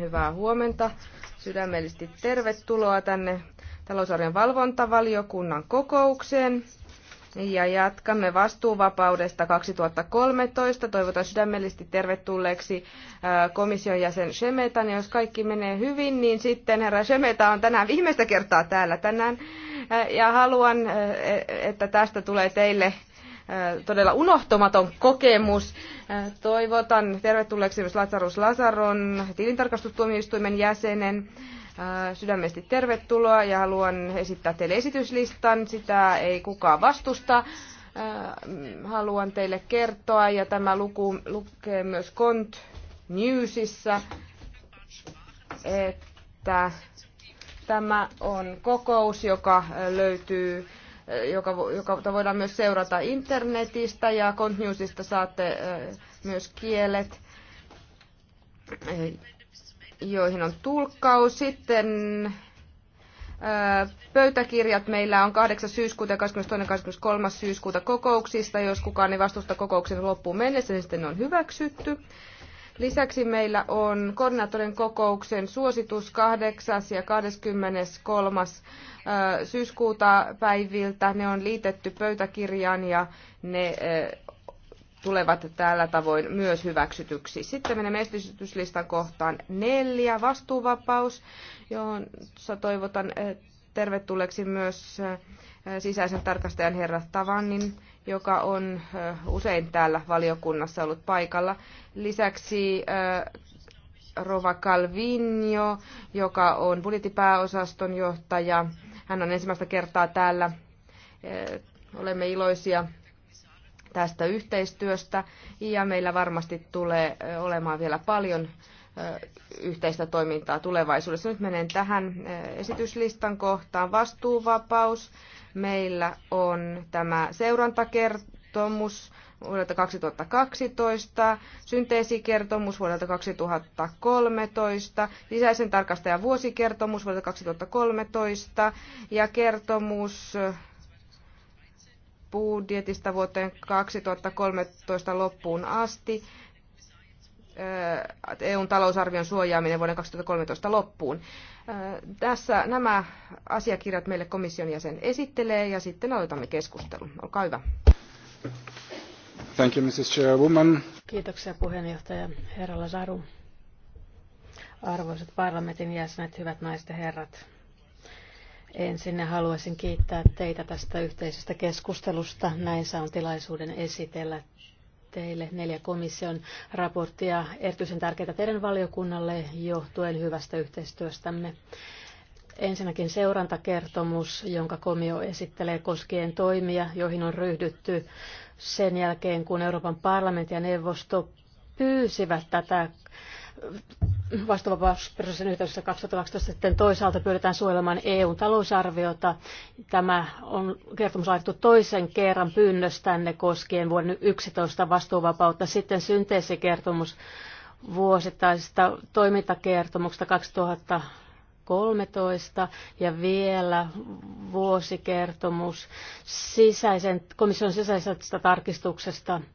Hyvää huomenta. Sydämellisesti tervetuloa tänne talousarjan valvontavaliokunnan kokoukseen. Ja jatkamme vastuuvapaudesta 2013. Toivotan sydämellisesti tervetulleeksi komission jäsen Shemetan. Jos kaikki menee hyvin, niin sitten herra Shemeta on tänään viimeistä kertaa täällä tänään. Ja haluan, e, että tästä tulee teille todella unohtumaton kokemus. Toivotan tervetulleeksi myös Lazarus Lazaron, tilintarkastustuomioistuimen jäsenen. Sydämesti tervetuloa ja haluan esittää teille esityslistan. Sitä ei kukaan vastusta. Haluan teille kertoa ja tämä luku lukee myös Kont Newsissa, että tämä on kokous, joka löytyy Eh, joka, joka voidaan myös seurata internetistä ja Contnewsista saatte eh, myös kielet, eh, joihin on tulkkaus. Sitten Pöytäkirjat meillä on 8. syyskuuta ja 22. ja 23. syyskuuta kokouksista. Jos kukaan ei vastusta kokouksen loppuun mennessä, niin sitten ne on hyväksytty. Lisäksi meillä on koordinaattorin kokouksen suositus 8. ja 23. syyskuuta päiviltä. Ne on liitetty pöytäkirjaan ja ne tulevat tällä tavoin myös hyväksytyksi. Sitten menemme esityslistan kohtaan neljä, vastuuvapaus, johon toivotan tervetulleeksi myös äh, sisäisen tarkastajan herra Tavannin, joka on äh, usein täällä valiokunnassa ollut paikalla. Lisäksi äh, Rova Calvinio, joka on budjettipääosaston johtaja. Hän on ensimmäistä kertaa täällä. Olemme iloisia tästä yhteistyöstä ja meillä varmasti tulee olemaan vielä paljon yhteistä toimintaa tulevaisuudessa. Nyt menen tähän esityslistan kohtaan. Vastuuvapaus. Meillä on tämä seurantakertomus vuodelta 2012, synteesikertomus vuodelta 2013, sisäisen tarkastajan vuosikertomus vuodelta 2013 ja kertomus budjetista vuoteen 2013 loppuun asti EUn talousarvion suojaaminen vuoden 2013 loppuun. Tässä nämä asiakirjat meille komission jäsen esittelee ja sitten aloitamme keskustelun. Olkaa hyvä. Thank you, Mrs. Chairwoman. Kiitoksia puheenjohtaja herra Lazaru. Arvoisat parlamentin jäsenet, hyvät naiset ja herrat. Ensin haluaisin kiittää teitä tästä yhteisestä keskustelusta. Näin saan tilaisuuden esitellä teille neljä komission raporttia, erityisen tärkeitä teidän valiokunnalle johtuen hyvästä yhteistyöstämme. Ensinnäkin seurantakertomus, jonka komio esittelee koskien toimia, joihin on ryhdytty sen jälkeen, kun Euroopan parlamentti ja neuvosto pyysivät tätä vastavapausprosessin yhteydessä 2012 sitten toisaalta pyritään suojelemaan EUn talousarviota. Tämä on kertomus laitettu toisen kerran pyynnöstänne koskien vuoden 11 vastuuvapautta. Sitten synteesikertomus vuosittaisesta toimintakertomuksesta 2013 ja vielä vuosikertomus sisäisen, komission sisäisestä tarkistuksesta –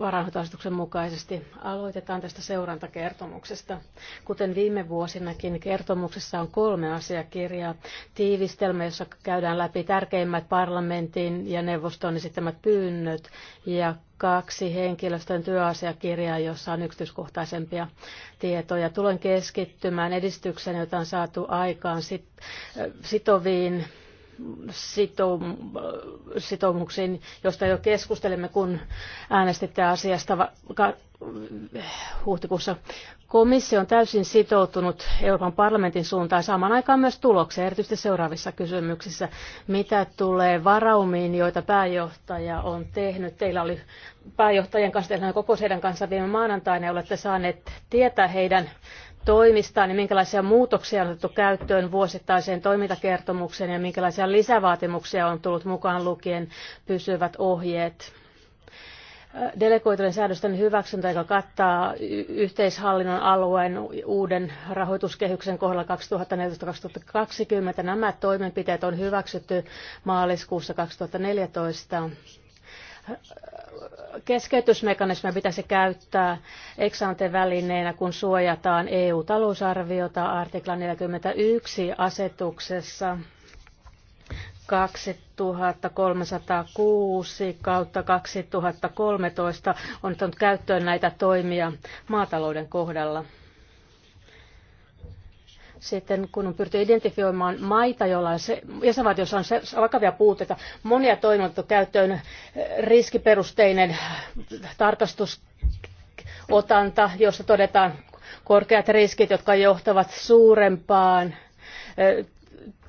varainhoitoasetuksen mukaisesti. Aloitetaan tästä seurantakertomuksesta. Kuten viime vuosinakin, kertomuksessa on kolme asiakirjaa. Tiivistelmä, jossa käydään läpi tärkeimmät parlamentin ja neuvoston esittämät pyynnöt ja kaksi henkilöstön työasiakirjaa, jossa on yksityiskohtaisempia tietoja. Tulen keskittymään edistykseen, jota on saatu aikaan sit, sitoviin sitoumukseen, sitoumuksiin, josta jo keskustelimme, kun äänestitte asiasta huhtikuussa. Komissio on täysin sitoutunut Euroopan parlamentin suuntaan samaan aikaan myös tulokseen, erityisesti seuraavissa kysymyksissä. Mitä tulee varaumiin, joita pääjohtaja on tehnyt? Teillä oli pääjohtajien kanssa, teillä kokous heidän kanssa viime maanantaina, ja olette saaneet tietää heidän toimista, niin minkälaisia muutoksia on otettu käyttöön vuosittaiseen toimintakertomukseen ja minkälaisia lisävaatimuksia on tullut mukaan lukien pysyvät ohjeet delegoitujen säädösten hyväksyntä, joka kattaa yhteishallinnon alueen uuden rahoituskehyksen kohdalla 2014-2020. Nämä toimenpiteet on hyväksytty maaliskuussa 2014 keskeytysmekanismia pitäisi käyttää välineenä kun suojataan EU-talousarviota artikla 41 asetuksessa 2306 kautta 2013 on ottanut käyttöön näitä toimia maatalouden kohdalla. Sitten kun on pyritty identifioimaan maita, joilla on se, jäsenvaltiossa on se, vakavia puutteita, monia toimintoja käyttöön eh, riskiperusteinen tarkastusotanta, jossa todetaan korkeat riskit, jotka johtavat suurempaan eh,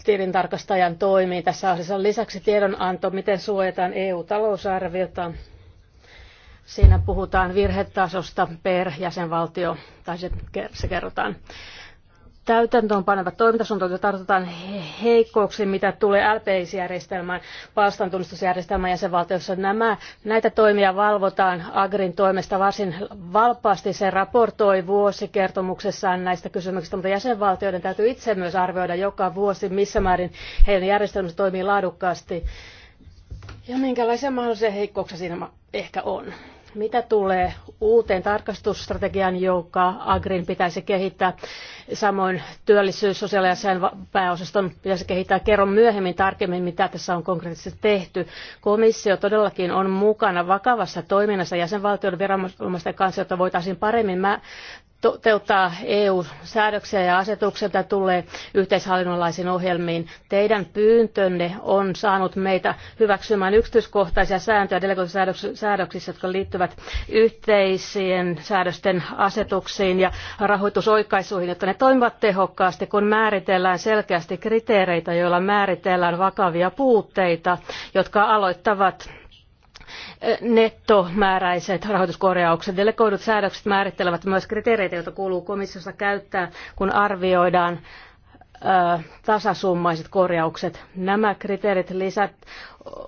tilintarkastajan toimiin. Tässä asiassa lisäksi tiedonanto, miten suojataan EU-talousarviota. Siinä puhutaan virhetasosta per jäsenvaltio, tai se, se kerrotaan täytäntöön panevat toimintasuunnitelmat tartutaan heikkouksiin, mitä tulee LPIS-järjestelmään, palstantunnistusjärjestelmään jäsenvaltiossa. Nämä, näitä toimia valvotaan Agrin toimesta varsin valpaasti. Se raportoi vuosikertomuksessaan näistä kysymyksistä, mutta jäsenvaltioiden täytyy itse myös arvioida joka vuosi, missä määrin heidän järjestelmänsä toimii laadukkaasti ja minkälaisia mahdollisia heikkouksia siinä ehkä on. Mitä tulee uuteen tarkastusstrategiaan, joka Agrin pitäisi kehittää, samoin työllisyys, sosiaali- ja sen pääosaston pitäisi kehittää. Kerron myöhemmin tarkemmin, mitä tässä on konkreettisesti tehty. Komissio todellakin on mukana vakavassa toiminnassa jäsenvaltioiden viranomaisten kanssa, jotta voitaisiin paremmin toteuttaa EU-säädöksiä ja asetuksia, tulee yhteishallinnollisiin ohjelmiin. Teidän pyyntönne on saanut meitä hyväksymään yksityiskohtaisia sääntöjä delegointisäädöksissä jotka liittyvät yhteisien säädösten asetuksiin ja rahoitusoikaisuihin, jotta ne toimivat tehokkaasti, kun määritellään selkeästi kriteereitä, joilla määritellään vakavia puutteita, jotka aloittavat nettomääräiset rahoituskorjaukset. Delegoidut säädökset määrittelevät myös kriteereitä, joita kuuluu komissiossa käyttää, kun arvioidaan tasasummaiset korjaukset. Nämä kriteerit lisät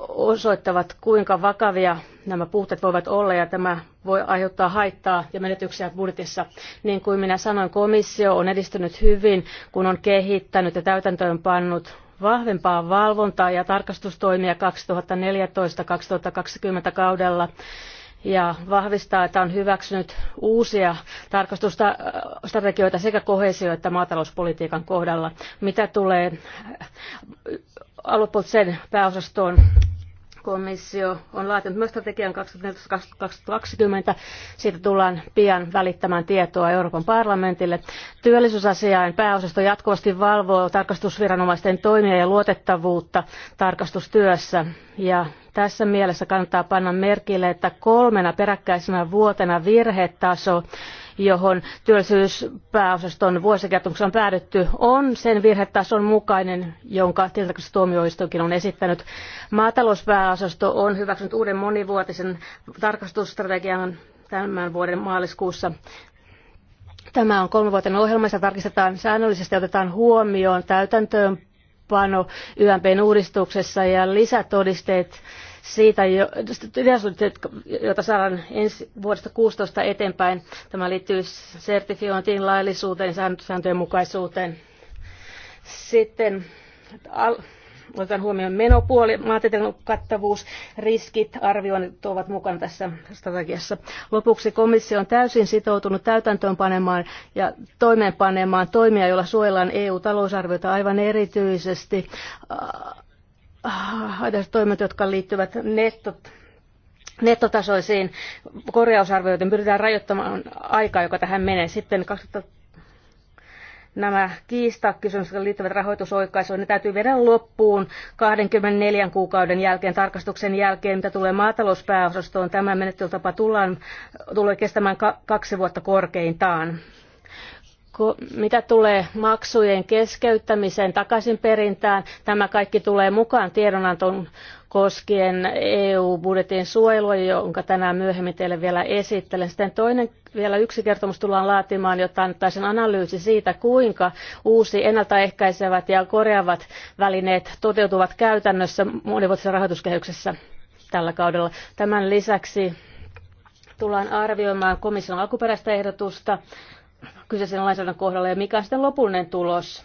osoittavat, kuinka vakavia nämä puutteet voivat olla ja tämä voi aiheuttaa haittaa ja menetyksiä budjetissa. Niin kuin minä sanoin, komissio on edistynyt hyvin, kun on kehittänyt ja täytäntöön pannut vahvempaa valvontaa ja tarkastustoimia 2014-2020 kaudella ja vahvistaa, että on hyväksynyt uusia tarkastusstrategioita sekä kohesio- että maatalouspolitiikan kohdalla. Mitä tulee äh, aluepoliittiseen pääosastoon Komissio on laatinut myös strategian 2020. Siitä tullaan pian välittämään tietoa Euroopan parlamentille. Työllisyysasiain pääosasto jatkuvasti valvoo tarkastusviranomaisten toimia ja luotettavuutta tarkastustyössä. Ja tässä mielessä kannattaa panna merkille, että kolmena peräkkäisenä vuotena virhetaso johon työllisyyspääosaston vuosikertomuksessa on päädytty, on sen virhetason mukainen, jonka tilintarkastustuomioistuinkin on esittänyt. Maatalouspääosasto on hyväksynyt uuden monivuotisen tarkastusstrategian tämän vuoden maaliskuussa. Tämä on kolmivuotinen ohjelma, jossa tarkistetaan säännöllisesti ja otetaan huomioon täytäntöönpano YMPn uudistuksessa ja lisätodisteet siitä, jota saadaan ensi vuodesta 16 eteenpäin. Tämä liittyy sertifiointiin, laillisuuteen, sääntöjen mukaisuuteen. Sitten otetaan huomioon menopuoli, maatieteen kattavuus, riskit, arvioinnit ovat mukana tässä strategiassa. Lopuksi komissio on täysin sitoutunut täytäntöönpanemaan ja toimeenpanemaan toimia, joilla suojellaan EU-talousarviota aivan erityisesti Ah, toimet, jotka liittyvät nettot, nettotasoisiin korjausarvioihin, pyritään rajoittamaan aikaa, joka tähän menee. Sitten 2000 nämä kiistakysymykset, jotka liittyvät rahoitusoikaisuun, ne täytyy viedä loppuun 24 kuukauden jälkeen, tarkastuksen jälkeen, mitä tulee maatalouspääosastoon. Tämä menettelytapa tullaan, tulee kestämään kaksi vuotta korkeintaan mitä tulee maksujen keskeyttämiseen takaisinperintään, tämä kaikki tulee mukaan tiedonantoon koskien EU-budjetin suojelua, jonka tänään myöhemmin teille vielä esittelen. Sitten toinen vielä yksi kertomus tullaan laatimaan, jotta annettaisiin analyysi siitä, kuinka uusi ennaltaehkäisevät ja korjaavat välineet toteutuvat käytännössä monivuotisessa rahoituskehyksessä tällä kaudella. Tämän lisäksi tullaan arvioimaan komission alkuperäistä ehdotusta kyseisen lainsäädännön kohdalla ja mikä on sitten lopullinen tulos.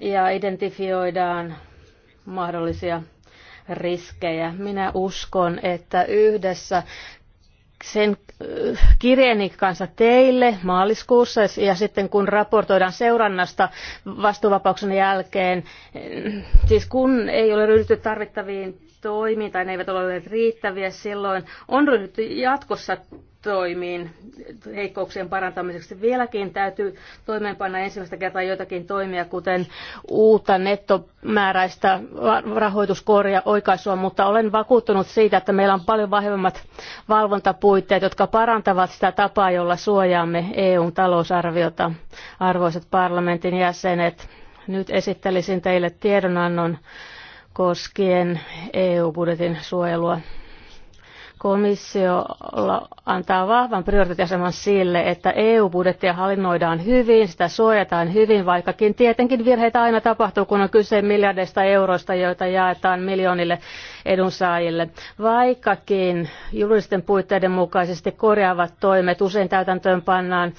Ja identifioidaan mahdollisia riskejä. Minä uskon, että yhdessä sen äh, kirjeeni kanssa teille maaliskuussa ja sitten kun raportoidaan seurannasta vastuuvapauksen jälkeen, äh, siis kun ei ole ryhdytty tarvittaviin toimi tai ne eivät ole olleet riittäviä silloin, on ryhdytty jatkossa toimiin heikkouksien parantamiseksi. Vieläkin täytyy toimeenpanna ensimmäistä kertaa joitakin toimia, kuten uutta nettomääräistä rahoituskorja oikaisua, mutta olen vakuuttunut siitä, että meillä on paljon vahvemmat valvontapuitteet, jotka parantavat sitä tapaa, jolla suojaamme EUn talousarviota, arvoisat parlamentin jäsenet. Nyt esittelisin teille tiedonannon koskien EU-budjetin suojelua. Komissio antaa vahvan prioriteettiaseman sille, että EU-budjettia hallinnoidaan hyvin, sitä suojataan hyvin, vaikkakin tietenkin virheitä aina tapahtuu, kun on kyse miljardeista euroista, joita jaetaan miljoonille edunsaajille. Vaikkakin julkisten puitteiden mukaisesti korjaavat toimet usein täytäntöön pannaan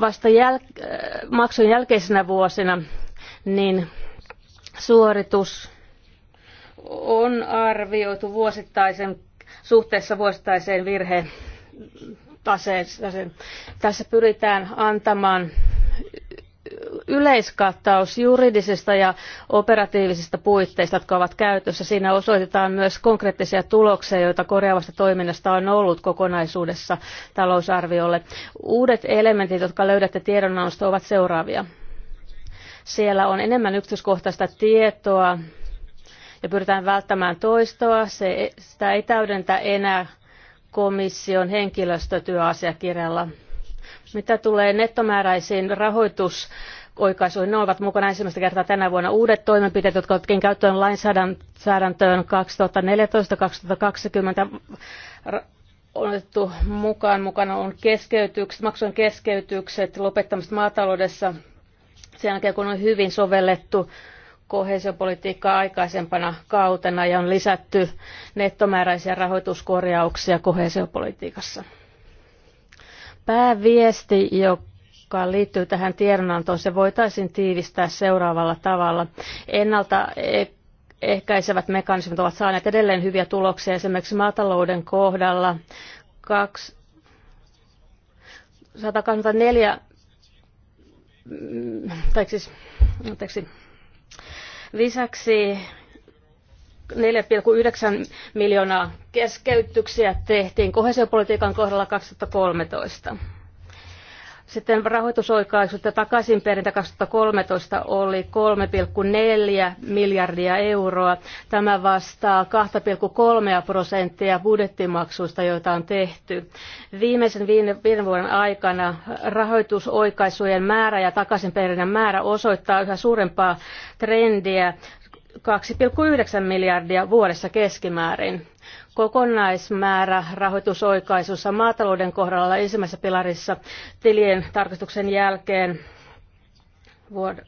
vasta jäl- maksun jälkeisenä vuosina, niin suoritus on arvioitu vuosittaisen suhteessa vuosittaiseen virheen taseeseen. Tässä pyritään antamaan yleiskattaus juridisista ja operatiivisista puitteista, jotka ovat käytössä. Siinä osoitetaan myös konkreettisia tuloksia, joita korjaavasta toiminnasta on ollut kokonaisuudessa talousarviolle. Uudet elementit, jotka löydätte tiedonannosta, ovat seuraavia. Siellä on enemmän yksityiskohtaista tietoa ja pyritään välttämään toistoa. Se, sitä ei täydentä enää komission henkilöstötyöasiakirjalla. Mitä tulee nettomääräisiin rahoitus oikaisuihin. Ne ovat mukana ensimmäistä kertaa tänä vuonna uudet toimenpiteet, jotka otettiin käyttöön lainsäädäntöön 2014-2020 on otettu mukaan. Mukana on keskeytykset, maksujen keskeytykset, lopettamiset maataloudessa, sen jälkeen, kun on hyvin sovellettu kohesiopolitiikkaa aikaisempana kautena ja on lisätty nettomääräisiä rahoituskorjauksia kohesiopolitiikassa. Pääviesti, joka liittyy tähän tiedonantoon, se voitaisiin tiivistää seuraavalla tavalla. Ennalta ehkäisevät mekanismit ovat saaneet edelleen hyviä tuloksia esimerkiksi maatalouden kohdalla. Kaksi 124 tai siis, anteeksi, lisäksi 4,9 miljoonaa keskeytyksiä tehtiin kohesiopolitiikan kohdalla 2013. Sitten rahoitusoikaisut ja takaisinperintä 2013 oli 3,4 miljardia euroa. Tämä vastaa 2,3 prosenttia budjettimaksuista, joita on tehty. Viimeisen viiden vuoden aikana rahoitusoikaisujen määrä ja takaisinperinnän määrä osoittaa yhä suurempaa trendiä 2,9 miljardia vuodessa keskimäärin. Kokonaismäärä rahoitusoikaisussa maatalouden kohdalla ensimmäisessä pilarissa tilien tarkastuksen jälkeen vuod-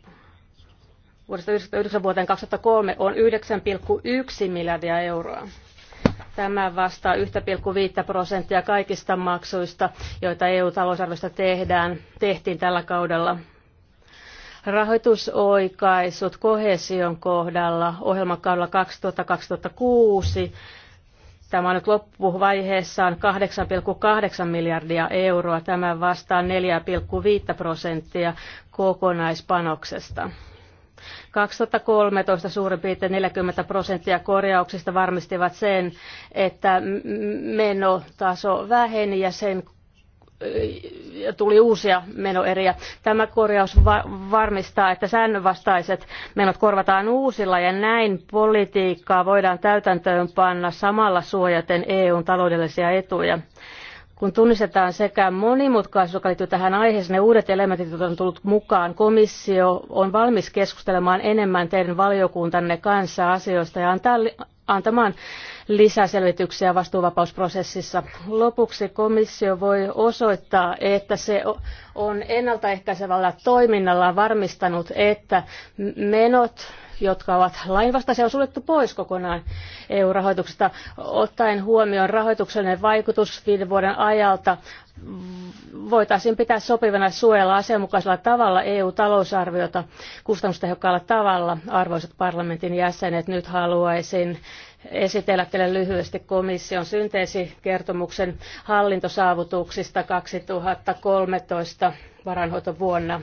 vuodesta 1999 vuoteen 2003 on 9,1 miljardia euroa. Tämä vastaa 1,5 prosenttia kaikista maksuista, joita EU-talousarviosta tehdään, tehtiin tällä kaudella. Rahoitusoikaisut kohesion kohdalla ohjelmakaudella 2000-2006 Tämä on nyt loppuvaiheessaan 8,8 miljardia euroa. Tämä vastaa 4,5 prosenttia kokonaispanoksesta. 2013 suurin piirtein 40 prosenttia korjauksista varmistivat sen, että menotaso väheni ja sen ja tuli uusia menoeriä. Tämä korjaus va- varmistaa, että säännönvastaiset menot korvataan uusilla ja näin politiikkaa voidaan täytäntöön panna samalla suojaten EUn taloudellisia etuja. Kun tunnistetaan sekä monimutkaisuus, joka liittyy tähän aiheeseen, ne uudet elementit, jotka on tullut mukaan, komissio on valmis keskustelemaan enemmän teidän valiokuntanne kanssa asioista ja antaa, antamaan lisäselvityksiä vastuuvapausprosessissa. Lopuksi komissio voi osoittaa, että se on ennaltaehkäisevällä toiminnalla varmistanut, että menot jotka ovat lainvastaisia, on suljettu pois kokonaan EU-rahoituksesta, ottaen huomioon rahoituksellinen vaikutus viiden vuoden ajalta. Voitaisiin pitää sopivana suojella asianmukaisella tavalla EU-talousarviota kustannustehokkaalla tavalla. Arvoisat parlamentin jäsenet, nyt haluaisin esitellä teille lyhyesti komission synteesikertomuksen hallintosaavutuksista 2013 varainhoitovuonna.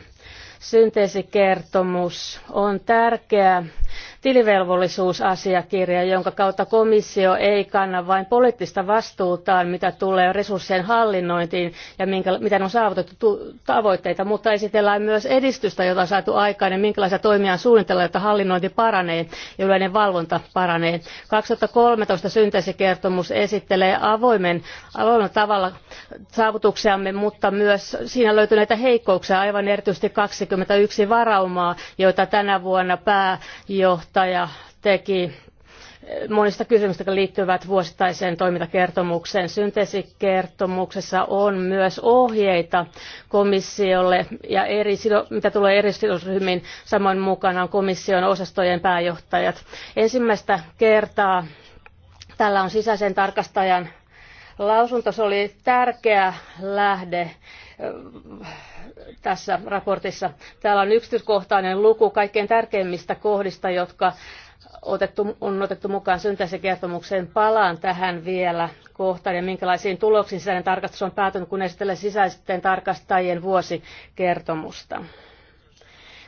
Synteesikertomus on tärkeä tilivelvollisuusasiakirja, jonka kautta komissio ei kanna vain poliittista vastuutaan, mitä tulee resurssien hallinnointiin ja minkä, miten on saavutettu tavoitteita, mutta esitellään myös edistystä, jota on saatu aikaan ja minkälaisia toimia on suunnitella, jotta hallinnointi paranee ja yleinen valvonta paranee. kolmetoista synteesikertomus esittelee avoimen, tavalla saavutuksiamme, mutta myös siinä löytyneitä heikkouksia, aivan erityisesti 21 varaumaa, joita tänä vuonna pääjohtaja johtaja teki monista kysymyksistä, jotka liittyvät vuosittaiseen toimintakertomukseen. Synteesikertomuksessa on myös ohjeita komissiolle ja eri, mitä tulee eri sidosryhmiin, samoin mukana on komission osastojen pääjohtajat. Ensimmäistä kertaa tällä on sisäisen tarkastajan lausunto. Se oli tärkeä lähde tässä raportissa. Täällä on yksityiskohtainen luku kaikkein tärkeimmistä kohdista, jotka otettu, on otettu mukaan syntäisen kertomukseen. Palaan tähän vielä kohtaan ja minkälaisiin tuloksiin sisäinen tarkastus on päätynyt, kun esitellään sisäisten tarkastajien vuosikertomusta.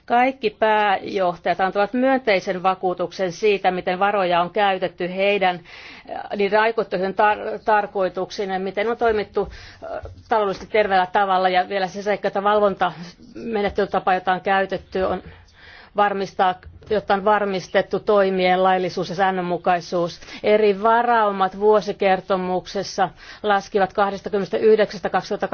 Kaikki pääjohtajat antavat myönteisen vakuutuksen siitä, miten varoja on käytetty heidän niiden aikoihin tar- tarkoituksiin ja miten on toimittu taloudellisesti terveellä tavalla. Ja vielä se seikka, että valvontamenettelytapa, jota on käytetty, on varmistaa jotta on varmistettu toimien laillisuus ja säännönmukaisuus. Eri varaumat vuosikertomuksessa laskivat 29 2012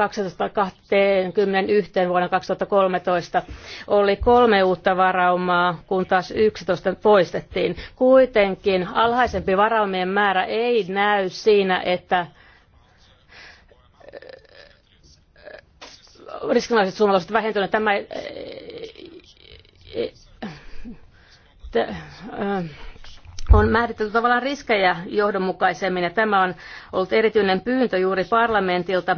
21 vuonna 2013. Oli kolme uutta varaumaa, kun taas 11 poistettiin. Kuitenkin alhaisempi varaumien määrä ei näy siinä, että äh, äh, riskinalaiset suomalaiset vähentyneet. Tämä äh, on määritelty tavallaan riskejä johdonmukaisemmin ja tämä on ollut erityinen pyyntö juuri parlamentilta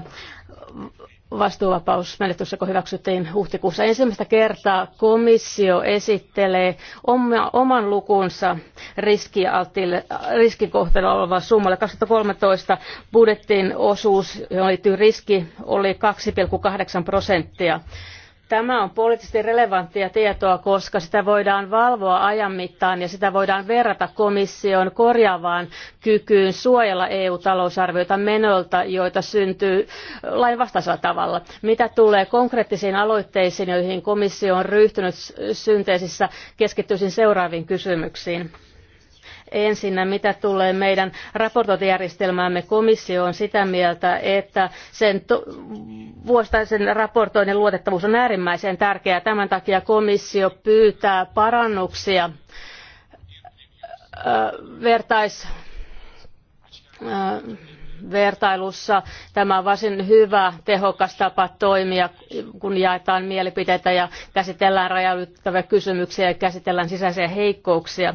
vastuuvapausmenettelyssä, kun hyväksyttiin huhtikuussa ensimmäistä kertaa, komissio esittelee oma, oman lukunsa riskikohteella oleva summalle. 2013 budjettin osuus, johon liittyy riski, oli 2,8 prosenttia. Tämä on poliittisesti relevanttia tietoa, koska sitä voidaan valvoa ajan mittaan ja sitä voidaan verrata komission korjaavaan kykyyn suojella EU-talousarviota menoilta, joita syntyy lainvastaisella tavalla. Mitä tulee konkreettisiin aloitteisiin, joihin komissio on ryhtynyt synteesissä, keskittyisin seuraaviin kysymyksiin. Ensinnä mitä tulee meidän raportointijärjestelmäämme komissio on sitä mieltä, että sen to- vuosittaisen raportoinnin luotettavuus on äärimmäisen tärkeää. Tämän takia komissio pyytää parannuksia vertais, vertailussa. Tämä on varsin hyvä, tehokas tapa toimia, kun jaetaan mielipiteitä ja käsitellään rajalyttäviä kysymyksiä ja käsitellään sisäisiä heikkouksia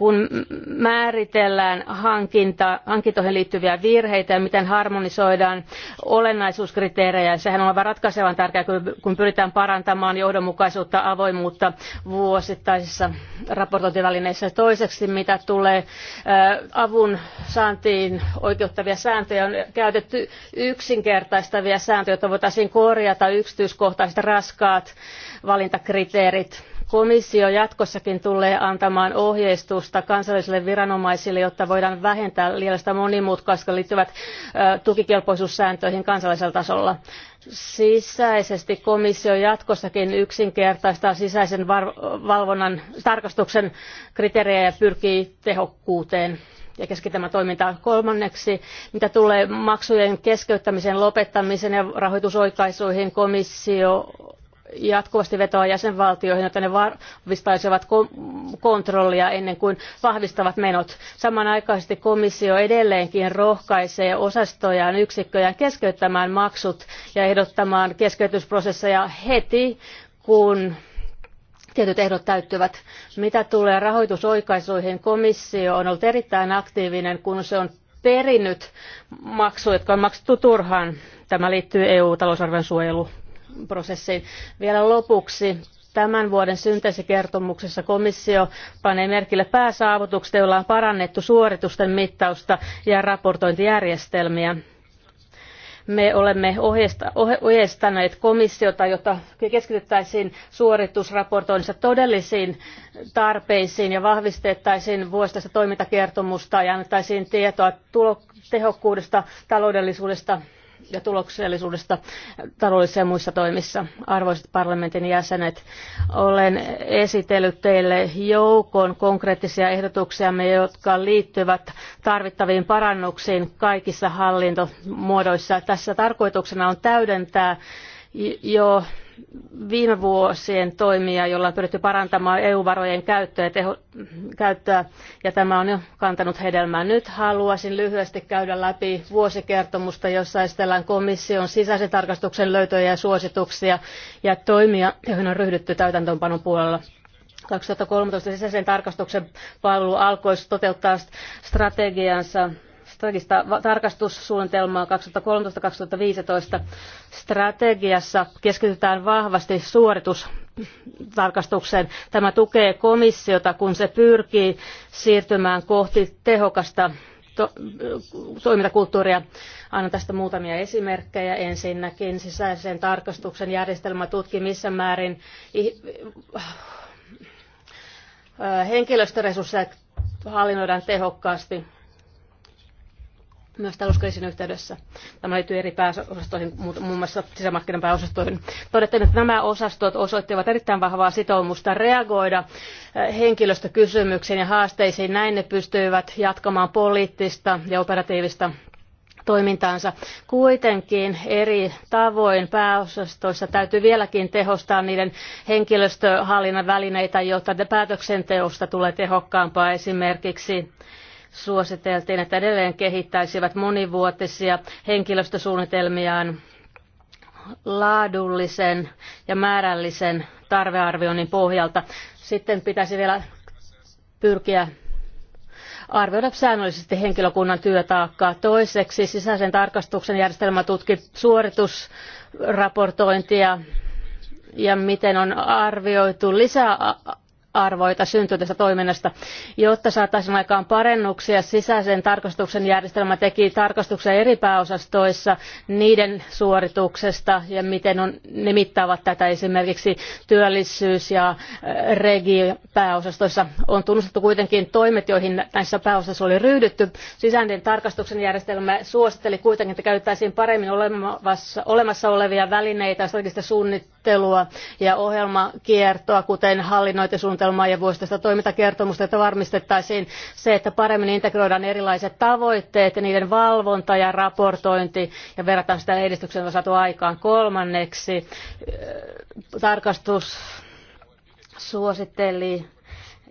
kun määritellään hankinta, hankintoihin liittyviä virheitä ja miten harmonisoidaan olennaisuuskriteerejä. Sehän on aivan ratkaisevan tärkeää, kun pyritään parantamaan johdonmukaisuutta avoimuutta vuosittaisissa raportointivälineissä. Toiseksi, mitä tulee avun saantiin oikeuttavia sääntöjä, on käytetty yksinkertaistavia sääntöjä, jotta voitaisiin korjata yksityiskohtaiset raskaat valintakriteerit Komissio jatkossakin tulee antamaan ohjeistusta kansallisille viranomaisille, jotta voidaan vähentää liiallista monimutkaista liittyvät tukikelpoisuussääntöihin kansallisella tasolla. Sisäisesti komissio jatkossakin yksinkertaistaa sisäisen valvonnan tarkastuksen kriteerejä ja pyrkii tehokkuuteen ja keskittämään toimintaa. Kolmanneksi, mitä tulee maksujen keskeyttämisen, lopettamiseen ja rahoitusoikaisuihin, komissio jatkuvasti vetoaa jäsenvaltioihin, että ne vahvistaisivat kontrollia ennen kuin vahvistavat menot. Samanaikaisesti komissio edelleenkin rohkaisee osastojaan yksikköjään keskeyttämään maksut ja ehdottamaan keskeytysprosesseja heti, kun tietyt ehdot täyttyvät. Mitä tulee rahoitusoikaisuihin, komissio on ollut erittäin aktiivinen, kun se on perinnyt maksuja, jotka on maksettu turhaan. Tämä liittyy EU-talousarvion suojeluun prosessiin. Vielä lopuksi Tämän vuoden synteesikertomuksessa komissio panee merkille pääsaavutukset, joilla on parannettu suoritusten mittausta ja raportointijärjestelmiä. Me olemme ohjeistaneet komissiota, jotta keskityttäisiin suoritusraportoinnissa todellisiin tarpeisiin ja vahvistettaisiin vuosittaista toimintakertomusta ja annettaisiin tietoa tulotehokkuudesta, taloudellisuudesta ja tuloksellisuudesta taloudellisissa ja muissa toimissa. Arvoisat parlamentin jäsenet, olen esitellyt teille joukon konkreettisia ehdotuksiamme, jotka liittyvät tarvittaviin parannuksiin kaikissa hallintomuodoissa. Tässä tarkoituksena on täydentää jo viime vuosien toimia, jolla on pyritty parantamaan EU-varojen käyttöä ja, teho, käyttöä, ja tämä on jo kantanut hedelmää. Nyt haluaisin lyhyesti käydä läpi vuosikertomusta, jossa esitellään komission sisäisen tarkastuksen löytöjä ja suosituksia ja toimia, joihin on ryhdytty täytäntöönpanon puolella. 2013 sisäisen tarkastuksen palvelu alkoi toteuttaa strategiansa strategista tarkastussuunnitelmaa 2013-2015. Strategiassa keskitytään vahvasti suoritustarkastukseen. Tämä tukee komissiota, kun se pyrkii siirtymään kohti tehokasta to- toimintakulttuuria. Annan tästä muutamia esimerkkejä. Ensinnäkin sisäisen tarkastuksen järjestelmä tutki missä määrin äh, henkilöstöresursseja hallinnoidaan tehokkaasti myös talouskriisin yhteydessä. Tämä liittyy eri pääosastoihin, muun muassa sisämarkkinan pääosastoihin. Todettiin, että nämä osastot osoittivat erittäin vahvaa sitoumusta reagoida eh, henkilöstökysymyksiin ja haasteisiin. Näin ne pystyivät jatkamaan poliittista ja operatiivista toimintaansa. Kuitenkin eri tavoin pääosastoissa täytyy vieläkin tehostaa niiden henkilöstöhallinnan välineitä, jotta päätöksenteosta tulee tehokkaampaa esimerkiksi suositeltiin, että edelleen kehittäisivät monivuotisia henkilöstösuunnitelmiaan laadullisen ja määrällisen tarvearvioinnin pohjalta. Sitten pitäisi vielä pyrkiä arvioida säännöllisesti henkilökunnan työtaakkaa. Toiseksi sisäisen tarkastuksen järjestelmä tutki suoritusraportointia ja miten on arvioitu lisää arvoita syntyy toiminnasta. Jotta saataisiin aikaan parannuksia, sisäisen tarkastuksen järjestelmä teki tarkastuksia eri pääosastoissa niiden suorituksesta ja miten on, ne mittaavat tätä esimerkiksi työllisyys- ja äh, regi-pääosastoissa. On tunnustettu kuitenkin toimet, joihin näissä pääosastoissa oli ryhdytty. Sisäinen tarkastuksen järjestelmä suositteli kuitenkin, että käyttäisiin paremmin olemassa olevia välineitä, strategista suunnittelua ja ohjelmakiertoa, kuten hallinnointisuunnitelmaa suunnitelmaa ja vuosittaista toimintakertomusta jotta varmistettaisiin se että paremmin integroidaan erilaiset tavoitteet ja niiden valvonta ja raportointi ja verrataan sitä edistykseen jota on saatu aikaan. kolmanneksi tarkastus suositteli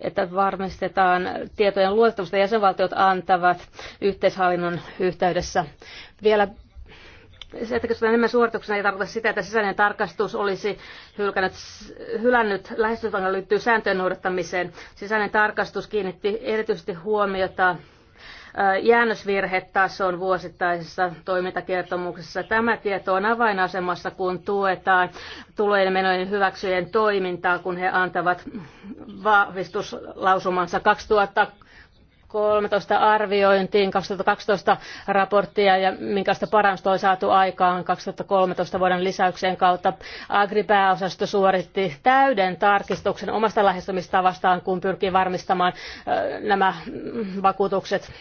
että varmistetaan tietojen luotettavuus, jota jäsenvaltiot antavat yhteishallinnon yhteydessä. Vielä se, että kysytään enemmän suorituksena, ei tarkoita sitä, että sisäinen tarkastus olisi hylkännyt, hylännyt lähestymistasolla liittyy sääntöjen noudattamiseen. Sisäinen tarkastus kiinnitti erityisesti huomiota jäännösvirhetason vuosittaisessa toimintakertomuksessa. Tämä tieto on avainasemassa, kun tuetaan tulojen menojen hyväksyjen toimintaa, kun he antavat vahvistuslausumansa 2000 2013 arviointiin, 2012 raporttia ja minkälaista parannusta oli saatu aikaan 2013 vuoden lisäyksen kautta. Agri-pääosasto suoritti täyden tarkistuksen omasta lähestymistavastaan, kun pyrkii varmistamaan nämä vakuutukset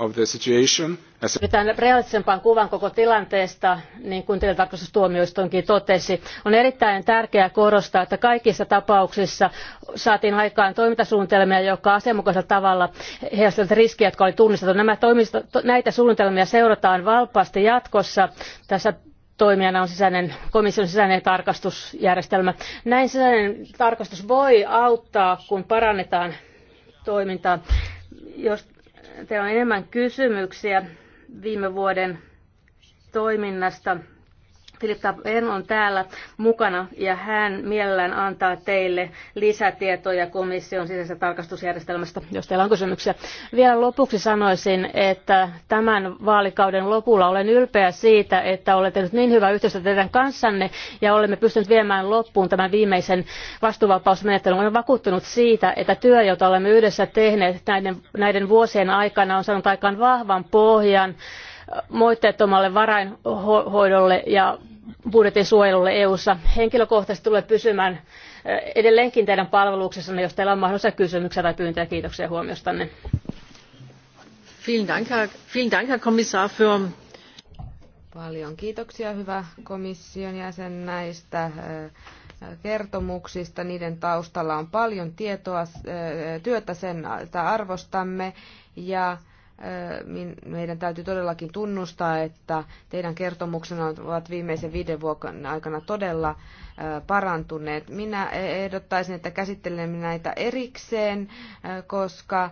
of the situation. Pitää realistisempaan kuvan koko tilanteesta, niin kuin tilintarkastustuomioistuinkin totesi. On erittäin tärkeää korostaa, että kaikissa tapauksissa saatiin aikaan toimintasuunnitelmia, jotka asianmukaisella tavalla heijastelivat riskiä, jotka oli tunnistettu. Nämä toimista, näitä suunnitelmia seurataan valppaasti jatkossa. Tässä toimijana on sisäinen, komission sisäinen tarkastusjärjestelmä. Näin sisäinen tarkastus voi auttaa, kun parannetaan toimintaa. Jos teillä on enemmän kysymyksiä viime vuoden toiminnasta Filippa Ben on täällä mukana ja hän mielellään antaa teille lisätietoja komission sisäisestä tarkastusjärjestelmästä, jos teillä on kysymyksiä. Vielä lopuksi sanoisin, että tämän vaalikauden lopulla olen ylpeä siitä, että olette tehnyt niin hyvää yhteistyötä teidän kanssanne ja olemme pystyneet viemään loppuun tämän viimeisen vastuuvapausmenettelyn. Olen vakuuttunut siitä, että työ, jota olemme yhdessä tehneet näiden, näiden vuosien aikana, on saanut aikaan vahvan pohjan moitteettomalle varainhoidolle ja budjetin suojelulle EU:ssa. Henkilökohtaisesti tulee pysymään eh, edelleenkin teidän palveluksessanne, jos teillä on mahdollisia kysymyksiä tai pyyntöjä. Kiitoksia huomiostanne. Paljon kiitoksia hyvä komission jäsen näistä eh, kertomuksista. Niiden taustalla on paljon tietoa, eh, työtä sen arvostamme ja meidän täytyy todellakin tunnustaa, että teidän kertomuksena ovat viimeisen viiden vuoden aikana todella parantuneet. Minä e- ehdottaisin, että käsittelemme näitä erikseen, koska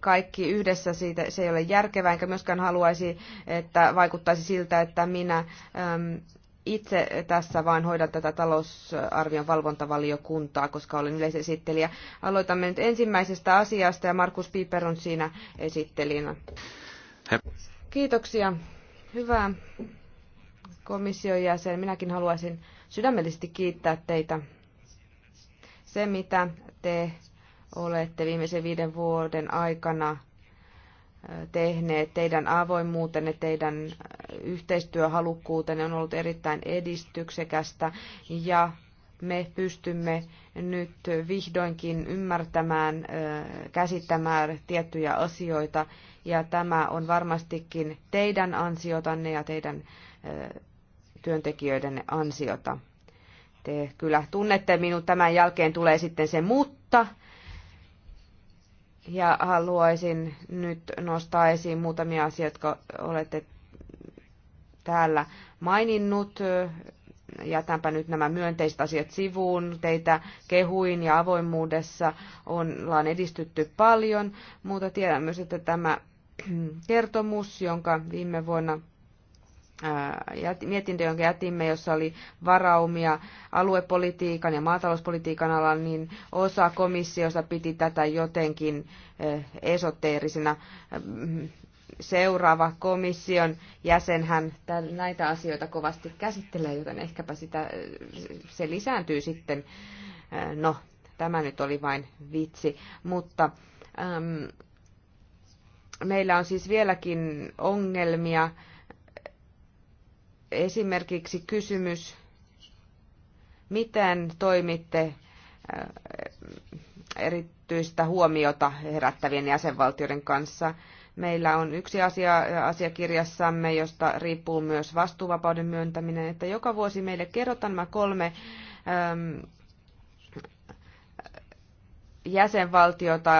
kaikki yhdessä siitä, se ei ole järkevää, enkä myöskään haluaisi, että vaikuttaisi siltä, että minä itse tässä vaan hoidan tätä talousarvion valvontavaliokuntaa, koska olen yleisesittelijä. Aloitamme nyt ensimmäisestä asiasta ja Markus Piper on siinä esittelijänä. Kiitoksia. Hyvä komission jäsen. Minäkin haluaisin sydämellisesti kiittää teitä. Se, mitä te olette viimeisen viiden vuoden aikana tehneet. Teidän avoimuutenne, teidän äh, yhteistyöhalukkuutenne on ollut erittäin edistyksekästä ja me pystymme nyt vihdoinkin ymmärtämään, äh, käsittämään tiettyjä asioita ja tämä on varmastikin teidän ansiotanne ja teidän äh, työntekijöidenne ansiota. Te kyllä tunnette minut, tämän jälkeen tulee sitten se mutta, ja haluaisin nyt nostaa esiin muutamia asioita, jotka olette täällä maininnut. Jätänpä nyt nämä myönteiset asiat sivuun. Teitä kehuin ja avoimuudessa ollaan edistytty paljon, mutta tiedän myös, että tämä kertomus, jonka viime vuonna mietintö, jonka jätimme, jossa oli varaumia aluepolitiikan ja maatalouspolitiikan alan, niin osa komissiosta piti tätä jotenkin esoteerisena. Seuraava komission jäsenhän näitä asioita kovasti käsittelee, joten ehkäpä sitä, se lisääntyy sitten. No, tämä nyt oli vain vitsi, mutta meillä on siis vieläkin ongelmia Esimerkiksi kysymys, miten toimitte äh, erityistä huomiota herättävien jäsenvaltioiden kanssa. Meillä on yksi asia asiakirjassamme, josta riippuu myös vastuuvapauden myöntäminen, että joka vuosi meille kerrotaan nämä kolme ähm, jäsenvaltiota,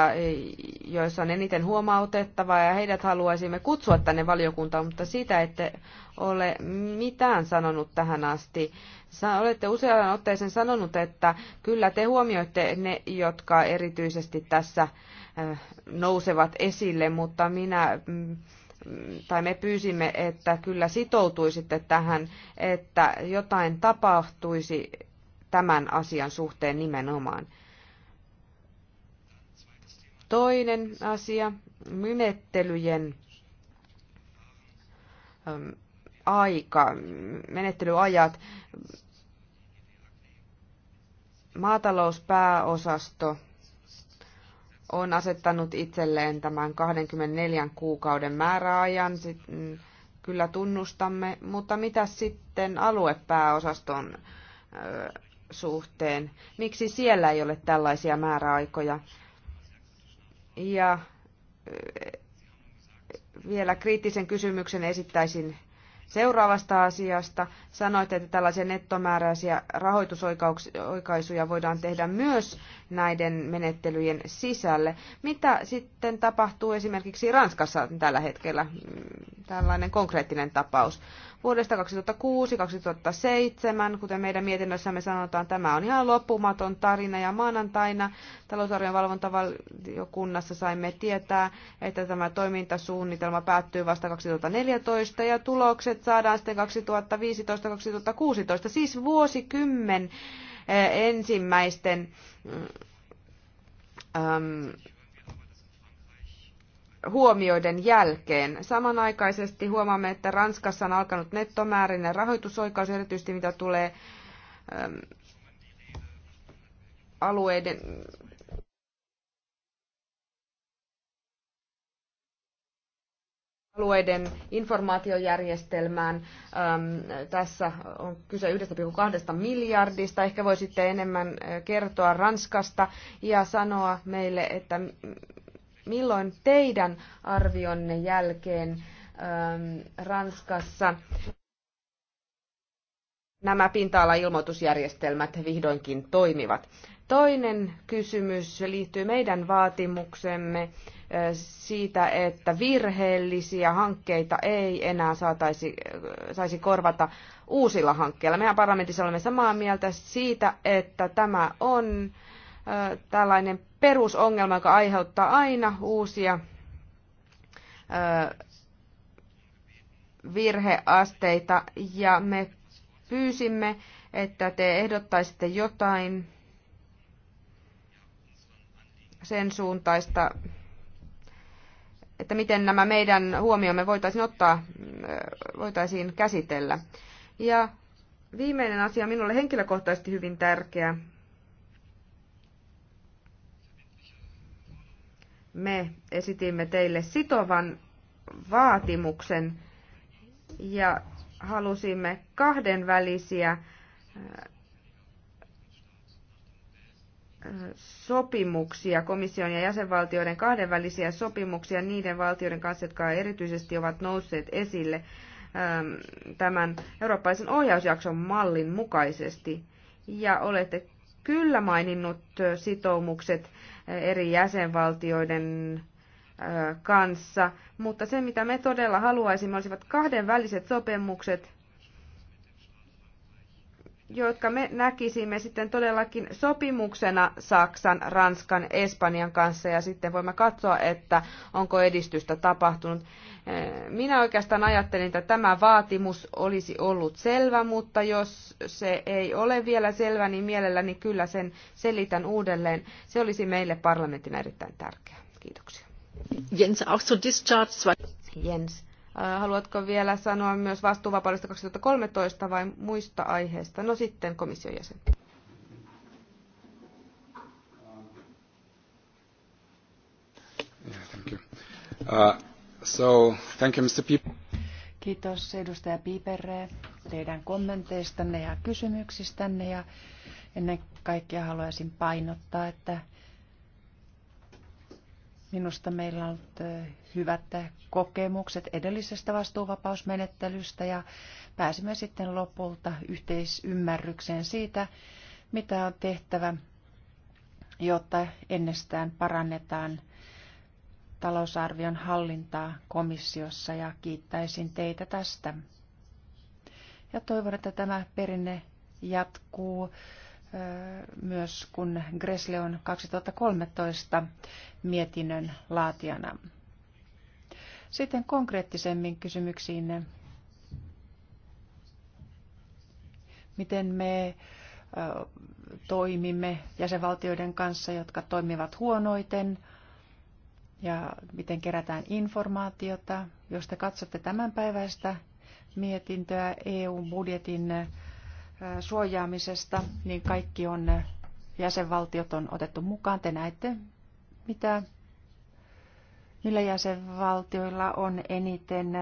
joissa on eniten huomautettavaa, ja heidät haluaisimme kutsua tänne valiokuntaan, mutta sitä ette ole mitään sanonut tähän asti. Olette useaan otteeseen sanonut, että kyllä te huomioitte ne, jotka erityisesti tässä äh, nousevat esille, mutta minä mm, tai me pyysimme, että kyllä sitoutuisitte tähän, että jotain tapahtuisi tämän asian suhteen nimenomaan. Toinen asia, menettelyjen ähm, aika, menettelyajat. Maatalouspääosasto on asettanut itselleen tämän 24 kuukauden määräajan. Mm, kyllä tunnustamme, mutta mitä sitten aluepääosaston suhteen? Miksi siellä ei ole tällaisia määräaikoja? Ja vielä kriittisen kysymyksen esittäisin seuraavasta asiasta. Sanoit, että tällaisia nettomääräisiä rahoitusoikaisuja voidaan tehdä myös näiden menettelyjen sisälle. Mitä sitten tapahtuu esimerkiksi Ranskassa tällä hetkellä? Mm, tällainen konkreettinen tapaus. Vuodesta 2006-2007, kuten meidän mietinnössämme sanotaan, tämä on ihan loppumaton tarina ja maanantaina talousarvion valvontavaliokunnassa saimme tietää, että tämä toimintasuunnitelma päättyy vasta 2014 ja tulokset saadaan sitten 2015-2016, siis vuosikymmen ensimmäisten mm, huomioiden jälkeen. Samanaikaisesti huomaamme, että Ranskassa on alkanut nettomäärinen rahoitusoikaus, erityisesti mitä tulee alueiden alueiden informaatiojärjestelmään. Tässä on kyse 1,2 miljardista. Ehkä voisitte enemmän kertoa Ranskasta ja sanoa meille, että milloin teidän arvionne jälkeen Ranskassa nämä pinta-alailmoitusjärjestelmät vihdoinkin toimivat. Toinen kysymys liittyy meidän vaatimuksemme siitä, että virheellisiä hankkeita ei enää saataisi, saisi korvata uusilla hankkeilla. Mehän parlamentissa olemme samaa mieltä siitä, että tämä on tällainen perusongelma, joka aiheuttaa aina uusia virheasteita ja me pyysimme, että te ehdottaisitte jotain sen suuntaista, että miten nämä meidän huomiomme voitaisiin ottaa, voitaisiin käsitellä. Ja viimeinen asia minulle henkilökohtaisesti hyvin tärkeä. Me esitimme teille sitovan vaatimuksen ja halusimme kahdenvälisiä sopimuksia, komission ja jäsenvaltioiden kahdenvälisiä sopimuksia niiden valtioiden kanssa, jotka erityisesti ovat nousseet esille ähm, tämän eurooppaisen ohjausjakson mallin mukaisesti. Ja olette kyllä maininnut äh, sitoumukset äh, eri jäsenvaltioiden äh, kanssa, mutta se mitä me todella haluaisimme olisivat kahdenväliset sopimukset, jotka me näkisimme sitten todellakin sopimuksena Saksan, Ranskan, Espanjan kanssa ja sitten voimme katsoa, että onko edistystä tapahtunut. Eh, minä oikeastaan ajattelin, että tämä vaatimus olisi ollut selvä, mutta jos se ei ole vielä selvä, niin mielelläni kyllä sen selitän uudelleen. Se olisi meille parlamentin erittäin tärkeää. Kiitoksia. Jens, auch zur Discharge. Jens Haluatko vielä sanoa myös vastuuvapaudesta 2013 vai muista aiheista? No sitten komission jäsen. Uh, so, thank you, Mr. Pieper. Kiitos edustaja Piperre teidän kommenteistanne ja kysymyksistänne ja ennen kaikkea haluaisin painottaa, että Minusta meillä on ollut hyvät kokemukset edellisestä vastuuvapausmenettelystä ja pääsimme sitten lopulta yhteisymmärrykseen siitä, mitä on tehtävä, jotta ennestään parannetaan talousarvion hallintaa komissiossa ja kiittäisin teitä tästä. Ja toivon, että tämä perinne jatkuu myös kun Gresle on 2013 mietinnön laatijana. Sitten konkreettisemmin kysymyksiin. Miten me toimimme jäsenvaltioiden kanssa, jotka toimivat huonoiten, ja miten kerätään informaatiota. Jos te katsotte tämänpäiväistä mietintöä EU-budjetin suojaamisesta, niin kaikki on, jäsenvaltiot on otettu mukaan. Te näette, mitä, millä jäsenvaltioilla on eniten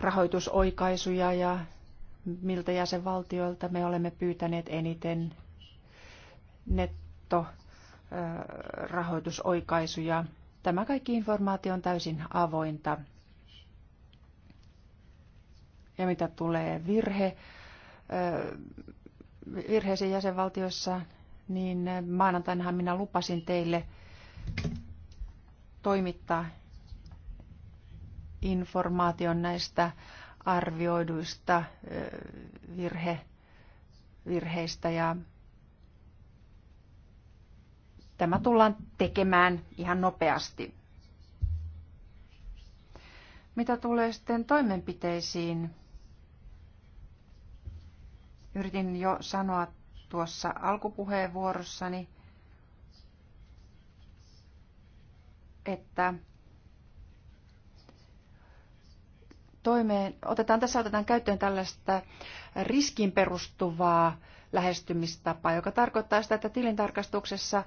rahoitusoikaisuja ja miltä jäsenvaltioilta me olemme pyytäneet eniten nettorahoitusoikaisuja. Tämä kaikki informaatio on täysin avointa. Ja mitä tulee virhe, virheisiin jäsenvaltioissa, niin maanantainahan minä lupasin teille toimittaa informaation näistä arvioiduista virhe, virheistä ja tämä tullaan tekemään ihan nopeasti. Mitä tulee sitten toimenpiteisiin, Yritin jo sanoa tuossa alkupuheenvuorossani, että toimeen, otetaan, tässä otetaan käyttöön tällaista riskin perustuvaa lähestymistapaa, joka tarkoittaa sitä, että tilintarkastuksessa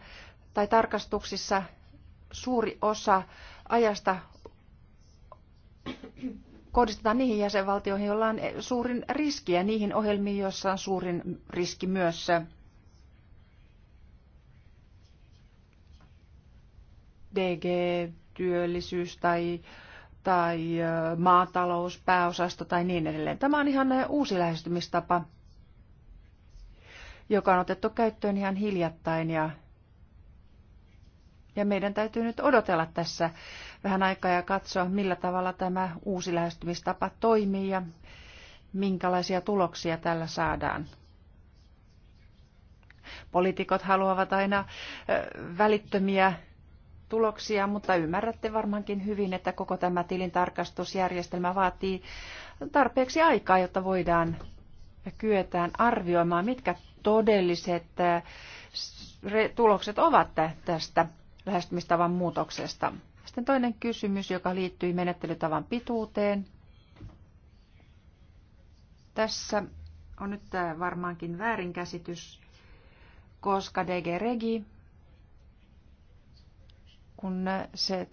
tai tarkastuksissa suuri osa ajasta kohdistetaan niihin jäsenvaltioihin, joilla on suurin riski ja niihin ohjelmiin, joissa on suurin riski myös DG-työllisyys tai, tai maatalous, pääosasto tai niin edelleen. Tämä on ihan uusi lähestymistapa, joka on otettu käyttöön ihan hiljattain ja, ja meidän täytyy nyt odotella tässä vähän aikaa ja katsoa, millä tavalla tämä uusi lähestymistapa toimii ja minkälaisia tuloksia tällä saadaan. Poliitikot haluavat aina välittömiä tuloksia, mutta ymmärrätte varmaankin hyvin, että koko tämä tilintarkastusjärjestelmä vaatii tarpeeksi aikaa, jotta voidaan ja kyetään arvioimaan, mitkä todelliset tulokset ovat tästä lähestymistavan muutoksesta. Sitten toinen kysymys, joka liittyy menettelytavan pituuteen. Tässä on nyt varmaankin väärinkäsitys, koska DG Regi, kun se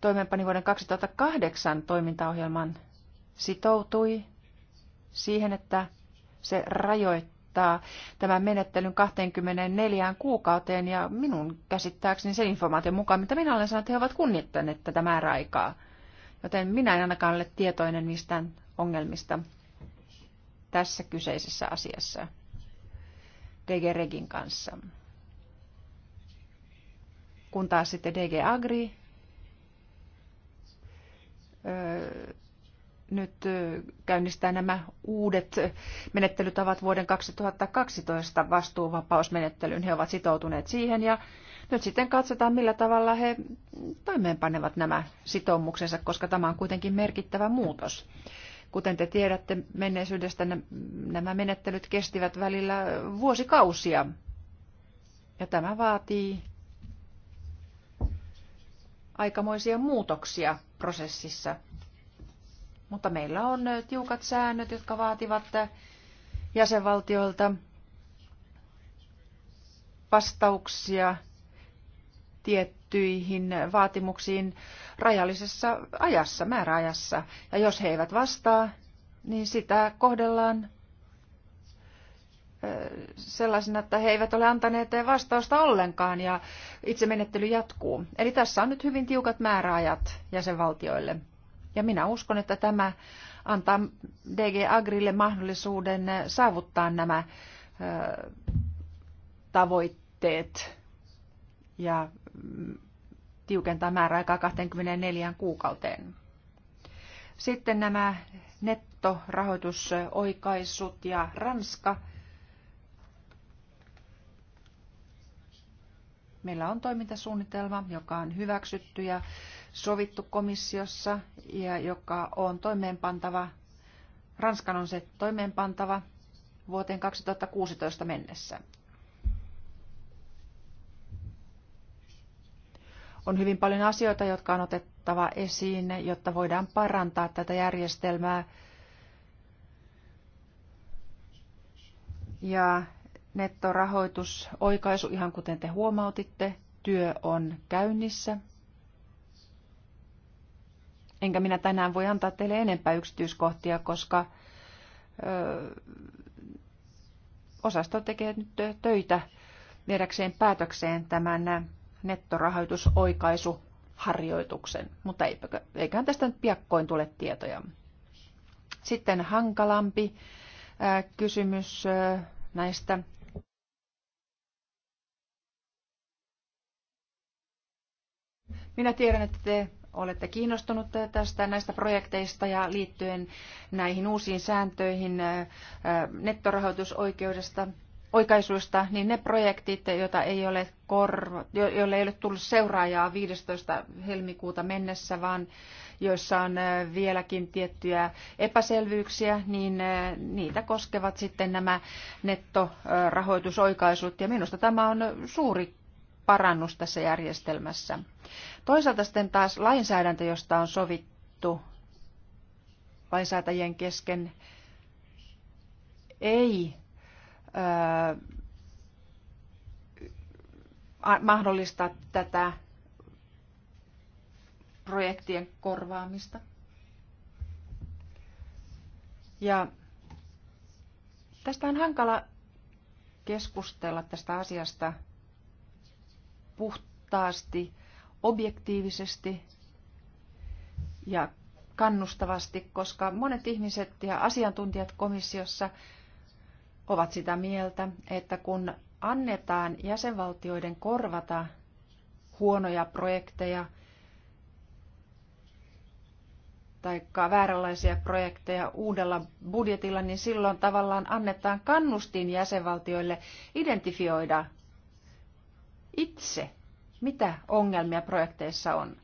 toimeenpani vuoden 2008 toimintaohjelman sitoutui siihen, että se rajoittaa rajoittaa tämän menettelyn 24 kuukauteen ja minun käsittääkseni sen informaation mukaan, mitä minä olen saanut, he ovat kunnittaneet tätä määräaikaa. Joten minä en ainakaan ole tietoinen mistään ongelmista tässä kyseisessä asiassa DG Regin kanssa. Kun taas sitten DG Agri öö, nyt käynnistää nämä uudet menettelytavat vuoden 2012 vastuuvapausmenettelyyn. He ovat sitoutuneet siihen ja nyt sitten katsotaan, millä tavalla he toimeenpanevat nämä sitoumuksensa, koska tämä on kuitenkin merkittävä muutos. Kuten te tiedätte, menneisyydestä nämä menettelyt kestivät välillä vuosikausia. Ja tämä vaatii aikamoisia muutoksia prosessissa – mutta meillä on tiukat säännöt, jotka vaativat jäsenvaltioilta vastauksia tiettyihin vaatimuksiin rajallisessa ajassa, määräajassa. Ja jos he eivät vastaa, niin sitä kohdellaan sellaisena, että he eivät ole antaneet vastausta ollenkaan ja itse menettely jatkuu. Eli tässä on nyt hyvin tiukat määräajat jäsenvaltioille. Ja minä uskon, että tämä antaa DG Agrille mahdollisuuden saavuttaa nämä tavoitteet ja mm, tiukentaa määräaikaa 24 kuukauteen. Sitten nämä nettorahoitusoikaisut ja Ranska. Meillä on toimintasuunnitelma, joka on hyväksytty ja sovittu komissiossa ja joka on toimeenpantava. Ranskan on se toimeenpantava vuoteen 2016 mennessä. On hyvin paljon asioita, jotka on otettava esiin, jotta voidaan parantaa tätä järjestelmää. Ja nettorahoitusoikaisu, ihan kuten te huomautitte, työ on käynnissä – Enkä minä tänään voi antaa teille enempää yksityiskohtia, koska ö, osasto tekee nyt töitä viedäkseen päätökseen tämän nettorahoitusoikaisuharjoituksen, mutta eiköhän tästä nyt piakkoin tule tietoja. Sitten hankalampi kysymys näistä Minä tiedän, että te olette kiinnostunut tästä näistä projekteista ja liittyen näihin uusiin sääntöihin nettorahoitusoikeudesta oikaisuista, niin ne projektit, joita ei ole jo, joille ei ole tullut seuraajaa 15. helmikuuta mennessä, vaan joissa on vieläkin tiettyjä epäselvyyksiä, niin niitä koskevat sitten nämä nettorahoitusoikaisut. Ja minusta tämä on suuri parannus tässä järjestelmässä. Toisaalta sitten taas lainsäädäntö, josta on sovittu lainsäätäjien kesken, ei öö, mahdollista tätä projektien korvaamista. Ja tästä on hankala keskustella tästä asiasta puhtaasti objektiivisesti ja kannustavasti, koska monet ihmiset ja asiantuntijat komissiossa ovat sitä mieltä, että kun annetaan jäsenvaltioiden korvata huonoja projekteja tai vääränlaisia projekteja uudella budjetilla, niin silloin tavallaan annetaan kannustin jäsenvaltioille identifioida itse mitä ongelmia projekteissa on.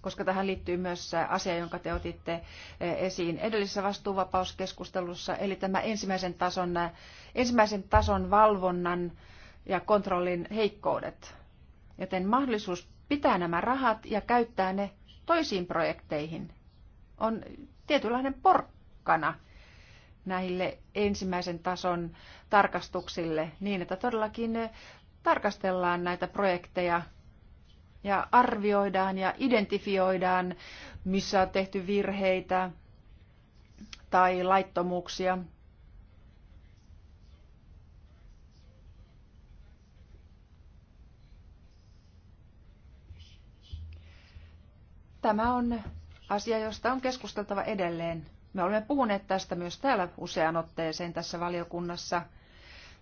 Koska tähän liittyy myös asia, jonka te otitte eh, esiin edellisessä vastuuvapauskeskustelussa, eli tämä ensimmäisen tason, eh, ensimmäisen tason valvonnan ja kontrollin heikkoudet. Joten mahdollisuus pitää nämä rahat ja käyttää ne toisiin projekteihin on tietynlainen porkkana näille ensimmäisen tason tarkastuksille niin, että todellakin eh, tarkastellaan näitä projekteja ja arvioidaan ja identifioidaan, missä on tehty virheitä tai laittomuuksia. Tämä on asia, josta on keskusteltava edelleen. Me olemme puhuneet tästä myös täällä useaan otteeseen tässä valiokunnassa,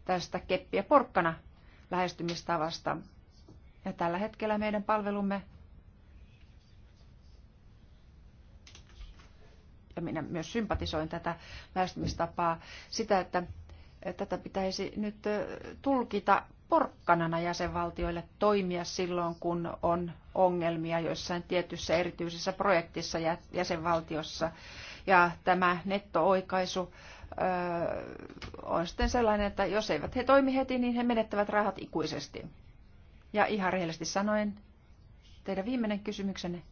tästä keppiä porkkana lähestymistavasta. Ja tällä hetkellä meidän palvelumme, ja minä myös sympatisoin tätä lähestymistapaa, sitä, että tätä pitäisi nyt tulkita porkkanana jäsenvaltioille toimia silloin, kun on ongelmia joissain tietyssä erityisessä projektissa jäsenvaltiossa ja tämä netto-oikaisu on sitten sellainen, että jos eivät he toimi heti, niin he menettävät rahat ikuisesti. Ja ihan rehellisesti sanoen, teidän viimeinen kysymyksenne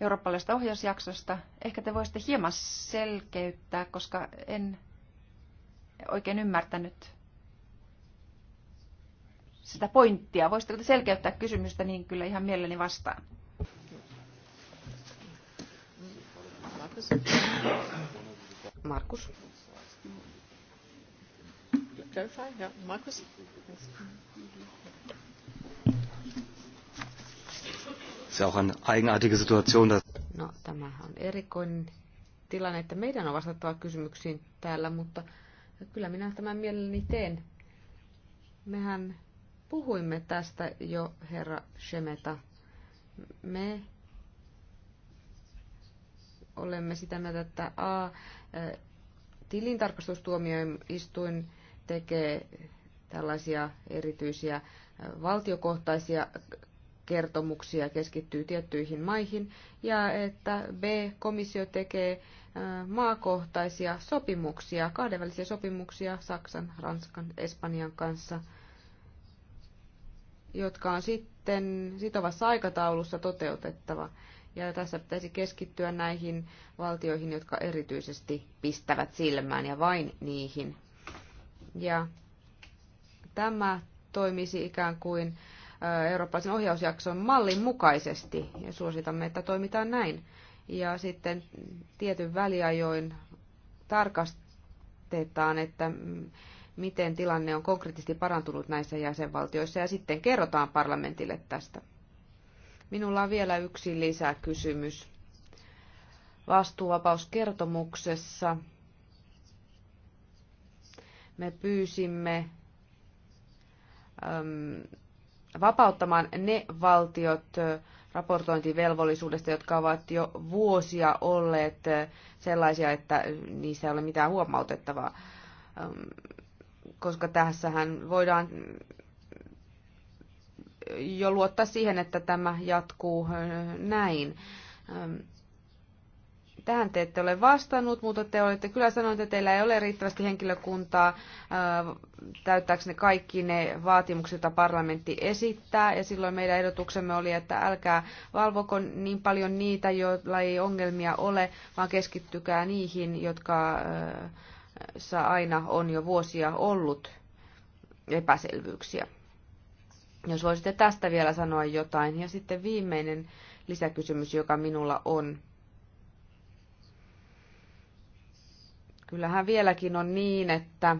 eurooppalaisesta ohjausjaksosta. Ehkä te voisitte hieman selkeyttää, koska en oikein ymmärtänyt sitä pointtia. Voisitteko te selkeyttää kysymystä, niin kyllä ihan mielelläni vastaan. Markus. Clarify? Yeah, Markus. Ist ja auch eine eigenartige Situation, dass No, tämä on erikoinen tilanne, että meidän on vastattava kysymyksiin täällä, mutta kyllä minä tämän mielelläni teen. Mehän puhuimme tästä jo, herra Shemeta. Me olemme sitä mieltä, että A, tilintarkastustuomioistuin tekee tällaisia erityisiä valtiokohtaisia kertomuksia, keskittyy tiettyihin maihin, ja että B, komissio tekee maakohtaisia sopimuksia, kahdenvälisiä sopimuksia Saksan, Ranskan, Espanjan kanssa, jotka on sitten sitovassa aikataulussa toteutettava. Ja tässä pitäisi keskittyä näihin valtioihin, jotka erityisesti pistävät silmään ja vain niihin. Ja tämä toimisi ikään kuin eurooppalaisen ohjausjakson mallin mukaisesti ja suositamme, että toimitaan näin. Ja sitten tietyn väliajoin tarkastetaan, että miten tilanne on konkreettisesti parantunut näissä jäsenvaltioissa ja sitten kerrotaan parlamentille tästä. Minulla on vielä yksi lisäkysymys. Vastuuvapauskertomuksessa me pyysimme vapauttamaan ne valtiot raportointivelvollisuudesta, jotka ovat jo vuosia olleet sellaisia, että niissä ei ole mitään huomautettavaa. Koska tässähän voidaan jo luottaa siihen, että tämä jatkuu näin. Tähän te ette ole vastannut, mutta te olette kyllä sanoneet, että teillä ei ole riittävästi henkilökuntaa täyttääksenne kaikki ne vaatimukset, joita parlamentti esittää. Ja silloin meidän ehdotuksemme oli, että älkää valvoko niin paljon niitä, joilla ei ongelmia ole, vaan keskittykää niihin, jotka aina on jo vuosia ollut epäselvyyksiä. Jos voisitte tästä vielä sanoa jotain. Ja sitten viimeinen lisäkysymys, joka minulla on. Kyllähän vieläkin on niin, että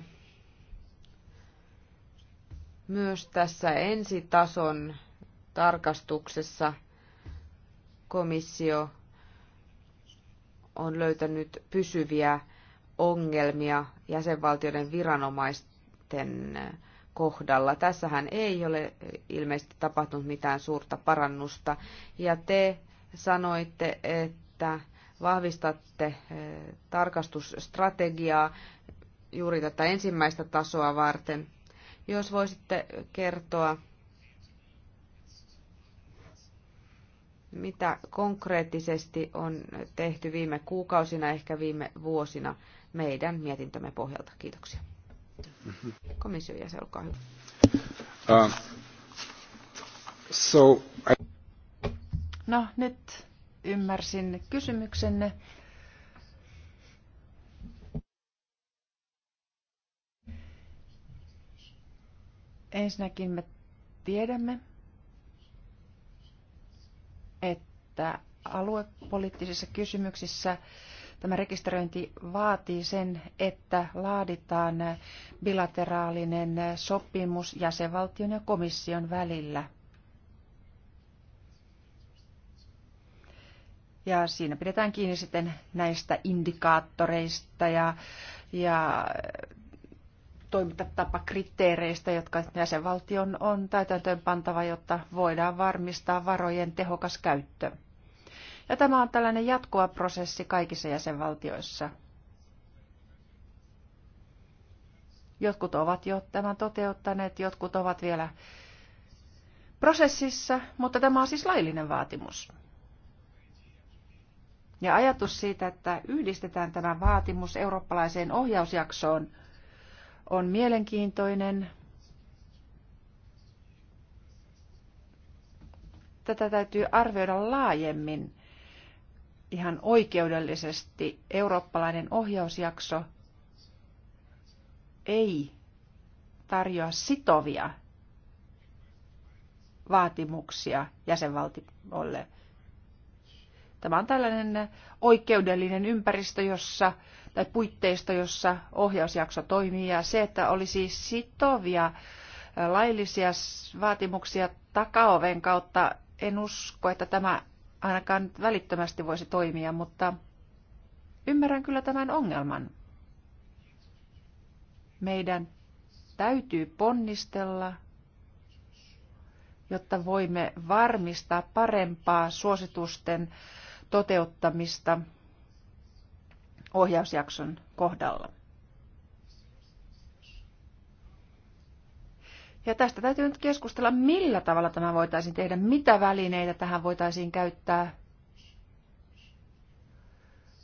myös tässä ensitason tarkastuksessa komissio on löytänyt pysyviä ongelmia jäsenvaltioiden viranomaisten kohdalla. Tässähän ei ole ilmeisesti tapahtunut mitään suurta parannusta. Ja te sanoitte, että vahvistatte eh, tarkastusstrategiaa juuri tätä ensimmäistä tasoa varten. Jos voisitte kertoa, mitä konkreettisesti on tehty viime kuukausina, ehkä viime vuosina meidän mietintömme pohjalta. Kiitoksia. Komission jäsen, olkaa hyvä. Uh, so I... No nyt ymmärsin kysymyksenne. Ensinnäkin me tiedämme, että aluepoliittisissa kysymyksissä Tämä rekisteröinti vaatii sen, että laaditaan bilateraalinen sopimus jäsenvaltion ja komission välillä. Ja siinä pidetään kiinni sitten näistä indikaattoreista ja, ja toimintatapakriteereistä, jotka jäsenvaltion on täytäntöön pantava, jotta voidaan varmistaa varojen tehokas käyttö. Ja tämä on tällainen jatkuva prosessi kaikissa jäsenvaltioissa. Jotkut ovat jo tämän toteuttaneet, jotkut ovat vielä prosessissa, mutta tämä on siis laillinen vaatimus. Ja ajatus siitä, että yhdistetään tämä vaatimus eurooppalaiseen ohjausjaksoon, on mielenkiintoinen. Tätä täytyy arvioida laajemmin ihan oikeudellisesti eurooppalainen ohjausjakso ei tarjoa sitovia vaatimuksia jäsenvaltiolle. Tämä on tällainen oikeudellinen ympäristö, jossa, tai puitteisto, jossa ohjausjakso toimii, ja se, että olisi sitovia laillisia vaatimuksia takaoven kautta, en usko, että tämä ainakaan välittömästi voisi toimia, mutta ymmärrän kyllä tämän ongelman. Meidän täytyy ponnistella, jotta voimme varmistaa parempaa suositusten toteuttamista ohjausjakson kohdalla. Ja tästä täytyy nyt keskustella, millä tavalla tämä voitaisiin tehdä, mitä välineitä tähän voitaisiin käyttää.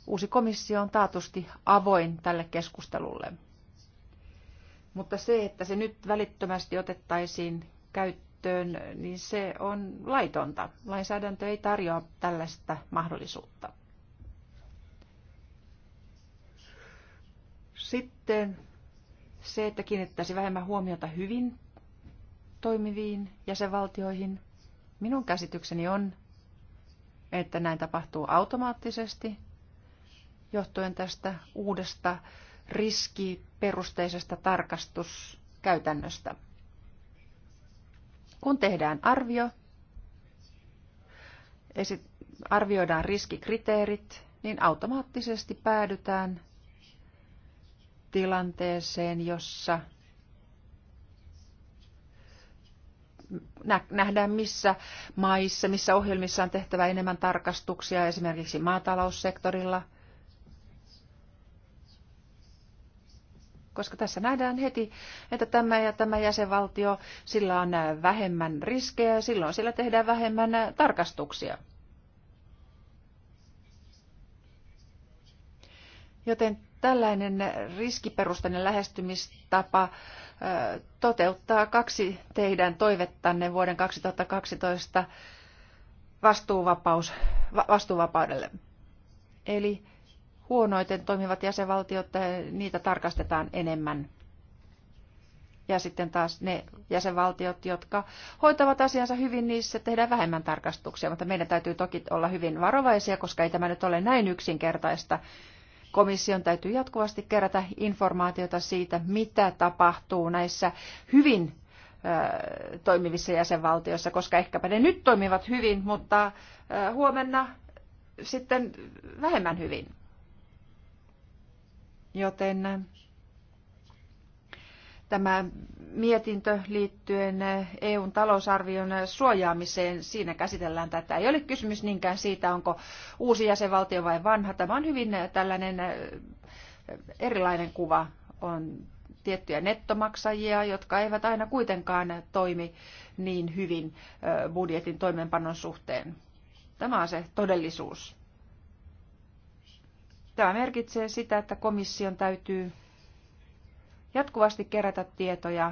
Uusi komissio on taatusti avoin tälle keskustelulle. Mutta se, että se nyt välittömästi otettaisiin käyttöön, niin se on laitonta. Lainsäädäntö ei tarjoa tällaista mahdollisuutta. Sitten se, että kiinnittäisi vähemmän huomiota hyvin toimiviin jäsenvaltioihin. Minun käsitykseni on, että näin tapahtuu automaattisesti johtuen tästä uudesta riskiperusteisesta tarkastuskäytännöstä. Kun tehdään arvio, arvioidaan riskikriteerit, niin automaattisesti päädytään tilanteeseen, jossa nähdään missä maissa, missä ohjelmissa on tehtävä enemmän tarkastuksia esimerkiksi maataloussektorilla. Koska tässä nähdään heti, että tämä ja tämä jäsenvaltio, sillä on vähemmän riskejä ja silloin sillä tehdään vähemmän tarkastuksia. Joten Tällainen riskiperustainen lähestymistapa toteuttaa kaksi teidän toivettanne vuoden 2012 vastuuvapaus, vastuuvapaudelle. Eli huonoiten toimivat jäsenvaltiot, niitä tarkastetaan enemmän. Ja sitten taas ne jäsenvaltiot, jotka hoitavat asiansa hyvin, niissä tehdään vähemmän tarkastuksia. Mutta meidän täytyy toki olla hyvin varovaisia, koska ei tämä nyt ole näin yksinkertaista. Komission täytyy jatkuvasti kerätä informaatiota siitä, mitä tapahtuu näissä hyvin toimivissa jäsenvaltioissa, koska ehkäpä ne nyt toimivat hyvin, mutta huomenna sitten vähemmän hyvin. Joten tämä mietintö liittyen EUn talousarvion suojaamiseen, siinä käsitellään tätä. Ei ole kysymys niinkään siitä, onko uusi jäsenvaltio vai vanha. Tämä on hyvin tällainen eh, erilainen kuva. On tiettyjä nettomaksajia, jotka eivät aina kuitenkaan toimi niin hyvin eh, budjetin toimeenpanon suhteen. Tämä on se todellisuus. Tämä merkitsee sitä, että komission täytyy jatkuvasti kerätä tietoja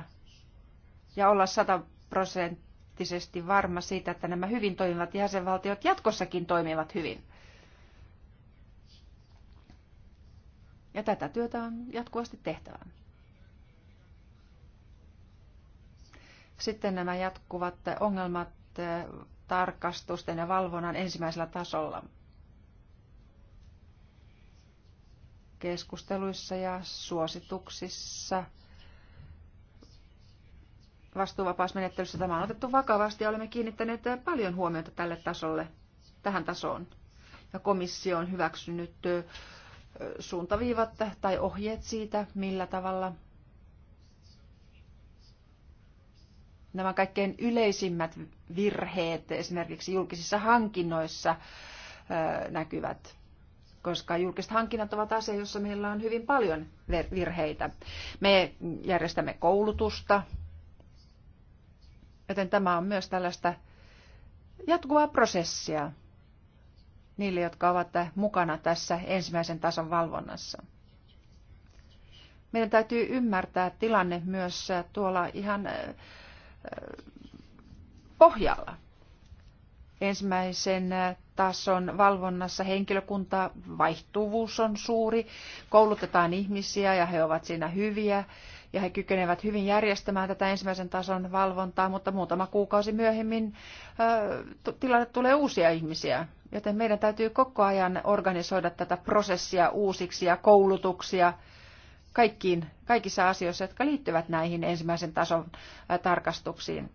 ja olla sataprosenttisesti varma siitä, että nämä hyvin toimivat jäsenvaltiot jatkossakin toimivat hyvin. Ja tätä työtä on jatkuvasti tehtävä. Sitten nämä jatkuvat ongelmat eh, tarkastusten ja valvonnan ensimmäisellä tasolla – keskusteluissa ja suosituksissa. Vastuuvapausmenettelyssä tämä on otettu vakavasti ja olemme kiinnittäneet paljon huomiota tälle tasolle, tähän tasoon. Ja komissio on hyväksynyt suuntaviivat tai ohjeet siitä, millä tavalla nämä kaikkein yleisimmät virheet esimerkiksi julkisissa hankinnoissa näkyvät koska julkiset hankinnat ovat asia, jossa meillä on hyvin paljon virheitä. Me järjestämme koulutusta, joten tämä on myös tällaista jatkuvaa prosessia niille, jotka ovat mukana tässä ensimmäisen tason valvonnassa. Meidän täytyy ymmärtää tilanne myös tuolla ihan pohjalla. Ensimmäisen on valvonnassa henkilökunta, vaihtuvuus on suuri, koulutetaan ihmisiä ja he ovat siinä hyviä ja he kykenevät hyvin järjestämään tätä ensimmäisen tason valvontaa, mutta muutama kuukausi myöhemmin tilanne tulee uusia ihmisiä. Joten meidän täytyy koko ajan organisoida tätä prosessia uusiksi ja koulutuksia kaikkiin, kaikissa asioissa, jotka liittyvät näihin ensimmäisen tason tarkastuksiin.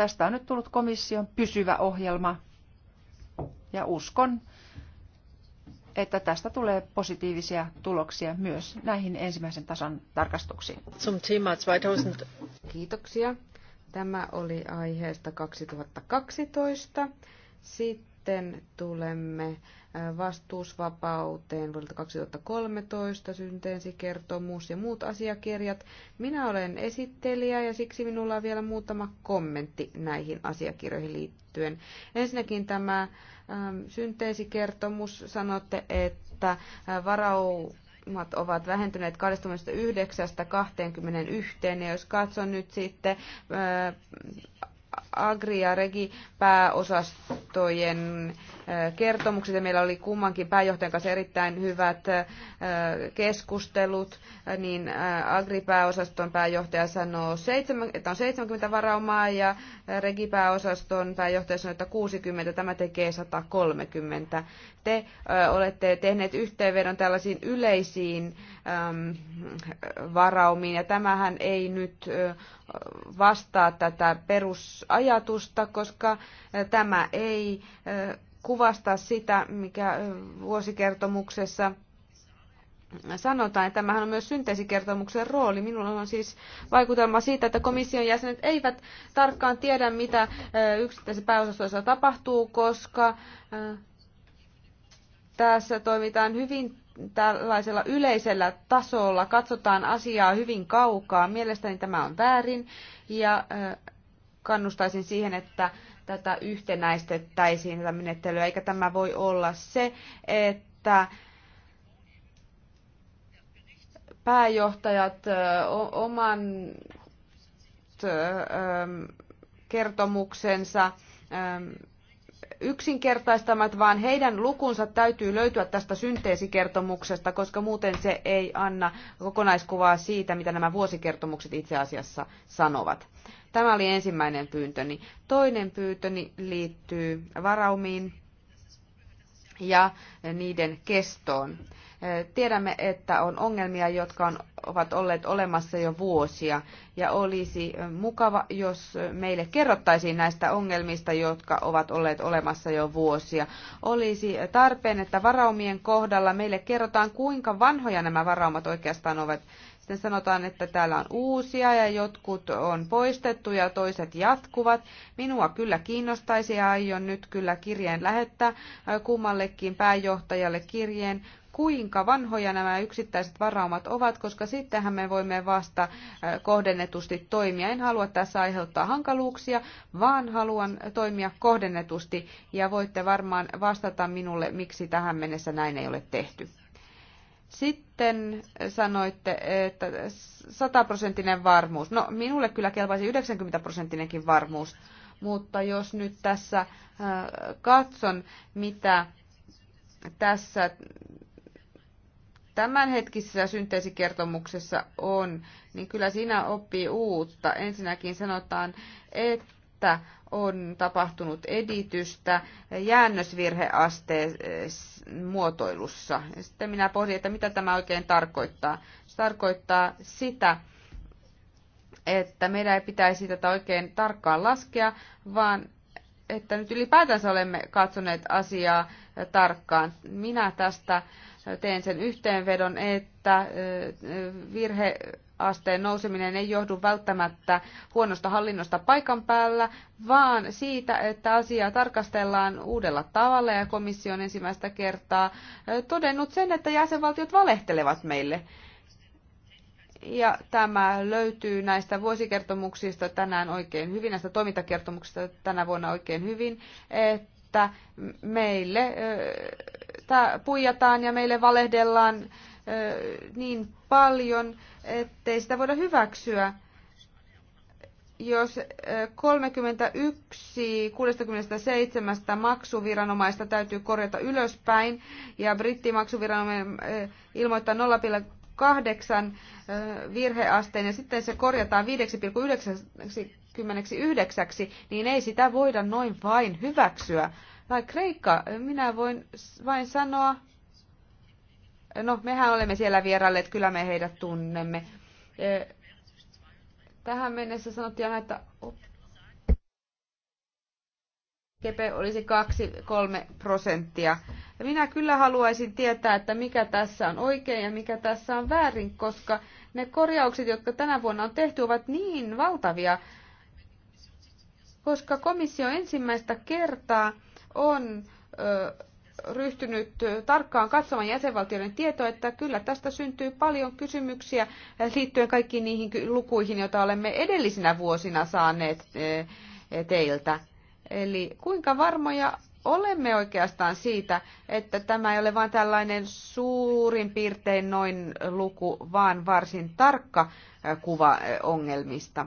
Tästä on nyt tullut komission pysyvä ohjelma ja uskon, että tästä tulee positiivisia tuloksia myös näihin ensimmäisen tason tarkastuksiin. 2000. Kiitoksia. Tämä oli aiheesta 2012. Sitten sitten tulemme vastuusvapauteen vuodelta 2013, synteensikertomus ja muut asiakirjat. Minä olen esittelijä ja siksi minulla on vielä muutama kommentti näihin asiakirjoihin liittyen. Ensinnäkin tämä synteesikertomus, sanotte, että varau ovat vähentyneet 29-21, ja jos katson nyt sitten Agri- ja Regi-pääosastojen kertomukset ja meillä oli kummankin pääjohtajan kanssa erittäin hyvät keskustelut, niin Agri-pääosaston pääjohtaja sanoo, että on 70 varaumaa ja Regi-pääosaston pääjohtaja sanoo, että 60, tämä tekee 130. Te olette tehneet yhteenvedon tällaisiin yleisiin varaumiin ja tämähän ei nyt vastaa tätä perusajatusta, koska tämä ei kuvastaa sitä, mikä vuosikertomuksessa sanotaan, että tämähän on myös synteesikertomuksen rooli. Minulla on siis vaikutelma siitä, että komission jäsenet eivät tarkkaan tiedä, mitä yksittäisessä pääosastoissa tapahtuu, koska tässä toimitaan hyvin tällaisella yleisellä tasolla, katsotaan asiaa hyvin kaukaa. Mielestäni tämä on väärin ja kannustaisin siihen, että tätä yhtenäistettäisiin tätä menettelyä, eikä tämä voi olla se, että pääjohtajat oman kertomuksensa yksinkertaistamat, vaan heidän lukunsa täytyy löytyä tästä synteesikertomuksesta, koska muuten se ei anna kokonaiskuvaa siitä, mitä nämä vuosikertomukset itse asiassa sanovat. Tämä oli ensimmäinen pyyntöni. Toinen pyyntöni liittyy varaumiin ja niiden kestoon. Tiedämme, että on ongelmia, jotka ovat olleet olemassa jo vuosia, ja olisi mukava, jos meille kerrottaisiin näistä ongelmista, jotka ovat olleet olemassa jo vuosia. Olisi tarpeen, että varaumien kohdalla meille kerrotaan, kuinka vanhoja nämä varaumat oikeastaan ovat. Sitten sanotaan, että täällä on uusia ja jotkut on poistettu ja toiset jatkuvat. Minua kyllä kiinnostaisi ja aion nyt kyllä kirjeen lähettää kummallekin pääjohtajalle kirjeen, kuinka vanhoja nämä yksittäiset varaumat ovat, koska sittenhän me voimme vasta kohdennetusti toimia. En halua tässä aiheuttaa hankaluuksia, vaan haluan toimia kohdennetusti ja voitte varmaan vastata minulle, miksi tähän mennessä näin ei ole tehty. Sitten sanoitte, että sataprosenttinen varmuus. No, minulle kyllä kelpaisi 90 prosenttinenkin varmuus, mutta jos nyt tässä katson, mitä tässä tämänhetkisessä synteesikertomuksessa on, niin kyllä siinä oppii uutta. Ensinnäkin sanotaan, että on tapahtunut editystä jäännösvirheasteen muotoilussa. Sitten minä pohdin, että mitä tämä oikein tarkoittaa. Se tarkoittaa sitä, että meidän ei pitäisi tätä oikein tarkkaan laskea, vaan että nyt ylipäätänsä olemme katsoneet asiaa tarkkaan. Minä tästä teen sen yhteenvedon, että virhe asteen nouseminen ei johdu välttämättä huonosta hallinnosta paikan päällä, vaan siitä, että asiaa tarkastellaan uudella tavalla ja komission ensimmäistä kertaa todennut sen, että jäsenvaltiot valehtelevat meille. Ja tämä löytyy näistä vuosikertomuksista tänään oikein hyvin, näistä toimintakertomuksista tänä vuonna oikein hyvin, että meille puijataan ja meille valehdellaan niin paljon, ettei sitä voida hyväksyä. Jos 31 67 maksuviranomaista täytyy korjata ylöspäin ja brittimaksuviranomainen ilmoittaa virheasteen ja sitten se korjataan 5,99, niin ei sitä voida noin vain hyväksyä. Vai Kreikka, minä voin vain sanoa, no mehän olemme siellä vierailleet, kyllä me heidät tunnemme. Tähän mennessä sanottiin aina, että kepe olisi 2-3 prosenttia. Ja minä kyllä haluaisin tietää, että mikä tässä on oikein ja mikä tässä on väärin, koska ne korjaukset, jotka tänä vuonna on tehty, ovat niin valtavia, koska komissio ensimmäistä kertaa on ö, ryhtynyt tarkkaan katsomaan jäsenvaltioiden tietoa, että kyllä tästä syntyy paljon kysymyksiä liittyen kaikkiin niihin lukuihin, joita olemme edellisinä vuosina saaneet teiltä. Eli kuinka varmoja olemme oikeastaan siitä, että tämä ei ole vain tällainen suurin piirtein noin luku, vaan varsin tarkka kuva ongelmista.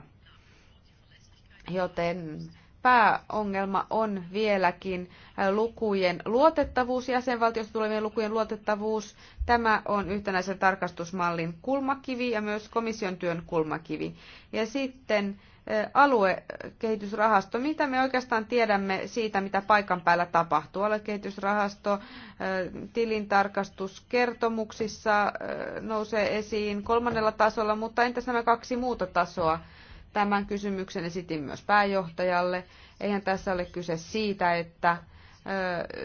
Joten pääongelma on vieläkin lukujen luotettavuus, jäsenvaltiosta tulevien lukujen luotettavuus. Tämä on yhtenäisen tarkastusmallin kulmakivi ja myös komission työn kulmakivi. Ja sitten aluekehitysrahasto. Mitä me oikeastaan tiedämme siitä, mitä paikan päällä tapahtuu? Aluekehitysrahasto tilintarkastuskertomuksissa nousee esiin kolmannella tasolla, mutta entäs nämä kaksi muuta tasoa? Tämän kysymyksen esitin myös pääjohtajalle. Eihän tässä ole kyse siitä, että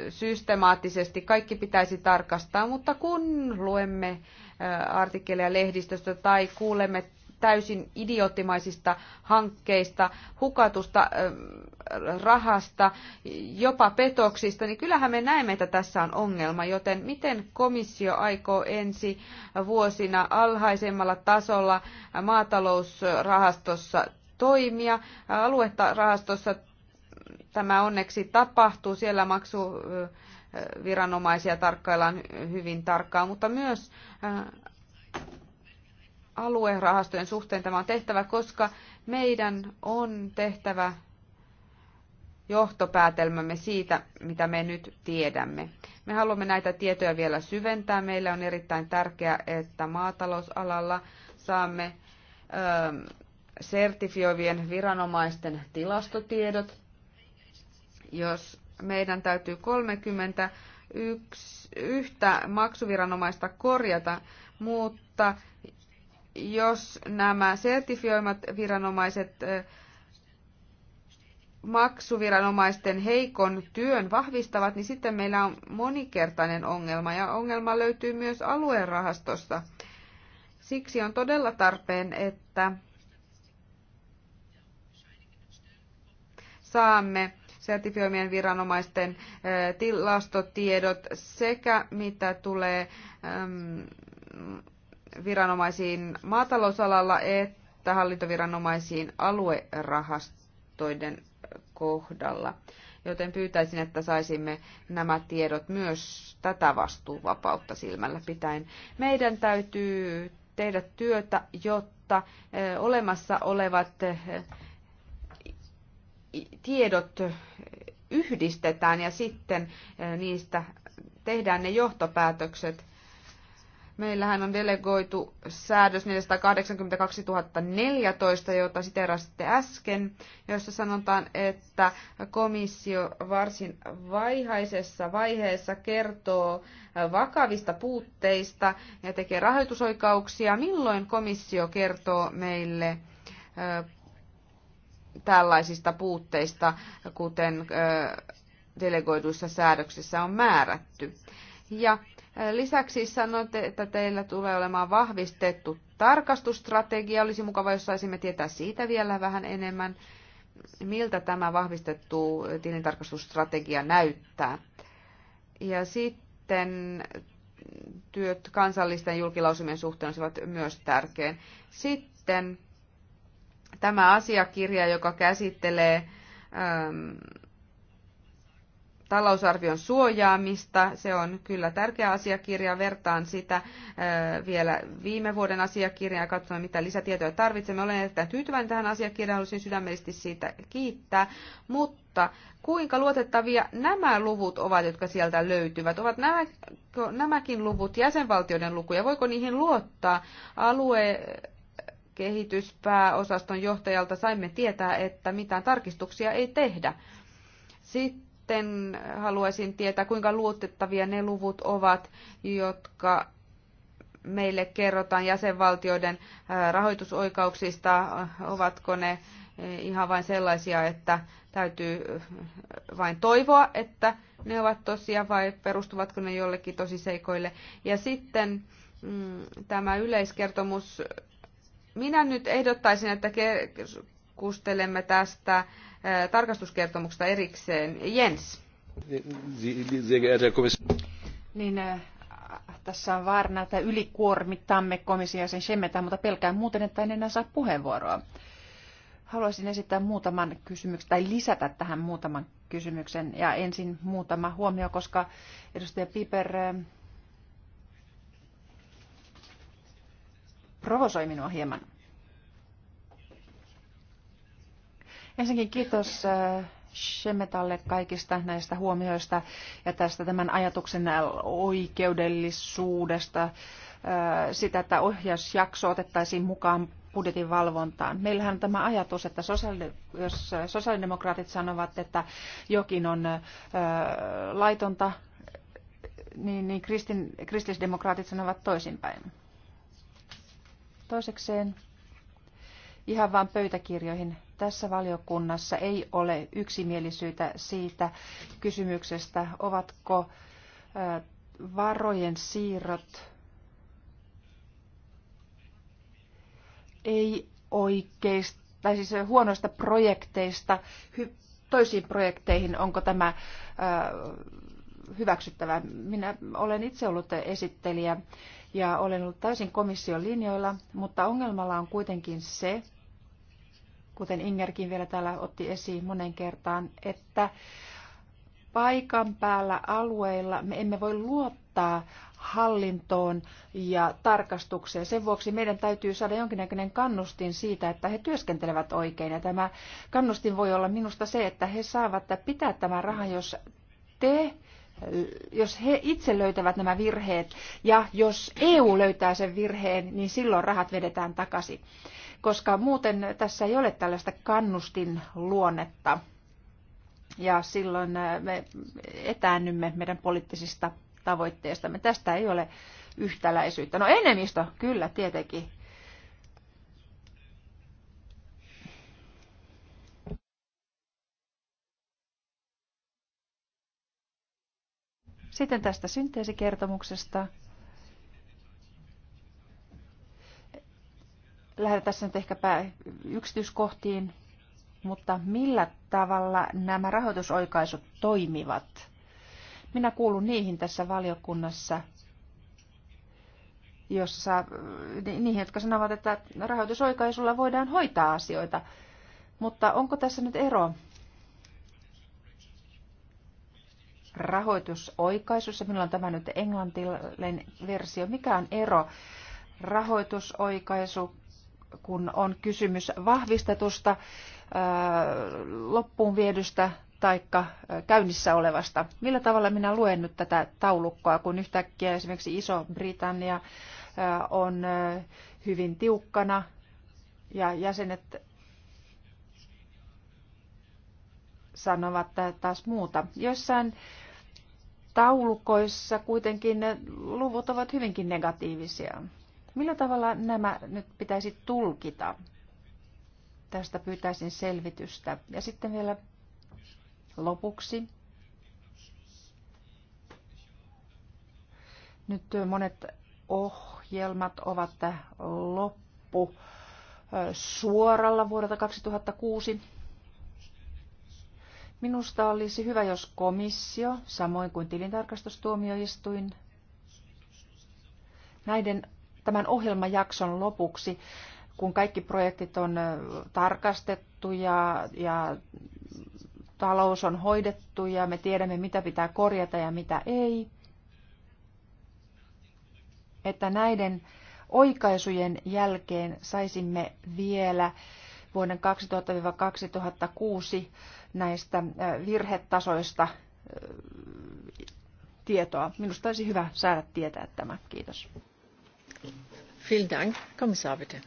systemaattisesti kaikki pitäisi tarkastaa, mutta kun luemme artikkeleja lehdistöstä tai kuulemme täysin idioottimaisista hankkeista, hukatusta rahasta, jopa petoksista, niin kyllähän me näemme, että tässä on ongelma, joten miten komissio aikoo ensi vuosina alhaisemmalla tasolla maatalousrahastossa toimia. Aluetta rahastossa tämä onneksi tapahtuu, siellä maksu viranomaisia tarkkaillaan hyvin tarkkaan, mutta myös aluerahastojen suhteen tämä on tehtävä, koska meidän on tehtävä johtopäätelmämme siitä, mitä me nyt tiedämme. Me haluamme näitä tietoja vielä syventää. Meillä on erittäin tärkeää, että maatalousalalla saamme ö, ähm, sertifioivien viranomaisten tilastotiedot. Jos meidän täytyy 31 yhtä maksuviranomaista korjata, mutta jos nämä sertifioimat viranomaiset maksuviranomaisten heikon työn vahvistavat, niin sitten meillä on monikertainen ongelma ja ongelma löytyy myös aluerahastosta. Siksi on todella tarpeen, että saamme sertifioimien viranomaisten tilastotiedot sekä mitä tulee viranomaisiin maatalousalalla että hallintoviranomaisiin aluerahastoiden kohdalla. Joten pyytäisin, että saisimme nämä tiedot myös tätä vastuuvapautta silmällä pitäen. Meidän täytyy tehdä työtä, jotta e, olemassa olevat e, tiedot yhdistetään ja sitten e, niistä tehdään ne johtopäätökset, Meillähän on delegoitu säädös 482 2014, jota siterasitte äsken, jossa sanotaan, että komissio varsin vaihaisessa vaiheessa kertoo vakavista puutteista ja tekee rahoitusoikauksia. Milloin komissio kertoo meille tällaisista puutteista, kuten delegoiduissa säädöksissä on määrätty? Ja Lisäksi sanoitte, että teillä tulee olemaan vahvistettu tarkastusstrategia. Olisi mukava, jos saisimme tietää siitä vielä vähän enemmän. Miltä tämä vahvistettu tilintarkastusstrategia näyttää? Ja sitten työt kansallisten julkilausumien suhteen olisivat myös tärkein. Sitten tämä asiakirja, joka käsittelee ähm, talousarvion suojaamista. Se on kyllä tärkeä asiakirja. Vertaan sitä vielä viime vuoden asiakirjaa ja katsoin, mitä lisätietoja tarvitsemme. Olen erittäin tyytyväinen tähän asiakirjaan. Haluaisin sydämellisesti siitä kiittää. Mutta kuinka luotettavia nämä luvut ovat, jotka sieltä löytyvät? Ovat nämä, nämäkin luvut jäsenvaltioiden lukuja? Voiko niihin luottaa? Alue, kehityspääosaston johtajalta saimme tietää, että mitään tarkistuksia ei tehdä. Sitten sitten haluaisin tietää, kuinka luotettavia ne luvut ovat, jotka meille kerrotaan jäsenvaltioiden rahoitusoikauksista, ovatko ne ihan vain sellaisia, että täytyy vain toivoa, että ne ovat tosia vai perustuvatko ne jollekin tosiseikoille. Ja sitten mm, tämä yleiskertomus. Minä nyt ehdottaisin, että keskustelemme tästä Äh, tarkastuskertomuksesta erikseen. Jens. Niin, äh, tässä on vaarana, että ylikuormittamme komisia sen Schemmetä, mutta pelkään muuten, että en enää saa puheenvuoroa. Haluaisin esittää muutaman kysymyksen tai lisätä tähän muutaman kysymyksen ja ensin muutama huomio, koska edustaja Piper äh, provosoi minua hieman. Ensinnäkin kiitos äh, Shemetalle kaikista näistä huomioista ja tästä tämän ajatuksen oikeudellisuudesta, äh, sitä, että ohjausjakso otettaisiin mukaan budjetin valvontaan. Meillähän on tämä ajatus, että sosiaali, jos sosiaalidemokraatit sanovat, että jokin on äh, laitonta, niin, niin kristin, kristillisdemokraatit sanovat toisinpäin. Toisekseen ihan vain pöytäkirjoihin tässä valiokunnassa ei ole yksimielisyyttä siitä kysymyksestä, ovatko varojen siirrot ei oikeista, tai siis huonoista projekteista toisiin projekteihin, onko tämä hyväksyttävää. Minä olen itse ollut esittelijä ja olen ollut täysin komission linjoilla, mutta ongelmalla on kuitenkin se, kuten Ingerkin vielä täällä otti esiin monen kertaan, että paikan päällä alueilla me emme voi luottaa hallintoon ja tarkastukseen. Sen vuoksi meidän täytyy saada jonkinnäköinen kannustin siitä, että he työskentelevät oikein. Ja tämä kannustin voi olla minusta se, että he saavat pitää tämän rahan, jos te jos he itse löytävät nämä virheet ja jos EU löytää sen virheen, niin silloin rahat vedetään takaisin koska muuten tässä ei ole tällaista kannustin luonnetta. Ja silloin äh, me etäännymme meidän poliittisista tavoitteista me Tästä ei ole yhtäläisyyttä. No enemmistö, kyllä tietenkin. Sitten tästä synteesikertomuksesta. Lähdetään tässä nyt ehkäpä yksityiskohtiin, mutta millä tavalla nämä rahoitusoikaisut toimivat? Minä kuulun niihin tässä valiokunnassa, jossa niihin, jotka sanovat, että rahoitusoikaisulla voidaan hoitaa asioita. Mutta onko tässä nyt ero rahoitusoikaisussa? Minulla on tämä nyt englantilainen versio. Mikä on ero rahoitusoikaisu kun on kysymys vahvistetusta, loppuun viedystä taikka käynnissä olevasta. Millä tavalla minä luen nyt tätä taulukkoa, kun yhtäkkiä esimerkiksi Iso-Britannia on hyvin tiukkana ja jäsenet sanovat taas muuta. jossain taulukoissa kuitenkin ne luvut ovat hyvinkin negatiivisia. Millä tavalla nämä nyt pitäisi tulkita? Tästä pyytäisin selvitystä. Ja sitten vielä lopuksi. Nyt monet ohjelmat ovat loppu suoralla vuodelta 2006. Minusta olisi hyvä, jos komissio, samoin kuin tilintarkastustuomioistuin, näiden tämän ohjelmajakson lopuksi, kun kaikki projektit on tarkastettu ja, ja talous on hoidettu ja me tiedämme, mitä pitää korjata ja mitä ei, että näiden oikaisujen jälkeen saisimme vielä vuoden 2000-2006 näistä virhetasoista tietoa. Minusta olisi hyvä saada tietää tämä. Kiitos. Vielen Dank, Kommissar bitte.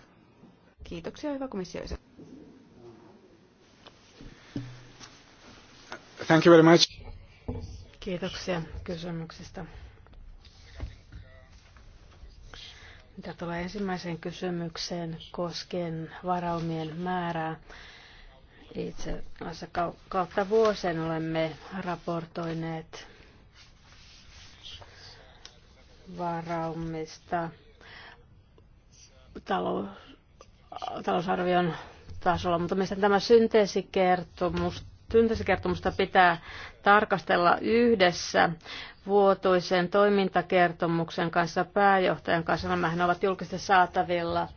Kiitoksia, hyvä komissio. Thank you very much. Kiitoksia kysymyksistä. Mitä tulee ensimmäiseen kysymykseen koskien varaumien määrää, itse asiassa kautta vuosien olemme raportoineet varaumista talous, talousarvion tasolla, mutta mielestäni tämä synteesikertomus, synteesikertomusta pitää tarkastella yhdessä vuotuisen toimintakertomuksen kanssa pääjohtajan kanssa. Nämähän ovat julkisesti saatavilla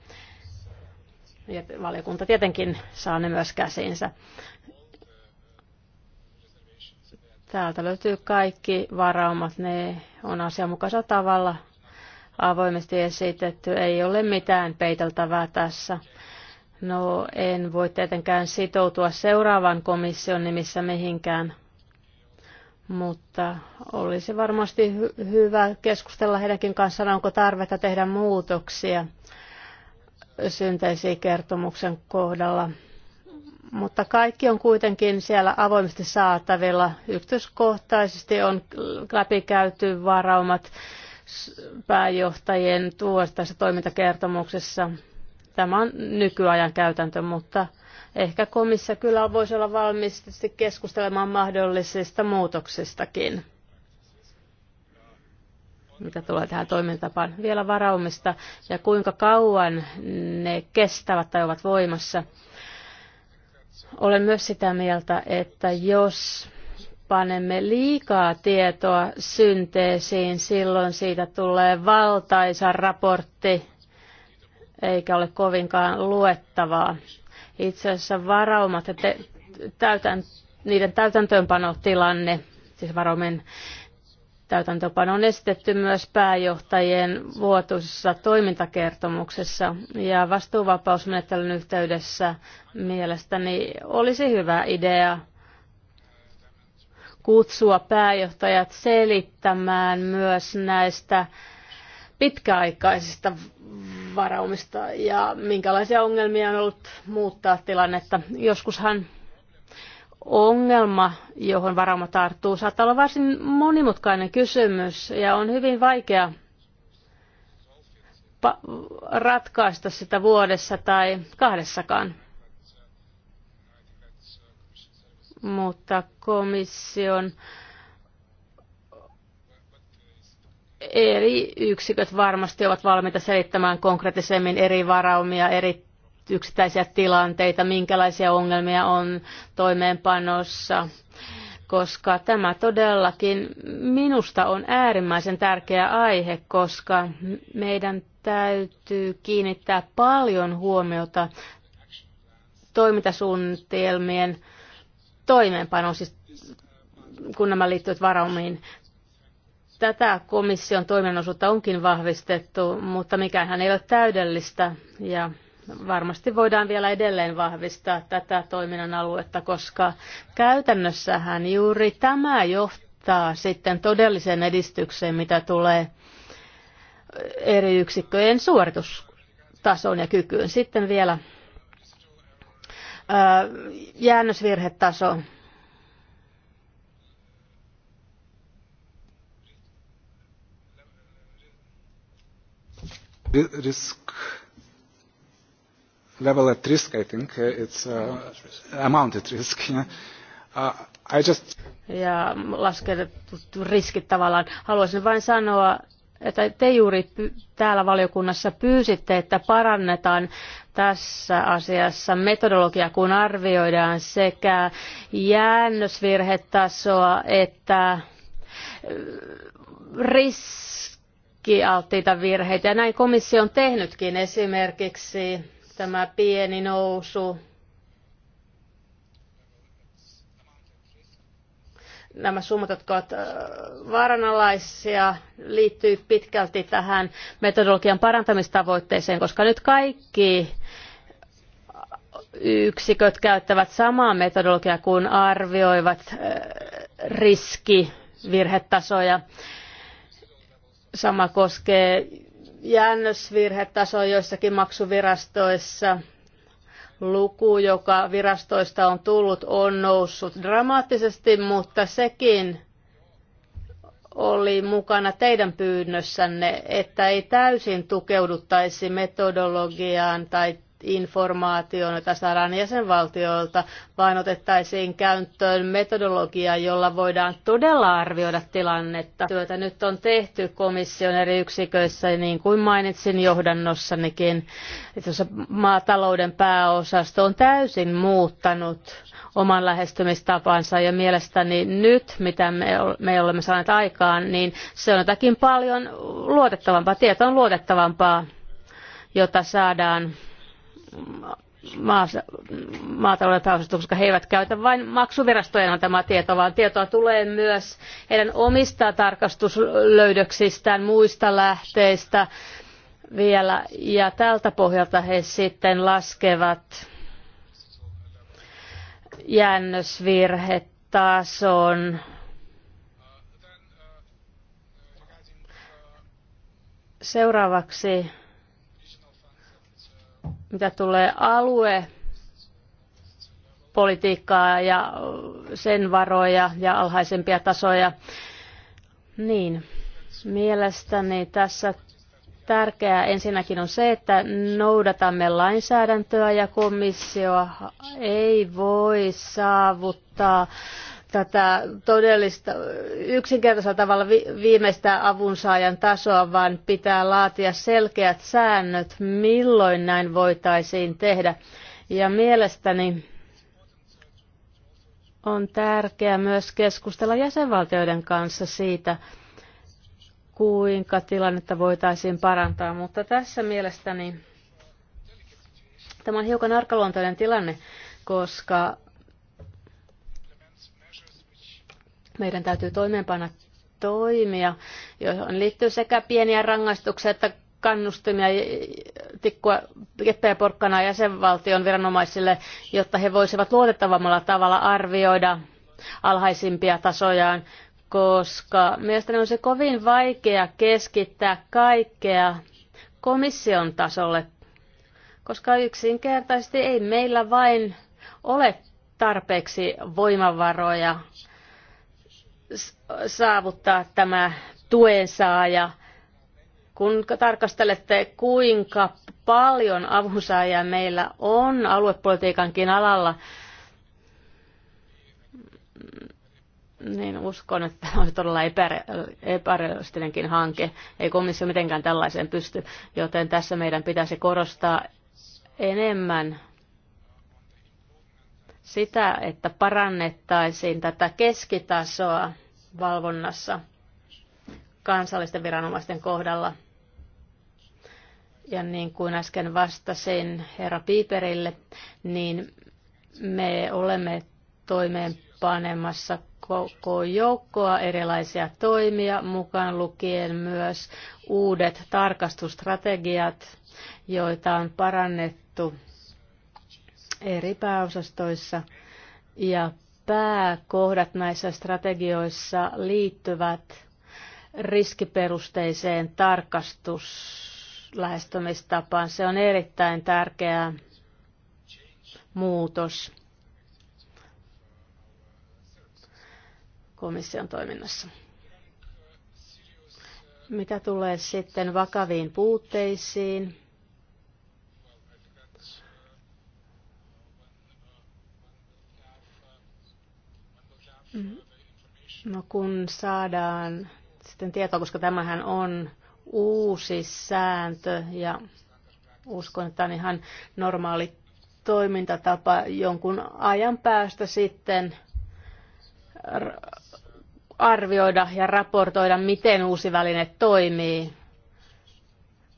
ja valiokunta tietenkin saa ne myös käsinsä. Täältä löytyy kaikki varaumat, ne on asianmukaisella tavalla avoimesti esitetty. Ei ole mitään peiteltävää tässä. No, en voi tietenkään sitoutua seuraavan komission nimissä mihinkään, mutta olisi varmasti hy- hyvä keskustella heidänkin kanssaan, onko tarvetta tehdä muutoksia synteesi-kertomuksen kohdalla. Mutta kaikki on kuitenkin siellä avoimesti saatavilla. Yksityiskohtaisesti on läpikäyty varaumat pääjohtajien tässä toimintakertomuksessa. Tämä on nykyajan käytäntö, mutta ehkä komissa kyllä voisi olla valmis keskustelemaan mahdollisista muutoksistakin mitä tulee tähän toimintapaan? vielä varaumista ja kuinka kauan ne kestävät tai ovat voimassa. Olen myös sitä mieltä, että jos panemme liikaa tietoa synteesiin, silloin siitä tulee valtaisa raportti, eikä ole kovinkaan luettavaa. Itse asiassa varaumat ja te, täytän, niiden täytäntöönpanotilanne, siis varaumin täytäntöpano on esitetty myös pääjohtajien vuotuisessa toimintakertomuksessa ja vastuuvapausmenettelyn yhteydessä mielestäni olisi hyvä idea kutsua pääjohtajat selittämään myös näistä pitkäaikaisista varaumista ja minkälaisia ongelmia on ollut muuttaa tilannetta. Joskushan ongelma, johon varauma tarttuu, saattaa olla varsin monimutkainen kysymys ja on hyvin vaikea ratkaista sitä vuodessa tai kahdessakaan. mutta komission eri yksiköt varmasti ovat valmiita selittämään konkreettisemmin eri varaumia, eri yksittäisiä tilanteita, minkälaisia ongelmia on toimeenpanossa, koska tämä todellakin minusta on äärimmäisen tärkeä aihe, koska meidän täytyy kiinnittää paljon huomiota toimintasuunnitelmien toimeenpanoon, siis kun nämä liittyvät varaumiin. Tätä komission toimenosuutta onkin vahvistettu, mutta mikäänhän ei ole täydellistä ja varmasti voidaan vielä edelleen vahvistaa tätä toiminnan aluetta, koska käytännössähän juuri tämä johtaa sitten todelliseen edistykseen, mitä tulee eri yksikköjen suoritustasoon ja kykyyn. Sitten vielä jäännösvirhetaso. Risk level at risk, I think uh, it's uh, amount at risk. Yeah. Uh, I just... Ja lasketut riskit tavallaan. Haluaisin vain sanoa, että te juuri täällä valiokunnassa pyysitte, että parannetaan tässä asiassa metodologiaa, kun arvioidaan sekä jäännösvirhetasoa että riskialttiita virheitä. Ja näin komissio on tehnytkin esimerkiksi tämä pieni nousu nämä summat, jotka ovat vaaranalaisia, liittyy pitkälti tähän metodologian parantamistavoitteeseen, koska nyt kaikki yksiköt käyttävät samaa metodologiaa, kun arvioivat riskivirhetasoja. Sama koskee jäännösvirhetasoja joissakin maksuvirastoissa – luku, joka virastoista on tullut, on noussut dramaattisesti, mutta sekin oli mukana teidän pyynnössänne, että ei täysin tukeuduttaisi metodologiaan tai informaation, jota saadaan jäsenvaltioilta, vaan otettaisiin käyttöön metodologia, jolla voidaan todella arvioida tilannetta. Työtä nyt on tehty komission eri yksiköissä, niin kuin mainitsin johdannossanikin, että maatalouden pääosasto on täysin muuttanut oman lähestymistapansa ja mielestäni nyt, mitä me, me olemme saaneet aikaan, niin se on jotakin paljon luotettavampaa, tieto on luotettavampaa, jota saadaan maassa, maatalouden pääosastosta, koska he eivät käytä vain maksuvirastojen antamaa tietoa, vaan tietoa tulee myös heidän omista tarkastuslöydöksistään, muista lähteistä vielä. Ja tältä pohjalta he sitten laskevat jännösvirhetason. Seuraavaksi mitä tulee alue politiikkaa ja sen varoja ja alhaisempia tasoja. Niin, mielestäni tässä tärkeää ensinnäkin on se, että noudatamme lainsäädäntöä ja komissio ei voi saavuttaa tätä todellista yksinkertaisella tavalla viimeistä avunsaajan tasoa, vaan pitää laatia selkeät säännöt, milloin näin voitaisiin tehdä. Ja mielestäni on tärkeää myös keskustella jäsenvaltioiden kanssa siitä, kuinka tilannetta voitaisiin parantaa. Mutta tässä mielestäni tämä on hiukan arkaluontoinen tilanne, koska Meidän täytyy toimeenpanna toimia, joihin liittyy sekä pieniä rangaistuksia että kannustimia tikkua keppeä porkkana jäsenvaltion viranomaisille, jotta he voisivat luotettavammalla tavalla arvioida alhaisimpia tasojaan, koska mielestäni on se kovin vaikea keskittää kaikkea komission tasolle, koska yksinkertaisesti ei meillä vain ole tarpeeksi voimavaroja saavuttaa tämä tuen saaja. Kun tarkastelette, kuinka paljon avunsaajia meillä on aluepolitiikankin alalla, niin uskon, että on todella epärealistinenkin hanke. Ei komissio mitenkään tällaiseen pysty, joten tässä meidän pitäisi korostaa enemmän sitä, että parannettaisiin tätä keskitasoa valvonnassa kansallisten viranomaisten kohdalla. Ja niin kuin äsken vastasin herra Piiperille, niin me olemme toimeenpanemassa koko joukkoa erilaisia toimia, mukaan lukien myös uudet tarkastustrategiat, joita on parannettu eri pääosastoissa ja pääkohdat näissä strategioissa liittyvät riskiperusteiseen tarkastuslähestymistapaan. Se on erittäin tärkeä muutos komission toiminnassa. Mitä tulee sitten vakaviin puutteisiin, Mm. No kun saadaan sitten tietoa, koska tämähän on uusi sääntö ja uskon, että on ihan normaali toimintatapa jonkun ajan päästä sitten arvioida ja raportoida, miten uusi väline toimii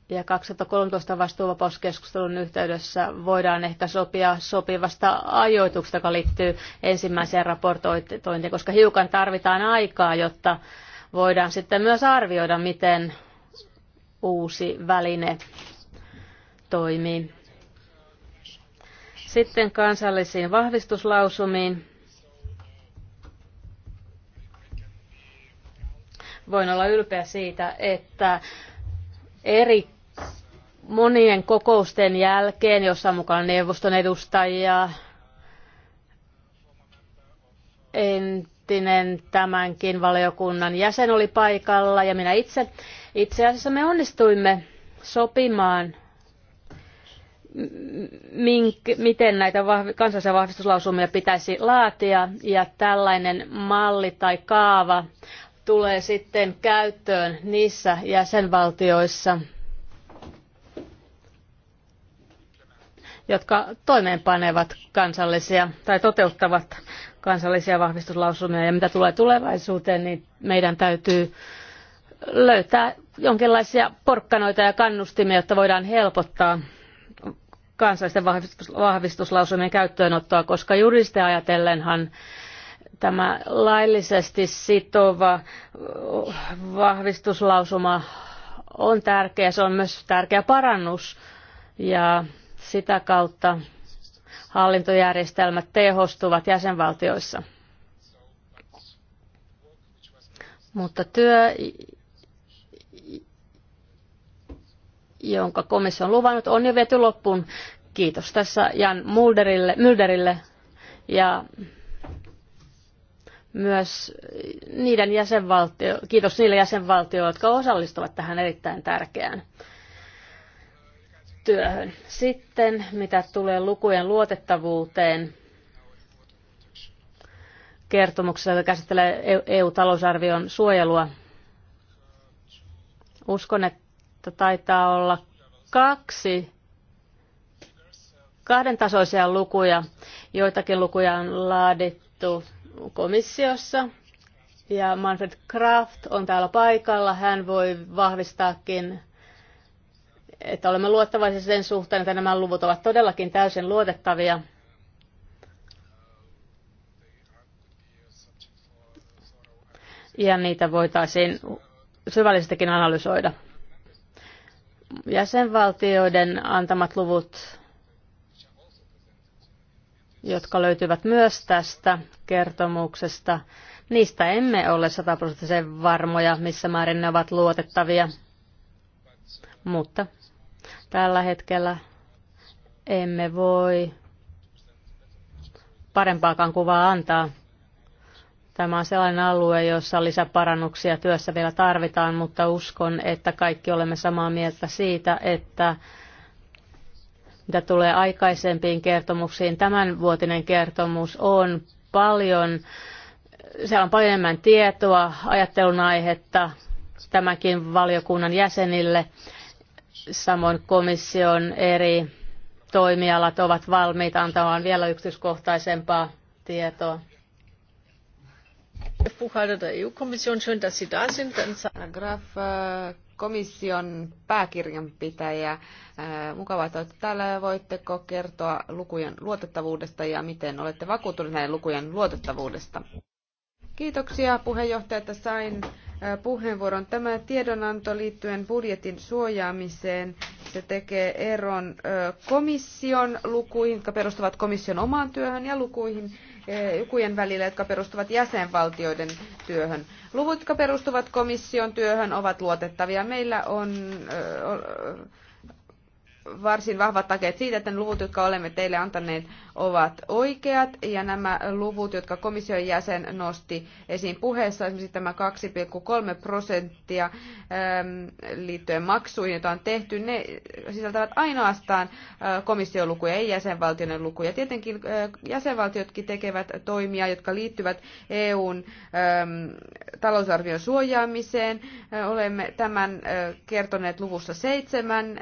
ja 2013 vastuuvapauskeskustelun yhteydessä voidaan ehkä sopia sopivasta ajoituksesta, joka liittyy ensimmäiseen raportointiin, koska hiukan tarvitaan aikaa, jotta voidaan sitten myös arvioida, miten uusi väline toimii. Sitten kansallisiin vahvistuslausumiin. Voin olla ylpeä siitä, että eri monien kokousten jälkeen, jossa on mukana neuvoston edustajia, entinen tämänkin valiokunnan jäsen oli paikalla ja minä itse. Itse asiassa me onnistuimme sopimaan, mink, miten näitä kansallisia vahvistuslausumia pitäisi laatia ja tällainen malli tai kaava tulee sitten käyttöön niissä jäsenvaltioissa – jotka toimeenpanevat kansallisia tai toteuttavat kansallisia vahvistuslausumia. Ja mitä tulee tulevaisuuteen, niin meidän täytyy löytää jonkinlaisia porkkanoita ja kannustimia, jotta voidaan helpottaa kansallisten vahvistuslausumien käyttöönottoa, koska juristeja ajatellenhan tämä laillisesti sitova vahvistuslausuma on tärkeä. Se on myös tärkeä parannus ja sitä kautta hallintojärjestelmät tehostuvat jäsenvaltioissa. Mutta työ, jonka komissio on luvannut, on jo viety loppuun. Kiitos tässä Jan Mulderille, Mulderille ja myös niiden jäsenvaltio, kiitos niille jäsenvaltioille, jotka osallistuvat tähän erittäin tärkeään työhön. Sitten mitä tulee lukujen luotettavuuteen, kertomuksessa, joka käsittelee e- EU-talousarvion suojelua. Uskon, että taitaa olla kaksi kahden tasoisia lukuja. Joitakin lukuja on laadittu komissiossa. Ja Manfred Kraft on täällä paikalla. Hän voi vahvistaakin että olemme luottavaisia sen suhteen, että nämä luvut ovat todellakin täysin luotettavia. Ja niitä voitaisiin syvällisestikin analysoida. Jäsenvaltioiden antamat luvut, jotka löytyvät myös tästä kertomuksesta, niistä emme ole sataprosenttisen varmoja, missä määrin ne ovat luotettavia. Mutta Tällä hetkellä emme voi parempaakaan kuvaa antaa. Tämä on sellainen alue, jossa lisäparannuksia työssä vielä tarvitaan, mutta uskon, että kaikki olemme samaa mieltä siitä, että mitä tulee aikaisempiin kertomuksiin, Tämän vuotinen kertomus on paljon, siellä on paljon enemmän tietoa, ajattelun aihetta tämäkin valiokunnan jäsenille Samoin komission eri toimialat ovat valmiita antamaan vielä yksityiskohtaisempaa tietoa. Buchhalter eu komission schön, dass Sie da sind. Dann Graf, äh, komission pääkirjanpitäjä. Äh, mukavaa, että olette täällä. Voitteko kertoa lukujen luotettavuudesta ja miten olette vakuuttuneet näiden lukujen luotettavuudesta? Kiitoksia puheenjohtaja, että sain puheenvuoron. Tämä tiedonanto liittyen budjetin suojaamiseen, se tekee eron komission lukuihin, jotka perustuvat komission omaan työhön, ja lukuihin, lukujen välillä, jotka perustuvat jäsenvaltioiden työhön. Luvut, jotka perustuvat komission työhön, ovat luotettavia. Meillä on varsin vahvat takeet siitä, että ne luvut, jotka olemme teille antaneet, ovat oikeat. Ja nämä luvut, jotka komission jäsen nosti esiin puheessa, esimerkiksi tämä 2,3 prosenttia ähm, liittyen maksuihin, joita on tehty, ne sisältävät ainoastaan äh, komission lukuja, ei jäsenvaltioiden lukuja. Tietenkin äh, jäsenvaltiotkin tekevät toimia, jotka liittyvät EUn ähm, talousarvion suojaamiseen. Äh, olemme tämän kertoneet luvussa seitsemän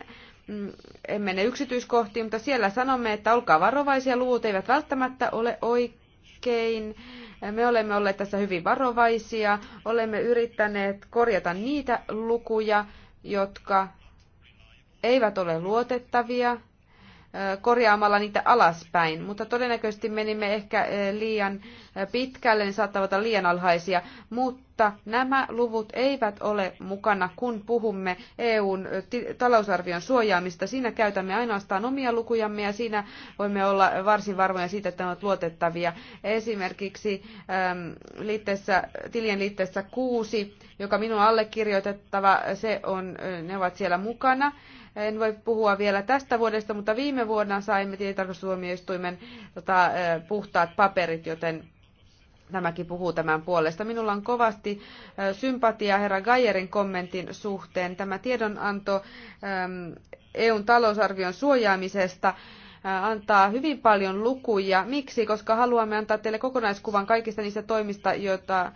en mene yksityiskohtiin, mutta siellä sanomme, että olkaa varovaisia, luvut eivät välttämättä ole oikein. Me olemme olleet tässä hyvin varovaisia, olemme yrittäneet korjata niitä lukuja, jotka eivät ole luotettavia, korjaamalla niitä alaspäin, mutta todennäköisesti menimme ehkä liian pitkälle, ne saattavat olla liian alhaisia, mutta nämä luvut eivät ole mukana, kun puhumme EUn talousarvion suojaamista. Siinä käytämme ainoastaan omia lukujamme ja siinä voimme olla varsin varmoja siitä, että ne ovat luotettavia. Esimerkiksi liitteessä, tilien liitteessä kuusi, joka minun allekirjoitettava, se on, ne ovat siellä mukana. En voi puhua vielä tästä vuodesta, mutta viime vuonna saimme tilintarkastustuomioistuimen tota, puhtaat paperit, joten Tämäkin puhuu tämän puolesta. Minulla on kovasti sympatiaa herra Gajerin kommentin suhteen. Tämä tiedonanto EUn talousarvion suojaamisesta antaa hyvin paljon lukuja. Miksi? Koska haluamme antaa teille kokonaiskuvan kaikista niistä toimista, joita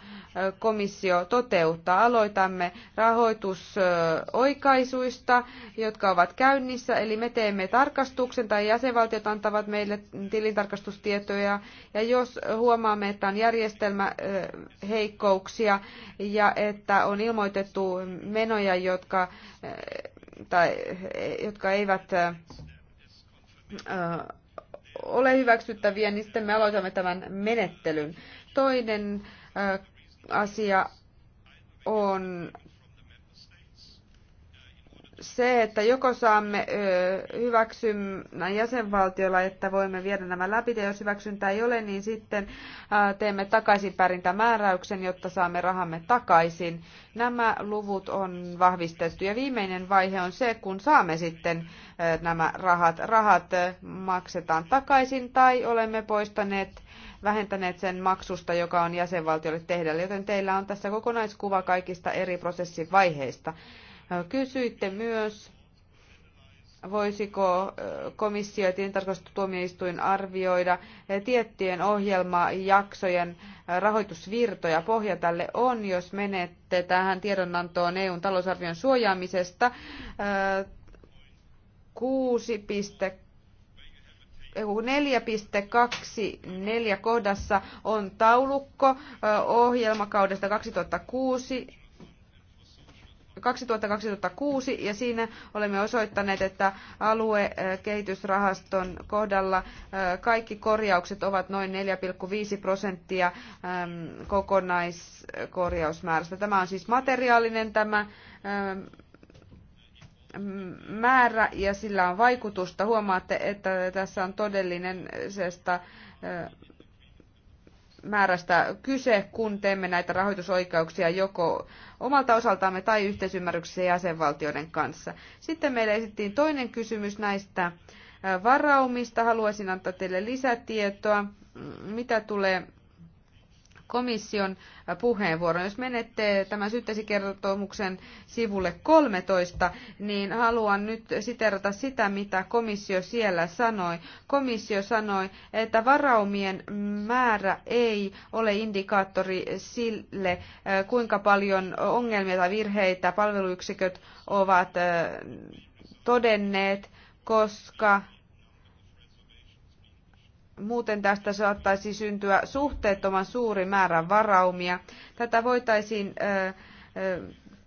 komissio toteuttaa. Aloitamme rahoitusoikaisuista, jotka ovat käynnissä, eli me teemme tarkastuksen tai jäsenvaltiot antavat meille tilintarkastustietoja, ja jos huomaamme, että on järjestelmäheikkouksia ja että on ilmoitettu menoja, jotka, tai, jotka eivät ole hyväksyttäviä, niin sitten me aloitamme tämän menettelyn. Toinen asia on se, että joko saamme hyväksymään jäsenvaltiolla, että voimme viedä nämä läpi, ja jos hyväksyntä ei ole, niin sitten teemme takaisinpärintämääräyksen, jotta saamme rahamme takaisin. Nämä luvut on vahvistettu, ja viimeinen vaihe on se, kun saamme sitten nämä rahat. Rahat maksetaan takaisin, tai olemme poistaneet vähentäneet sen maksusta, joka on jäsenvaltiolle tehdä, joten teillä on tässä kokonaiskuva kaikista eri prosessivaiheista. vaiheista. Kysyitte myös, voisiko komissio ja tilintarkastustuomioistuin arvioida tiettyjen ohjelmajaksojen rahoitusvirtoja. Pohja tälle on, jos menette tähän tiedonantoon EUn talousarvion suojaamisesta 6. 4.24 kohdassa on taulukko ohjelmakaudesta 2006 2000-2006 ja siinä olemme osoittaneet, että aluekehitysrahaston kohdalla kaikki korjaukset ovat noin 4,5 prosenttia kokonaiskorjausmäärästä. Tämä on siis materiaalinen tämä määrä ja sillä on vaikutusta. Huomaatte, että tässä on todellisesta määrästä kyse, kun teemme näitä rahoitusoikeuksia joko omalta osaltamme tai yhteisymmärryksessä jäsenvaltioiden kanssa. Sitten meille esittiin toinen kysymys näistä äh, varaumista. Haluaisin antaa teille lisätietoa, mm, mitä tulee komission puheenvuoron. Jos menette tämän syyttäisikertomuksen sivulle 13, niin haluan nyt siterata sitä, mitä komissio siellä sanoi. Komissio sanoi, että varaumien määrä ei ole indikaattori sille, eh, kuinka paljon ongelmia tai virheitä palveluyksiköt ovat eh, todenneet, koska Muuten tästä saattaisi syntyä suhteettoman suuri määrä varaumia. Tätä voitaisiin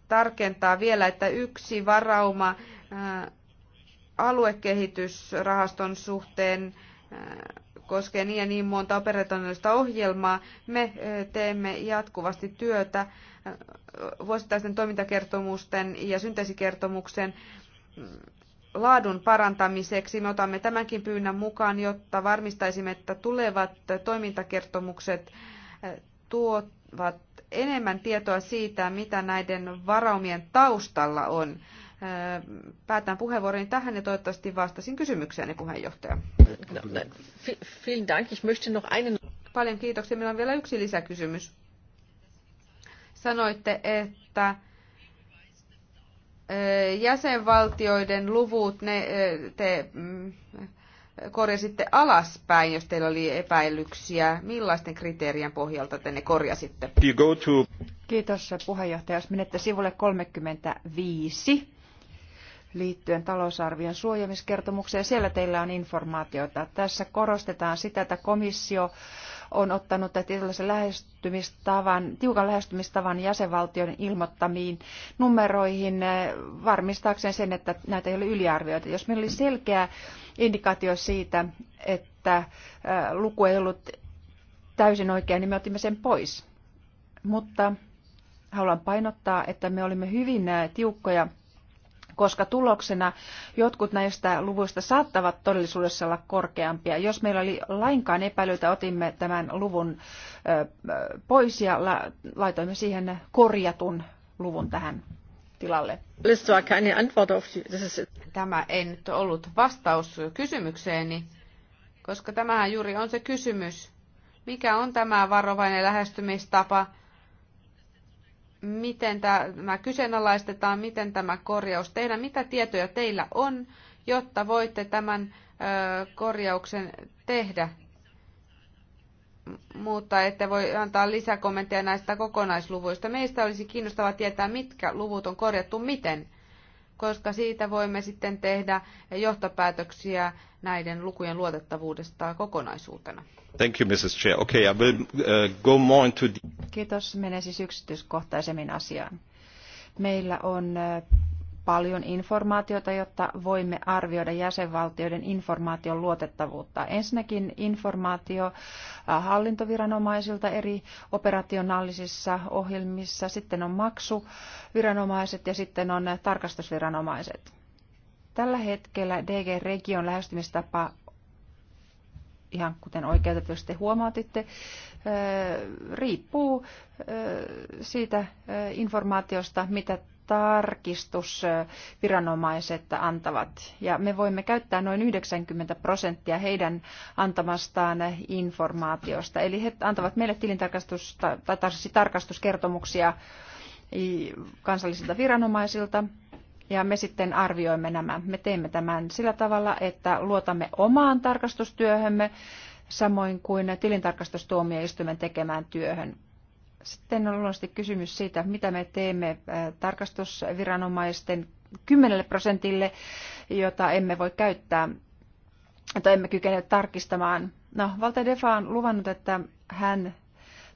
tarkentaa vielä, että yksi varauma aluekehitysrahaston suhteen koskee niin ja niin monta operationaalista ohjelmaa. Me teemme jatkuvasti työtä vuosittaisten toimintakertomusten ja synteesikertomuksen laadun parantamiseksi. Me otamme tämänkin pyynnön mukaan, jotta varmistaisimme, että tulevat toimintakertomukset eh, tuovat enemmän tietoa siitä, mitä näiden varaumien taustalla on. Eh, päätän puheenvuoroni tähän ja toivottavasti vastasin kysymykseen, puheenjohtaja. No, eh, vielen Dank. Ich möchte noch einen... Paljon kiitoksia. Meillä on vielä yksi lisäkysymys. Sanoitte, että jäsenvaltioiden luvut, ne te mm, korjasitte alaspäin, jos teillä oli epäilyksiä. Millaisten kriteerien pohjalta te ne korjasitte? To... Kiitos puheenjohtaja. Jos menette sivulle 35 liittyen talousarvion suojamiskertomukseen, siellä teillä on informaatiota. Tässä korostetaan sitä, että komissio on ottanut tietynlaisen lähestymistavan, tiukan lähestymistavan jäsenvaltioiden ilmoittamiin numeroihin eh, varmistaakseen sen, että näitä ei ole yliarvioita. Jos meillä oli selkeä indikaatio siitä, että eh, luku ei ollut täysin oikea, niin me otimme sen pois. Mutta haluan painottaa, että me olimme hyvin eh, tiukkoja koska tuloksena jotkut näistä luvuista saattavat todellisuudessa olla korkeampia. Jos meillä oli lainkaan epäilyitä, otimme tämän luvun pois ja laitoimme siihen korjatun luvun tähän tilalle. Tämä ei nyt ollut vastaus kysymykseeni, koska tämähän juuri on se kysymys. Mikä on tämä varovainen lähestymistapa? miten tämä kyseenalaistetaan, miten tämä korjaus tehdään, mitä tietoja teillä on, jotta voitte tämän korjauksen tehdä. Mutta ette voi antaa lisäkommentteja näistä kokonaisluvuista. Meistä olisi kiinnostavaa tietää, mitkä luvut on korjattu miten koska siitä voimme sitten tehdä johtopäätöksiä näiden lukujen luotettavuudesta kokonaisuutena. Thank you, Mrs. Chair. Okay, I will, uh, go more into the... Kiitos. Menen siis yksityiskohtaisemmin asiaan. Meillä on uh, paljon informaatiota, jotta voimme arvioida jäsenvaltioiden informaation luotettavuutta. Ensinnäkin informaatio hallintoviranomaisilta eri operationaalisissa ohjelmissa, sitten on maksuviranomaiset ja sitten on tarkastusviranomaiset. Tällä hetkellä DG Region lähestymistapa ihan kuten oikeutetusti huomautitte, riippuu siitä informaatiosta, mitä tarkistusviranomaiset antavat. Ja me voimme käyttää noin 90 prosenttia heidän antamastaan informaatiosta. Eli he antavat meille tilintarkastus- tai tarkastuskertomuksia kansallisilta viranomaisilta, ja me sitten arvioimme nämä. Me teemme tämän sillä tavalla, että luotamme omaan tarkastustyöhömme, samoin kuin tilintarkastustuomioistuimen tekemään työhön. Sitten on luonnollisesti kysymys siitä, mitä me teemme tarkastusviranomaisten 10 prosentille, jota emme voi käyttää tai emme kykene tarkistamaan. No, Walter Defa on luvannut, että hän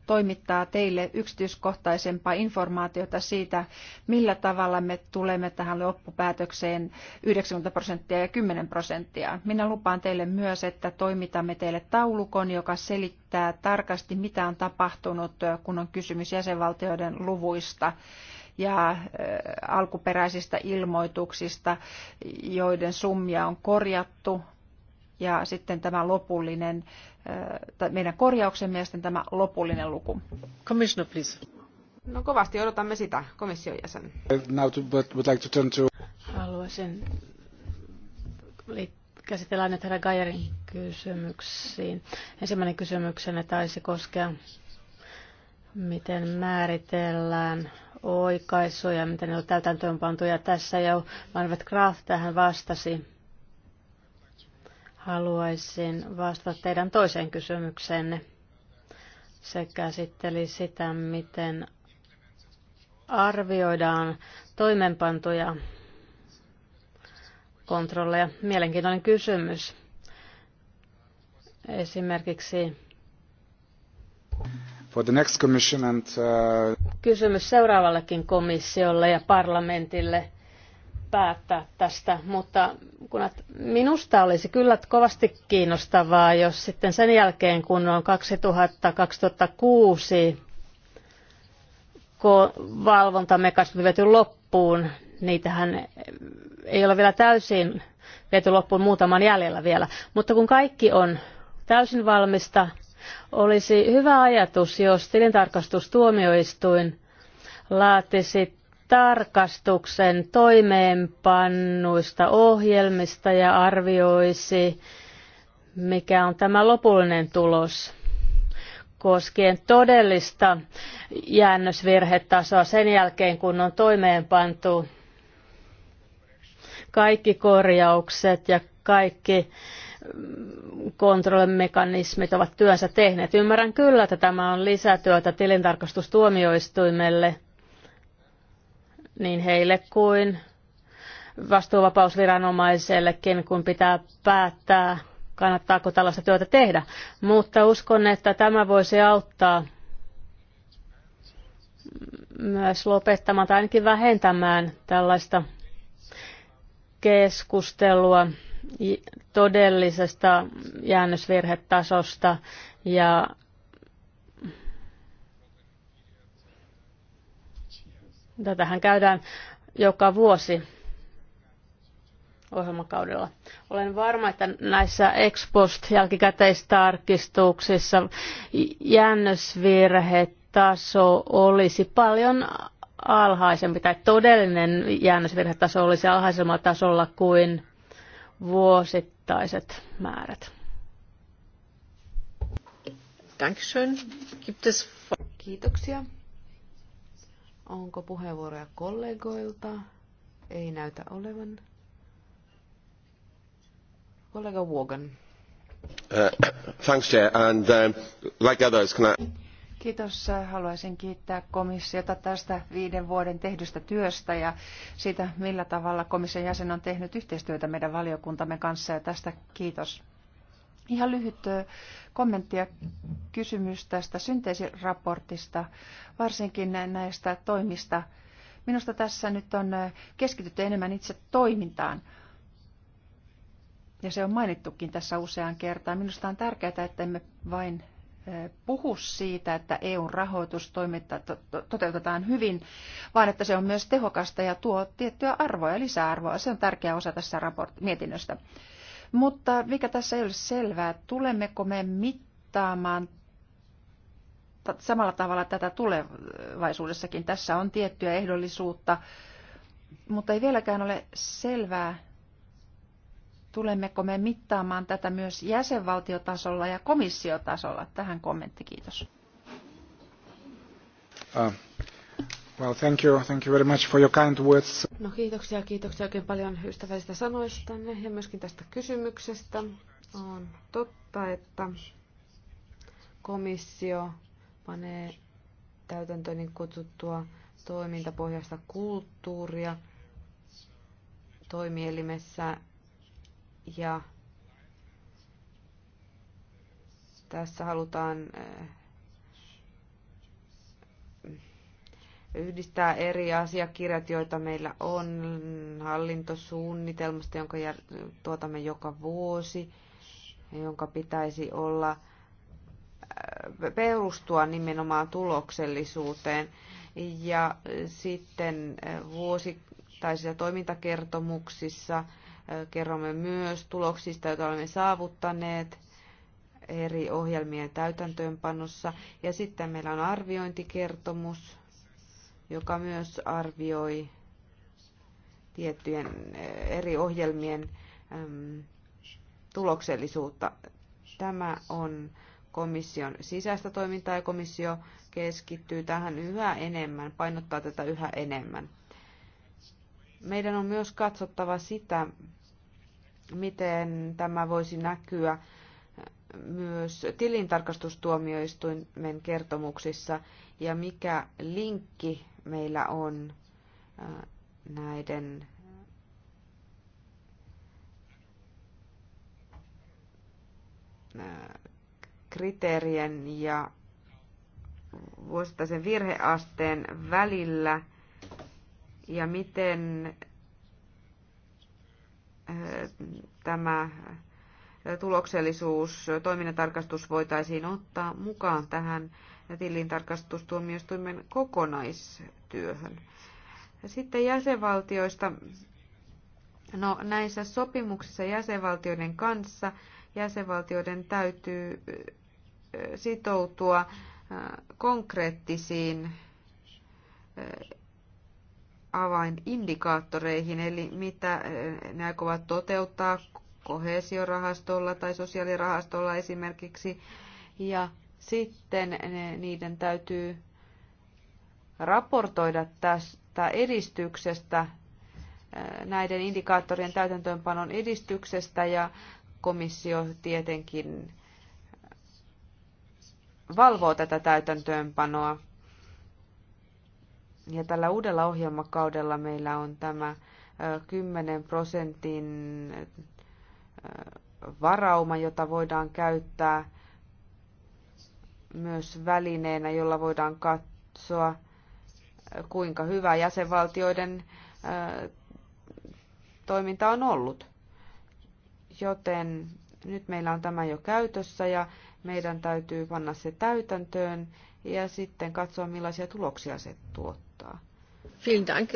toimittaa teille yksityiskohtaisempaa informaatiota siitä, millä tavalla me tulemme tähän loppupäätökseen 90 prosenttia ja 10 prosenttia. Minä lupaan teille myös, että toimitamme teille taulukon, joka selittää tarkasti, mitä on tapahtunut, kun on kysymys jäsenvaltioiden luvuista ja alkuperäisistä ilmoituksista, joiden summia on korjattu, ja sitten tämä lopullinen meidän korjauksemme ja sitten tämä lopullinen luku. Commissioner, please. No kovasti odotamme sitä, komission jäsen. Now to, but would like to turn to... Haluaisin käsitellä näitä herra Gajarin kysymyksiin. Ensimmäinen kysymyksenä taisi koskea, miten määritellään oikaisuja, miten ne on täytäntöönpantuja tässä jo Manfred Kraft tähän vastasi Haluaisin vastata teidän toiseen kysymykseenne. Se käsitteli sitä, miten arvioidaan toimenpantoja kontrolleja. Mielenkiintoinen kysymys. Esimerkiksi For the next commission and, uh... kysymys seuraavallekin komissiolle ja parlamentille päättää tästä, mutta kun minusta olisi kyllä kovasti kiinnostavaa, jos sitten sen jälkeen, kun on 2000-2006 valvontamekanismi viety loppuun, niitähän ei ole vielä täysin viety loppuun muutaman jäljellä vielä, mutta kun kaikki on täysin valmista, olisi hyvä ajatus, jos tilintarkastustuomioistuin laatisi tarkastuksen toimeenpannuista ohjelmista ja arvioisi, mikä on tämä lopullinen tulos koskien todellista jäännösvirhetasoa sen jälkeen, kun on toimeenpantu kaikki korjaukset ja kaikki mm, kontrollimekanismit ovat työnsä tehneet. Ymmärrän kyllä, että tämä on lisätyötä tilintarkastustuomioistuimelle, niin heille kuin vastuuvapausviranomaisellekin, kun pitää päättää, kannattaako tällaista työtä tehdä. Mutta uskon, että tämä voisi auttaa myös lopettamaan tai ainakin vähentämään tällaista keskustelua todellisesta jäännösvirhetasosta ja Tätähän käydään joka vuosi ohjelmakaudella. Olen varma, että näissä ex post jälkikäteistarkistuksissa jännösvirhetaso olisi paljon alhaisempi tai todellinen jäännösvirhetaso olisi alhaisemmalla tasolla kuin vuosittaiset määrät. Dankeschön. Gibt es... Kiitoksia. Onko puheenvuoroja kollegoilta? Ei näytä olevan. Kollega Wogan. Uh, thanks, Chair. And, um, like others, can I... Kiitos. Haluaisin kiittää komissiota tästä viiden vuoden tehdystä työstä ja siitä, millä tavalla komission jäsen on tehnyt yhteistyötä meidän valiokuntamme kanssa. Ja tästä kiitos. Ihan lyhyt kommentti ja kysymys tästä synteesiraportista, varsinkin näistä toimista. Minusta tässä nyt on keskitytty enemmän itse toimintaan. Ja se on mainittukin tässä useaan kertaan. Minusta on tärkeää, että emme vain puhu siitä, että eu rahoitus toteutetaan hyvin, vaan että se on myös tehokasta ja tuo tiettyä arvoa ja lisäarvoa. Se on tärkeä osa tässä raport- mietinnöstä. Mutta mikä tässä ei ole selvää, tulemmeko me mittaamaan samalla tavalla tätä tulevaisuudessakin. Tässä on tiettyä ehdollisuutta, mutta ei vieläkään ole selvää, tulemmeko me mittaamaan tätä myös jäsenvaltiotasolla ja komissiotasolla. Tähän kommentti, kiitos. Uh, Well, thank you. Thank you very much for your kind words. No kiitoksia, kiitoksia oikein paljon ystävällisistä sanoistanne ja myöskin tästä kysymyksestä. On totta, että komissio panee täytäntöön niin kutsuttua toimintapohjaista kulttuuria toimielimessä ja tässä halutaan eh, yhdistää eri asiakirjat, joita meillä on hallintosuunnitelmasta, jonka tuotamme joka vuosi, jonka pitäisi olla äh, perustua nimenomaan tuloksellisuuteen. Ja sitten äh, vuosittaisissa toimintakertomuksissa äh, kerromme myös tuloksista, joita olemme saavuttaneet eri ohjelmien täytäntöönpanossa. Ja sitten meillä on arviointikertomus, joka myös arvioi tiettyjen eh, eri ohjelmien tuloksellisuutta. Tämä on komission sisäistä toimintaa ja komissio keskittyy tähän yhä enemmän, painottaa tätä yhä enemmän. Meidän on myös katsottava sitä, miten tämä voisi näkyä myös tilintarkastustuomioistuimen kertomuksissa ja mikä linkki meillä on näiden kriteerien ja vuosittaisen virheasteen välillä ja miten tämä tuloksellisuus, tarkastus voitaisiin ottaa mukaan tähän tilintarkastustuomioistuimen kokonaistyöhön. Sitten jäsenvaltioista. No, näissä sopimuksissa jäsenvaltioiden kanssa jäsenvaltioiden täytyy sitoutua konkreettisiin avainindikaattoreihin, eli mitä ne aikovat toteuttaa kohesiorahastolla tai sosiaalirahastolla esimerkiksi, ja sitten niiden täytyy raportoida tästä edistyksestä, äh, näiden indikaattorien täytäntöönpanon edistyksestä ja komissio tietenkin äh, valvoo tätä täytäntöönpanoa. Ja tällä uudella ohjelmakaudella meillä on tämä 10 äh, prosentin varauma, jota voidaan käyttää myös välineenä, jolla voidaan katsoa, kuinka hyvä jäsenvaltioiden toiminta on ollut. Joten nyt meillä on tämä jo käytössä ja meidän täytyy panna se täytäntöön ja sitten katsoa, millaisia tuloksia se tuottaa. Vielen Dank.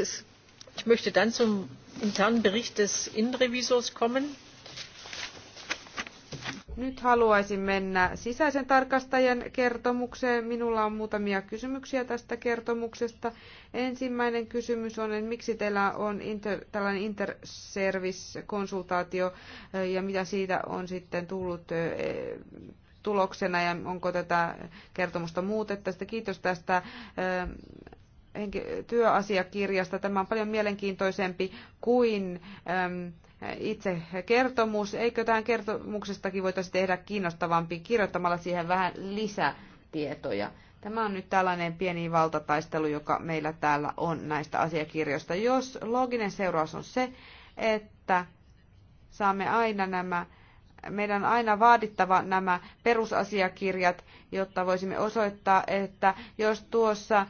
Ich möchte dann zum internen Bericht des Innenrevisors kommen. Nyt haluaisin mennä sisäisen tarkastajan kertomukseen. Minulla on muutamia kysymyksiä tästä kertomuksesta. Ensimmäinen kysymys on, että miksi teillä on inter, tällainen interservice-konsultaatio eh, ja mitä siitä on sitten tullut eh, tuloksena ja onko tätä kertomusta muutettu. kiitos tästä eh, työasiakirjasta. Tämä on paljon mielenkiintoisempi kuin ehm, itse kertomus. Eikö tämän kertomuksestakin voitaisiin tehdä kiinnostavampi kirjoittamalla siihen vähän lisätietoja? Tämä on nyt tällainen pieni valtataistelu, joka meillä täällä on näistä asiakirjoista. Jos looginen seuraus on se, että saamme aina nämä, meidän on aina vaadittava nämä perusasiakirjat, jotta voisimme osoittaa, että jos tuossa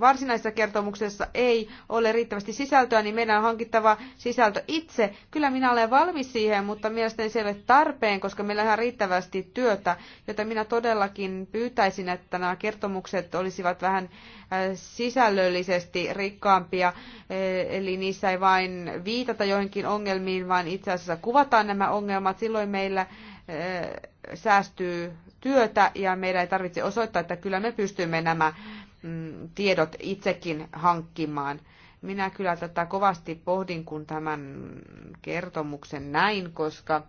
varsinaisessa kertomuksessa ei ole riittävästi sisältöä, niin meidän on hankittava sisältö itse. Kyllä minä olen valmis siihen, mutta mielestäni se ei ole tarpeen, koska meillä on ihan riittävästi työtä, joten minä todellakin pyytäisin, että nämä kertomukset olisivat vähän äh, sisällöllisesti rikkaampia, äh, eli niissä ei vain viitata joihinkin ongelmiin, vaan itse asiassa kuvataan nämä ongelmat. Silloin meillä äh, säästyy työtä ja meidän ei tarvitse osoittaa, että kyllä me pystymme nämä Mm, tiedot itsekin hankkimaan. Minä kyllä tätä kovasti pohdin, kun tämän kertomuksen näin, koska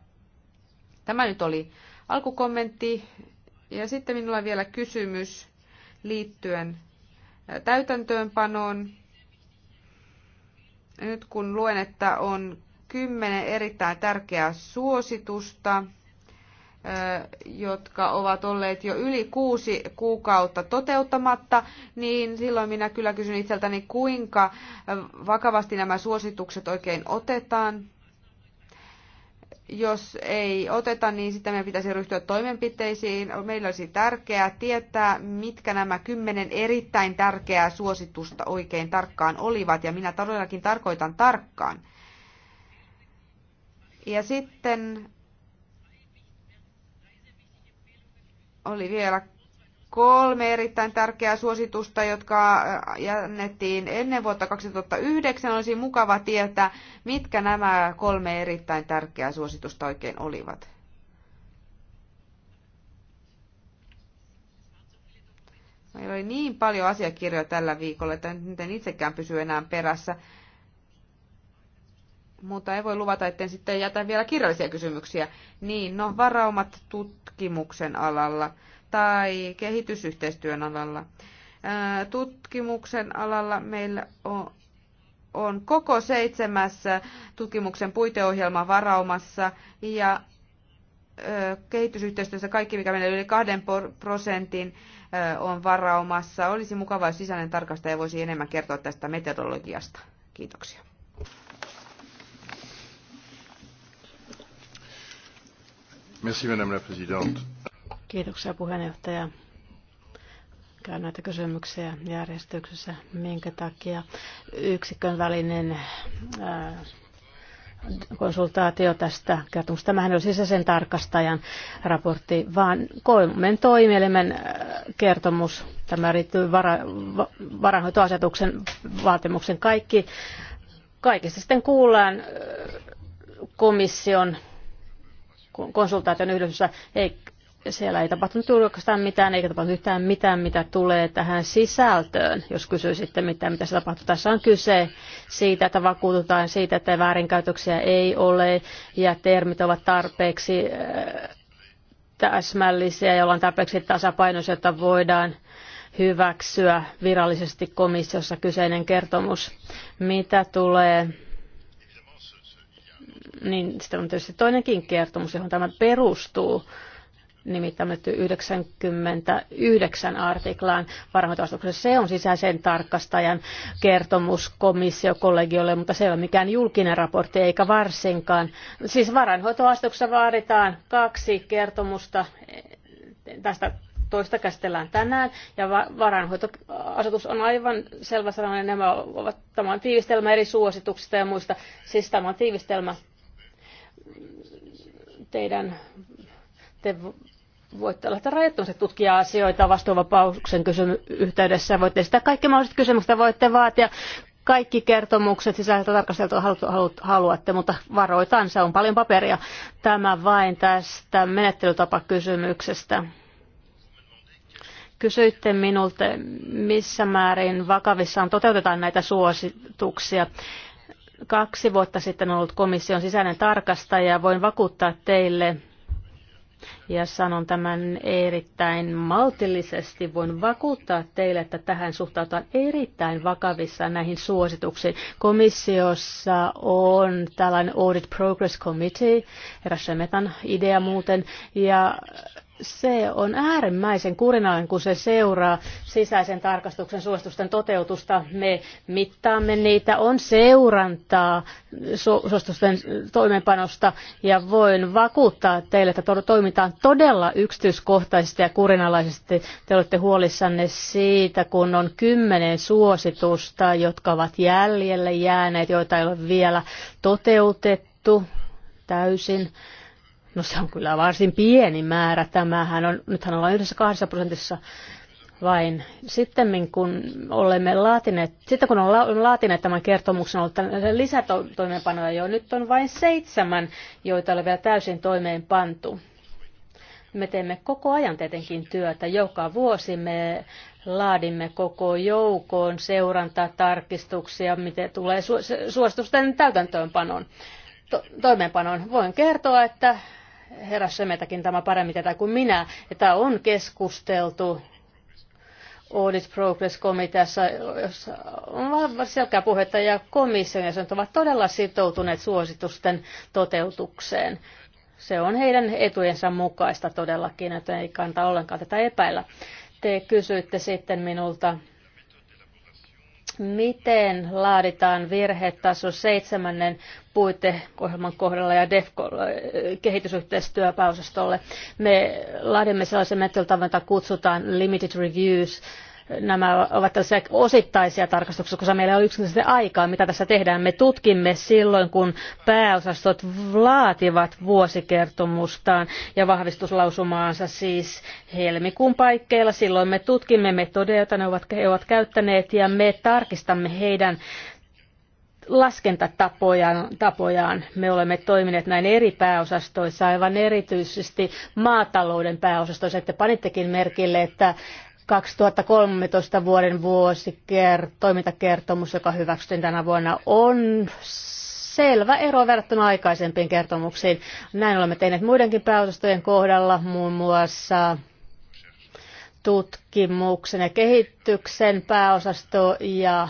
tämä nyt oli alkukommentti. Ja sitten minulla on vielä kysymys liittyen täytäntöönpanoon. Nyt kun luen, että on kymmenen erittäin tärkeää suositusta, jotka ovat olleet jo yli kuusi kuukautta toteuttamatta, niin silloin minä kyllä kysyn itseltäni, kuinka vakavasti nämä suositukset oikein otetaan. Jos ei oteta, niin sitten meidän pitäisi ryhtyä toimenpiteisiin. Meillä olisi tärkeää tietää, mitkä nämä kymmenen erittäin tärkeää suositusta oikein tarkkaan olivat, ja minä todellakin tarkoitan tarkkaan. Ja sitten oli vielä kolme erittäin tärkeää suositusta, jotka äh, jännettiin ennen vuotta 2009. Olisi mukava tietää, mitkä nämä kolme erittäin tärkeää suositusta oikein olivat. Meillä oli niin paljon asiakirjoja tällä viikolla, että nyt en itsekään pysy enää perässä mutta ei voi luvata, etten sitten jätä vielä kirjallisia kysymyksiä. Niin, no varaumat tutkimuksen alalla tai kehitysyhteistyön alalla. Tutkimuksen alalla meillä on on koko seitsemässä tutkimuksen puiteohjelma varaumassa ja kehitysyhteistyössä kaikki, mikä menee yli kahden prosentin, on varaumassa. Olisi mukavaa, jos sisäinen tarkastaja voisi enemmän kertoa tästä metodologiasta. Kiitoksia. Kiitoksia puheenjohtaja. Käyn näitä kysymyksiä järjestyksessä, minkä takia yksikön välinen äh, konsultaatio tästä kertomuksesta. Tämähän oli sisäisen tarkastajan raportti, vaan kolmen toimielimen äh, kertomus. Tämä liittyy vara, varainhoitoasetuksen vaatimuksen kaikki. Kaikista sitten kuullaan äh, komission konsultaation yhdessä, ei, siellä ei tapahtunut oikeastaan mitään, eikä tapahtunut yhtään mitään, mitä tulee tähän sisältöön, jos sitten mitään, mitä se tapahtuu. Tässä on kyse siitä, että vakuututaan siitä, että väärinkäytöksiä ei ole ja termit ovat tarpeeksi äh, täsmällisiä, joilla on tarpeeksi tasapainoisia, jotta voidaan hyväksyä virallisesti komissiossa kyseinen kertomus. Mitä tulee niin sitten on tietysti toinenkin kertomus, johon tämä perustuu, nimittäin 99 artiklaan varhaitoastuksessa. Se on sisäisen tarkastajan kertomus komissiokollegiolle, mutta se ei ole mikään julkinen raportti eikä varsinkaan. Siis varainhoitoastuksessa vaaditaan kaksi kertomusta tästä toista käsitellään tänään ja varainhoitoasetus on aivan selvä sananen. Nämä ovat, tämä on tiivistelmä eri suosituksista ja muista. Siis tämä on tiivistelmä teidän, te voitte olla rajoittamassa tutkija asioita vastuuvapauksen kysymys yhteydessä. Voitte sitä kaikki mahdolliset kysymykset, voitte vaatia kaikki kertomukset sisältä tarkasteltua haluatte, mutta varoitan, se on paljon paperia. Tämä vain tästä menettelytapakysymyksestä. Kysyitte minulta, missä määrin vakavissaan toteutetaan näitä suosituksia. Kaksi vuotta sitten ollut komission sisäinen tarkastaja ja voin vakuuttaa teille, ja sanon tämän erittäin maltillisesti. Voin vakuuttaa teille, että tähän suhtaudutaan erittäin vakavissa näihin suosituksiin. Komissiossa on tällainen Audit Progress Committee, eräs Semetan idea muuten, ja se on äärimmäisen kurinalainen, kun se seuraa sisäisen tarkastuksen suositusten toteutusta. Me mittaamme niitä, on seurantaa suositusten toimeenpanosta ja voin vakuuttaa teille, että toimitaan todella yksityiskohtaisesti ja kurinalaisesti. Te olette huolissanne siitä, kun on kymmenen suositusta, jotka ovat jäljelle jääneet, joita ei ole vielä toteutettu täysin No se on kyllä varsin pieni määrä. Tämähän on, nythän ollaan yhdessä kahdessa prosentissa vain. Sitten kun olemme laatineet, sitten kun olemme laatineet tämän kertomuksen, on ollut lisätoimeenpanoja jo. Nyt on vain seitsemän, joita ei ole vielä täysin toimeenpantu. Me teemme koko ajan tietenkin työtä. Joka vuosi me laadimme koko joukoon seurantatarkistuksia, miten tulee suositusten täytäntöönpanoon to- toimeenpanoon. Voin kertoa, että herra Semetäkin tämä paremmin tätä kuin minä, että on keskusteltu Audit Progress-komiteassa, jossa on selkeä puhetta, ja komission jäsenet ovat todella sitoutuneet suositusten toteutukseen. Se on heidän etujensa mukaista todellakin, että ei kannata ollenkaan tätä epäillä. Te kysyitte sitten minulta miten laaditaan virhetaso seitsemännen puiteohjelman kohdalla ja DEFCO äh, kehitysyhteistyöpausastolle Me laadimme sellaisen menettelytavan, jota kutsutaan limited reviews nämä ovat tällaisia osittaisia tarkastuksia, koska meillä on yksinkertaisesti aikaa, mitä tässä tehdään. Me tutkimme silloin, kun pääosastot laativat vuosikertomustaan ja vahvistuslausumaansa siis helmikuun paikkeilla. Silloin me tutkimme metodeja, joita ne ovat, he ovat käyttäneet ja me tarkistamme heidän laskentatapojaan. Me olemme toimineet näin eri pääosastoissa, aivan erityisesti maatalouden pääosastoissa. Että panittekin merkille, että 2013 vuoden vuosiker, toimintakertomus, joka hyväksyttiin tänä vuonna, on selvä ero verrattuna aikaisempiin kertomuksiin. Näin olemme tehneet muidenkin pääosastojen kohdalla, muun muassa tutkimuksen ja kehityksen pääosasto ja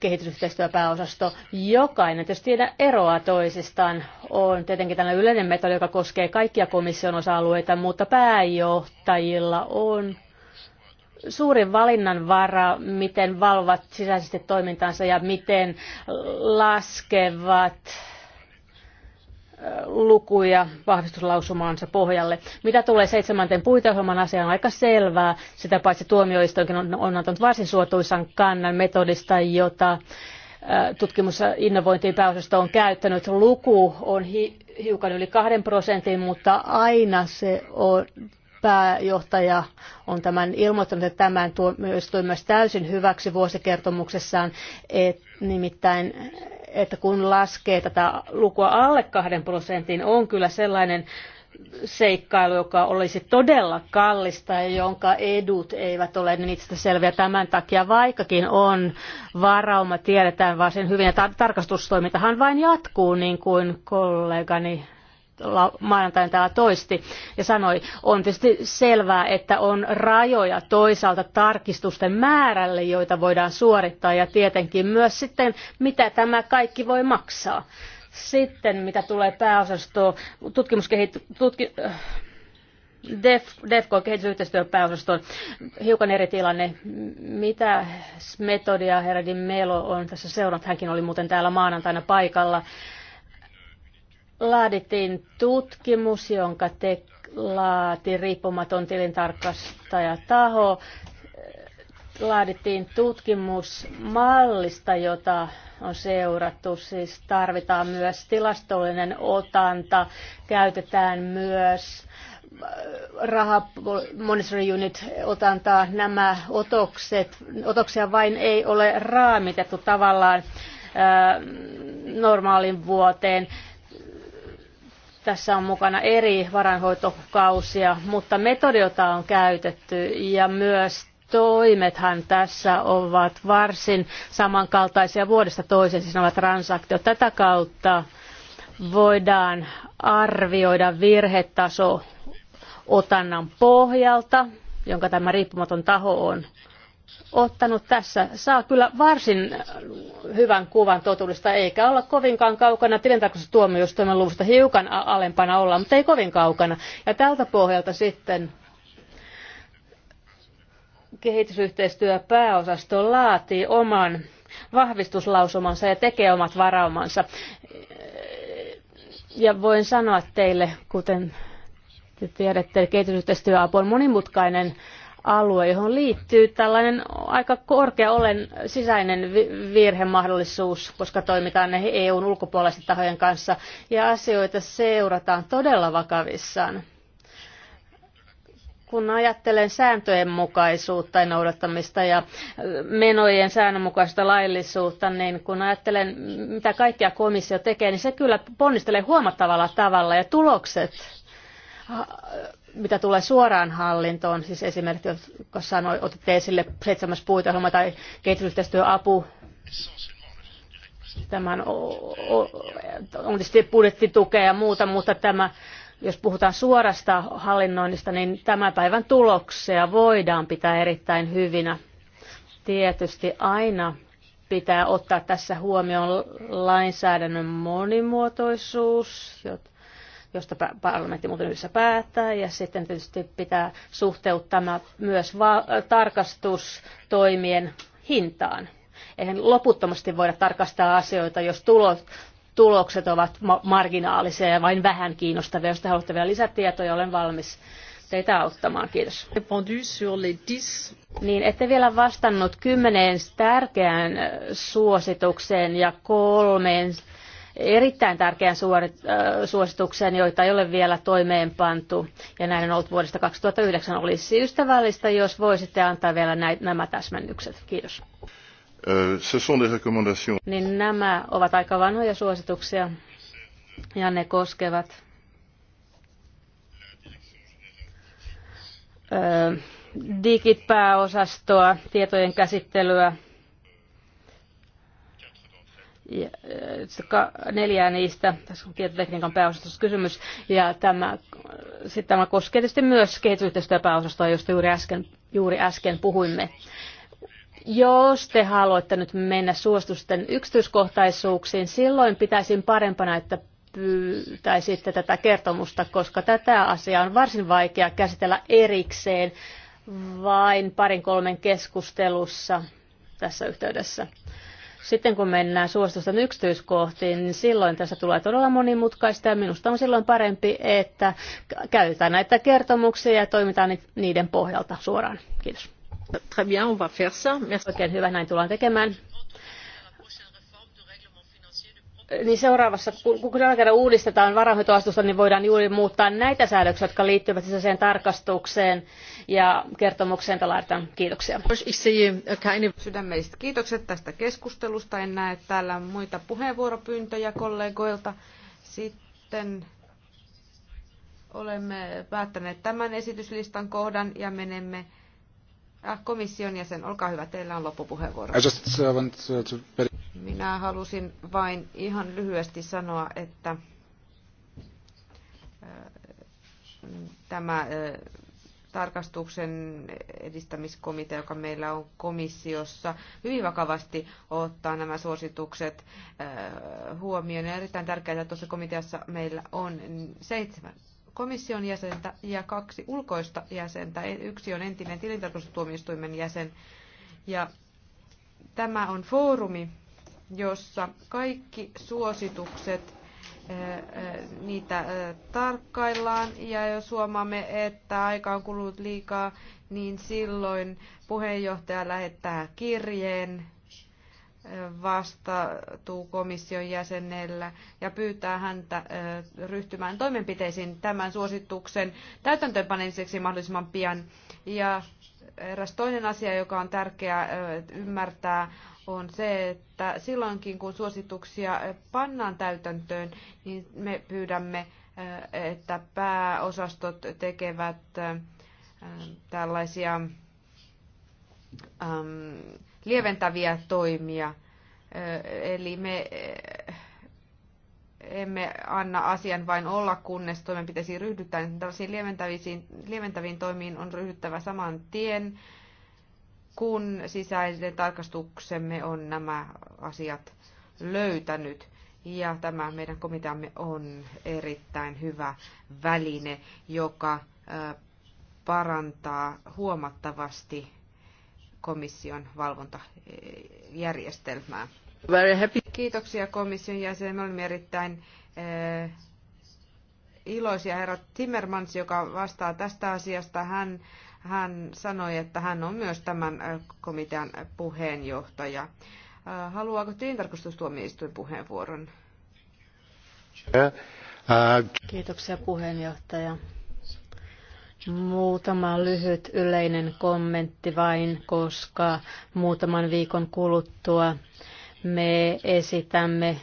kehitysyhteistyöpääosasto. Jokainen tietysti eroaa toisistaan. On tietenkin tällainen yleinen metodi, joka koskee kaikkia komission osa-alueita, mutta pääjohtajilla on suuri valinnanvara, miten valvat sisäisesti toimintansa ja miten laskevat lukuja vahvistuslausumaansa pohjalle. Mitä tulee seitsemänteen puiteohjelman asiaan, on aika selvää. Sitä paitsi tuomioistuinkin on, on antanut varsin suotuisan kannan metodista, jota tutkimus- ja innovointiin pääosasto on käyttänyt. Luku on hi, hiukan yli kahden prosentin, mutta aina se on pääjohtaja on tämän ilmoittanut, että tämän tuomioistuin myös täysin hyväksi vuosikertomuksessaan, et, nimittäin, että kun laskee tätä lukua alle kahden prosentin, on kyllä sellainen seikkailu, joka olisi todella kallista ja jonka edut eivät ole niin itsestä selviä tämän takia, vaikkakin on varauma, tiedetään varsin hyvin ja tar- tarkastustoimintahan vain jatkuu, niin kuin kollegani maanantaina täällä toisti ja sanoi, on tietysti selvää, että on rajoja toisaalta tarkistusten määrälle, joita voidaan suorittaa ja tietenkin myös sitten, mitä tämä kaikki voi maksaa. Sitten mitä tulee pääosastoon, tutkimuskehit, tutki, DEF, DEFCO kehitysyhteistyöpääosastoon hiukan eri tilanne. Mitä metodia Herradin Melo on tässä seurannut? Hänkin oli muuten täällä maanantaina paikalla laadittiin tutkimus, jonka te laati riippumaton taho. Laadittiin tutkimusmallista, jota on seurattu. Siis tarvitaan myös tilastollinen otanta, käytetään myös äh, raha monitoring unit otantaa nämä otokset. Otoksia vain ei ole raamitettu tavallaan äh, normaalin vuoteen. Tässä on mukana eri varainhoitokausia, mutta metodiota on käytetty ja myös toimethan tässä ovat varsin samankaltaisia vuodesta toiseen, siis ovat transaktiot. Tätä kautta voidaan arvioida virhetaso otannan pohjalta, jonka tämä riippumaton taho on ottanut tässä, saa kyllä varsin hyvän kuvan totuudesta, eikä olla kovinkaan kaukana tilintarkastustuomioistuimen luvusta hiukan alempana olla, mutta ei kovin kaukana. Ja tältä pohjalta sitten kehitysyhteistyöpääosasto laatii oman vahvistuslausumansa ja tekee omat varaumansa. Ja voin sanoa teille, kuten te tiedätte, kehitysyhteistyöapu on monimutkainen alue, johon liittyy tällainen aika korkea olen sisäinen virhemahdollisuus, koska toimitaan EUn ulkopuolisten tahojen kanssa ja asioita seurataan todella vakavissaan. Kun ajattelen sääntöjen mukaisuutta ja noudattamista ja menojen säännönmukaista laillisuutta, niin kun ajattelen, mitä kaikkia komissio tekee, niin se kyllä ponnistelee huomattavalla tavalla ja tulokset mitä tulee suoraan hallintoon, siis esimerkiksi jos sanoi, otitte esille seitsemäs puitohjelma tai kehitysyhteistyöapu, tämän on tietysti budjettitukea ja muuta, mutta tämä, jos puhutaan suorasta hallinnoinnista, niin tämän päivän tuloksia voidaan pitää erittäin hyvinä. Tietysti aina pitää ottaa tässä huomioon lainsäädännön monimuotoisuus, josta parlamentti muuten yhdessä päättää. Ja sitten tietysti pitää suhteuttaa myös va- tarkastustoimien hintaan. Eihän loputtomasti voida tarkastaa asioita, jos tulot, tulokset ovat ma- marginaalisia ja vain vähän kiinnostavia. Jos te haluatte vielä lisätietoja, olen valmis teitä auttamaan. Kiitos. Niin, ette vielä vastannut kymmeneen tärkeään suositukseen ja kolmeen erittäin tärkeän äh, suosituksen, joita ei ole vielä toimeenpantu. Ja näin on ollut vuodesta 2009. Olisi ystävällistä, jos voisitte antaa vielä näitä, nämä täsmennykset. Kiitos. Niin nämä ovat aika vanhoja suosituksia ja ne koskevat digipääosastoa, tietojen käsittelyä, ja, neljää niistä, tässä on tietotekniikan pääosastossa kysymys, ja tämä, sit tämä koskee tietysti myös kehitysyhteistyöpääosastoa, josta juuri äsken, juuri äsken puhuimme. Jos te haluatte nyt mennä suositusten yksityiskohtaisuuksiin, silloin pitäisin parempana, että pyytäisitte tätä kertomusta, koska tätä asiaa on varsin vaikea käsitellä erikseen vain parin kolmen keskustelussa tässä yhteydessä. Sitten kun mennään suositusten yksityiskohtiin, niin silloin tässä tulee todella monimutkaista ja minusta on silloin parempi, että käytetään näitä kertomuksia ja toimitaan niiden pohjalta suoraan. Kiitos. Très bien, on va faire ça. Merci. Oikein hyvä, näin tullaan tekemään niin seuraavassa, kun kun uudistetaan varainhoitoasetusta, niin voidaan juuri muuttaa näitä säädöksiä, jotka liittyvät sisäiseen tarkastukseen ja kertomukseen laitan. Kiitoksia. Sydämelliset kiitokset tästä keskustelusta. En näe täällä muita puheenvuoropyyntöjä kollegoilta. Sitten olemme päättäneet tämän esityslistan kohdan ja menemme äh, komission jäsen. Olkaa hyvä, teillä on loppupuheenvuoro. Minä halusin vain ihan lyhyesti sanoa, että tämä tarkastuksen edistämiskomitea, joka meillä on komissiossa, hyvin vakavasti ottaa nämä suositukset huomioon. Ja erittäin tärkeää, että tuossa komiteassa meillä on seitsemän komission jäsentä ja kaksi ulkoista jäsentä. E, yksi on entinen tilintarkastustuomioistuimen jäsen. Ja tämä on foorumi, jossa kaikki suositukset, eh, eh, niitä eh, tarkkaillaan ja jos huomaamme, että aika on kulunut liikaa, niin silloin puheenjohtaja lähettää kirjeen vastatuu komission jäsenellä ja pyytää häntä ryhtymään toimenpiteisiin tämän suosituksen täytäntöönpanemiseksi mahdollisimman pian. Ja eräs toinen asia, joka on tärkeää ymmärtää, on se, että silloinkin kun suosituksia pannaan täytäntöön, niin me pyydämme, eh, että pääosastot tekevät eh, tällaisia mm, lieventäviä toimia. Eh, eli me emme anna asian vain olla, kunnes toimenpiteisiin ryhdytään. Tällaisiin lieventäviin, toimiin on ryhdyttävä saman tien kun sisäisen tarkastuksemme on nämä asiat löytänyt. Ja tämä meidän komiteamme on erittäin hyvä väline, joka parantaa huomattavasti komission valvontajärjestelmää. Very happy. Kiitoksia komission jäsen. Me olemme erittäin eh, iloisia. Herra Timmermans, joka vastaa tästä asiasta, hän hän sanoi, että hän on myös tämän komitean puheenjohtaja. Haluaako tilintarkastustuomioistuin puheenvuoron? Kiitoksia puheenjohtaja. Muutama lyhyt yleinen kommentti vain, koska muutaman viikon kuluttua me esitämme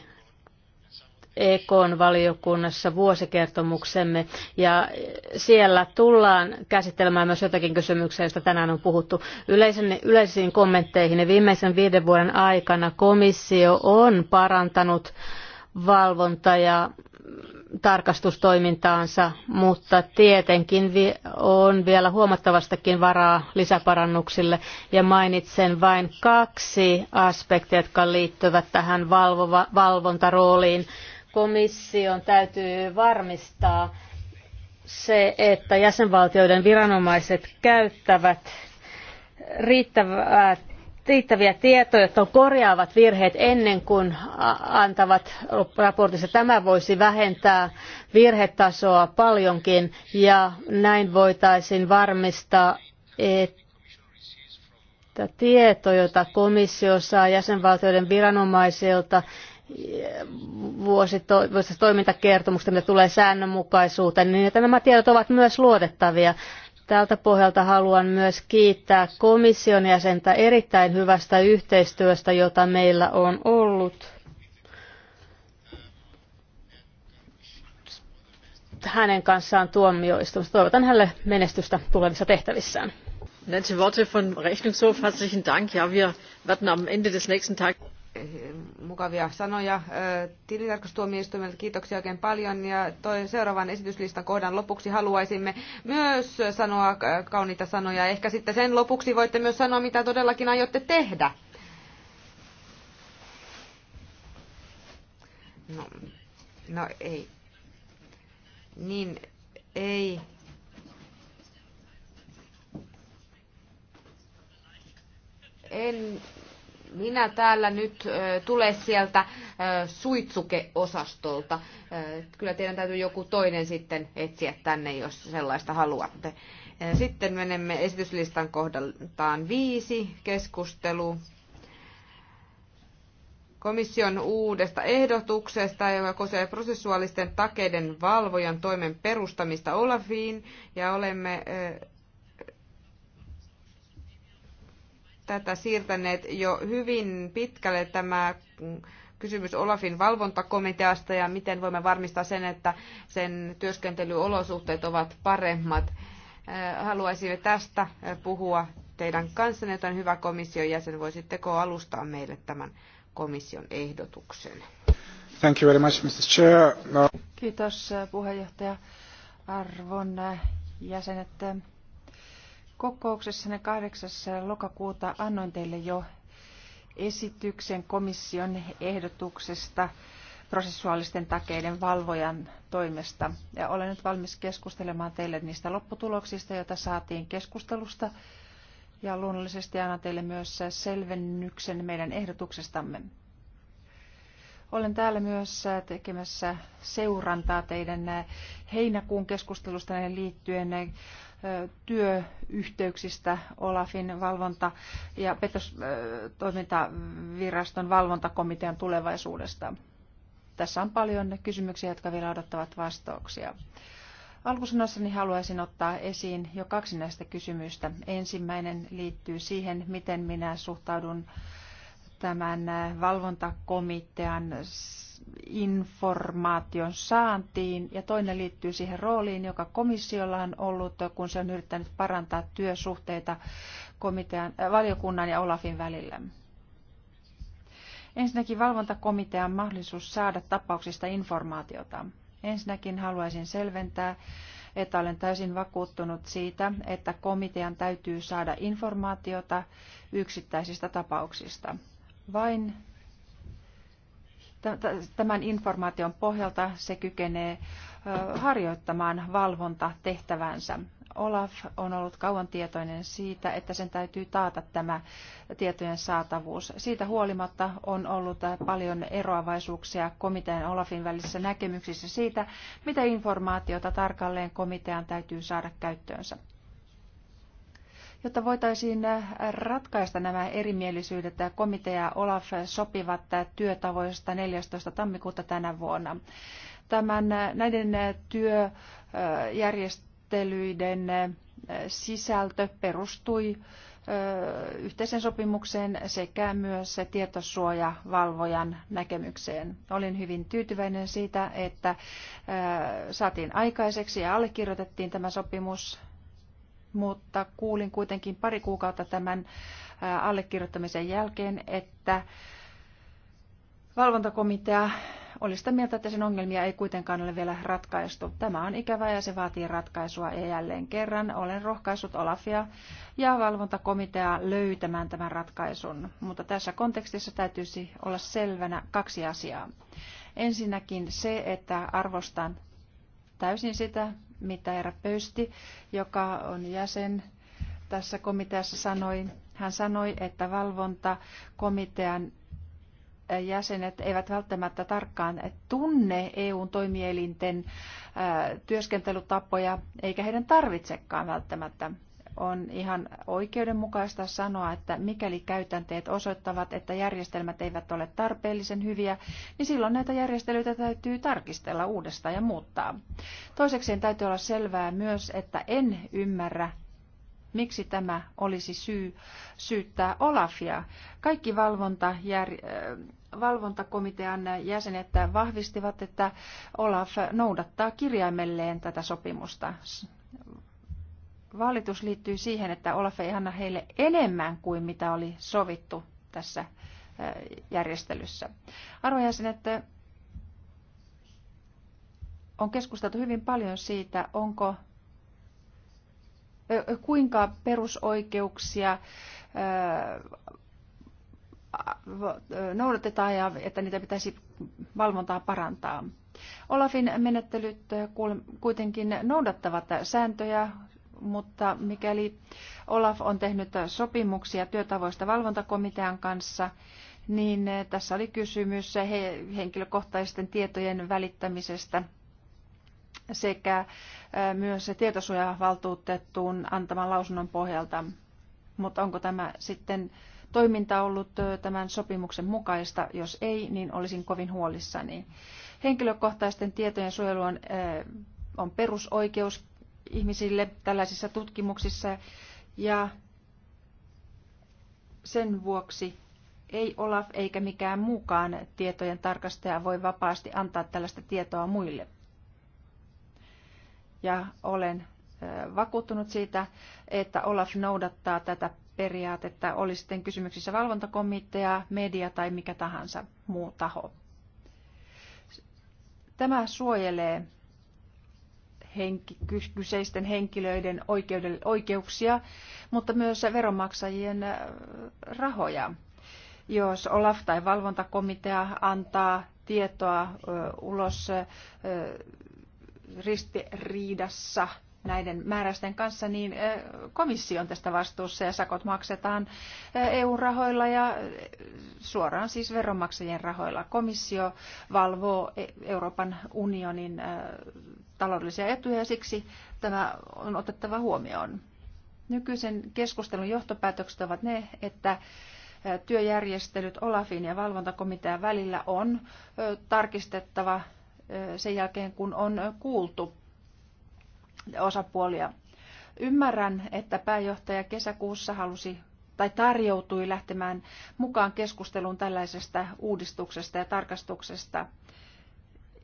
EKn valiokunnassa vuosikertomuksemme ja siellä tullaan käsittelemään myös jotakin kysymyksiä, joista tänään on puhuttu. Yleisen, yleisiin kommentteihin ja viimeisen viiden vuoden aikana komissio on parantanut valvonta- ja tarkastustoimintaansa, mutta tietenkin on vielä huomattavastakin varaa lisäparannuksille. Ja mainitsen vain kaksi aspektia, jotka liittyvät tähän valvontarooliin komission täytyy varmistaa se, että jäsenvaltioiden viranomaiset käyttävät riittäviä tietoja, jotka korjaavat virheet ennen kuin antavat raportissa. Tämä voisi vähentää virhetasoa paljonkin ja näin voitaisiin varmistaa, että tieto, jota komissio saa jäsenvaltioiden viranomaisilta, vuositoimisesta mitä tulee säännönmukaisuuteen, niin että nämä tiedot ovat myös luotettavia. Tältä pohjalta haluan myös kiittää komission jäsentä erittäin hyvästä yhteistyöstä, jota meillä on ollut. hänen kanssaan tuomioistumista. Toivotan hänelle menestystä tulevissa tehtävissään. Nette Worte von Rechnungshof, herzlichen Dank. Ja, wir werden am Ende des nächsten Tages mukavia sanoja tilintarkastustuomioistuimelta. Kiitoksia oikein paljon. Ja toi seuraavan esityslistan kohdan lopuksi haluaisimme myös sanoa kauniita sanoja. Ehkä sitten sen lopuksi voitte myös sanoa, mitä todellakin aiotte tehdä. No, no ei. Niin, ei. En minä täällä nyt tulee sieltä suitsukeosastolta. Kyllä teidän täytyy joku toinen sitten etsiä tänne, jos sellaista haluatte. Sitten menemme esityslistan kohdaltaan viisi keskustelu komission uudesta ehdotuksesta, joka koskee prosessuaalisten takeiden valvojan toimen perustamista Olafiin, ja olemme tätä siirtäneet jo hyvin pitkälle tämä kysymys Olafin valvontakomiteasta ja miten voimme varmistaa sen, että sen työskentelyolosuhteet ovat paremmat. Äh, haluaisimme tästä puhua teidän kanssanne, joten hyvä komission jäsen, voisitteko alustaa meille tämän komission ehdotuksen? Thank you very much, Mr. Chair. No. Kiitos äh, puheenjohtaja. Arvon äh, jäsenet, kokouksessanne 8. lokakuuta annoin teille jo esityksen komission ehdotuksesta prosessuaalisten takeiden valvojan toimesta. Ja olen nyt valmis keskustelemaan teille niistä lopputuloksista, joita saatiin keskustelusta. Ja luonnollisesti annan teille myös selvennyksen meidän ehdotuksestamme. Olen täällä myös tekemässä seurantaa teidän heinäkuun keskustelusta liittyen työyhteyksistä Olafin valvonta- ja petostoimintaviraston valvontakomitean tulevaisuudesta. Tässä on paljon kysymyksiä, jotka vielä odottavat vastauksia. Alkusanassani haluaisin ottaa esiin jo kaksi näistä kysymystä. Ensimmäinen liittyy siihen, miten minä suhtaudun äh, tämän äh, valvontakomitean informaation saantiin ja toinen liittyy siihen rooliin, joka komissiolla on ollut, kun se on yrittänyt parantaa työsuhteita komitean, äh, valiokunnan ja Olafin välillä. Ensinnäkin valvontakomitean mahdollisuus saada tapauksista informaatiota. Ensinnäkin haluaisin selventää, että olen täysin vakuuttunut siitä, että komitean täytyy saada informaatiota yksittäisistä tapauksista. Vain tämän informaation pohjalta se kykenee harjoittamaan valvontatehtävänsä. Olaf on ollut kauan tietoinen siitä, että sen täytyy taata tämä tietojen saatavuus. Siitä huolimatta on ollut paljon eroavaisuuksia komitean Olafin välisissä näkemyksissä siitä, mitä informaatiota tarkalleen komitean täytyy saada käyttöönsä. Jotta voitaisiin äh, ratkaista nämä erimielisyydet, äh, komitea ja Olaf sopivat äh, työtavoista 14. tammikuuta tänä vuonna. Tämän, näiden työjärjestelyiden sisältö perustui yhteisen sopimukseen sekä myös tietosuojavalvojan näkemykseen. Olin hyvin tyytyväinen siitä, että saatiin aikaiseksi ja allekirjoitettiin tämä sopimus mutta kuulin kuitenkin pari kuukautta tämän allekirjoittamisen jälkeen, että valvontakomitea oli sitä mieltä, että sen ongelmia ei kuitenkaan ole vielä ratkaistu. Tämä on ikävää ja se vaatii ratkaisua ja jälleen kerran olen rohkaissut Olafia ja valvontakomitea löytämään tämän ratkaisun. Mutta tässä kontekstissa täytyisi olla selvänä kaksi asiaa. Ensinnäkin se, että arvostan täysin sitä, mitä Eera Pöysti, joka on jäsen tässä komiteassa, sanoi. Hän sanoi, että valvontakomitean jäsenet eivät välttämättä tarkkaan tunne EUn toimielinten työskentelytapoja, eikä heidän tarvitsekaan välttämättä on ihan oikeudenmukaista sanoa, että mikäli käytänteet osoittavat, että järjestelmät eivät ole tarpeellisen hyviä, niin silloin näitä järjestelyitä täytyy tarkistella uudestaan ja muuttaa. Toisekseen täytyy olla selvää myös, että en ymmärrä, miksi tämä olisi syy syyttää Olafia. Kaikki valvontajär, äh, valvontakomitean jäsenet vahvistivat, että Olaf noudattaa kirjaimelleen tätä sopimusta valitus liittyy siihen, että Olaf ei anna heille enemmän kuin mitä oli sovittu tässä järjestelyssä. Arvojäsenet, on keskusteltu hyvin paljon siitä, onko kuinka perusoikeuksia noudatetaan ja että niitä pitäisi valvontaa parantaa. Olafin menettelyt kuitenkin noudattavat sääntöjä, mutta mikäli Olaf on tehnyt sopimuksia työtavoista valvontakomitean kanssa, niin eh, tässä oli kysymys henkilökohtaisten tietojen välittämisestä sekä eh, myös tietosuojavaltuutettuun antaman lausunnon pohjalta. Mutta onko tämä sitten toiminta ollut eh, tämän sopimuksen mukaista? Jos ei, niin olisin kovin huolissani. Henkilökohtaisten tietojen suojelu on, on perusoikeus ihmisille tällaisissa tutkimuksissa ja sen vuoksi ei Olaf eikä mikään muukaan tietojen tarkastaja voi vapaasti antaa tällaista tietoa muille. Ja olen vakuuttunut siitä, että Olaf noudattaa tätä periaatetta, oli sitten kysymyksissä valvontakomitea, media tai mikä tahansa muu taho. Tämä suojelee henki, kyseisten henkilöiden oikeuksia, mutta myös veronmaksajien äh, rahoja. Jos Olaf tai valvontakomitea antaa tietoa ulos ristiriidassa näiden määräysten kanssa, niin komissio on tästä vastuussa ja sakot maksetaan EU-rahoilla ja suoraan siis veronmaksajien rahoilla. Komissio valvoo e-, Euroopan unionin taloudellisia etuja ja siksi tämä on otettava huomioon. Nykyisen keskustelun johtopäätökset ovat ne, että työjärjestelyt Olafin ja valvontakomitean välillä on tarkistettava sen jälkeen, kun on kuultu osapuolia. Ymmärrän, että pääjohtaja kesäkuussa halusi tai tarjoutui lähtemään mukaan keskusteluun tällaisesta uudistuksesta ja tarkastuksesta,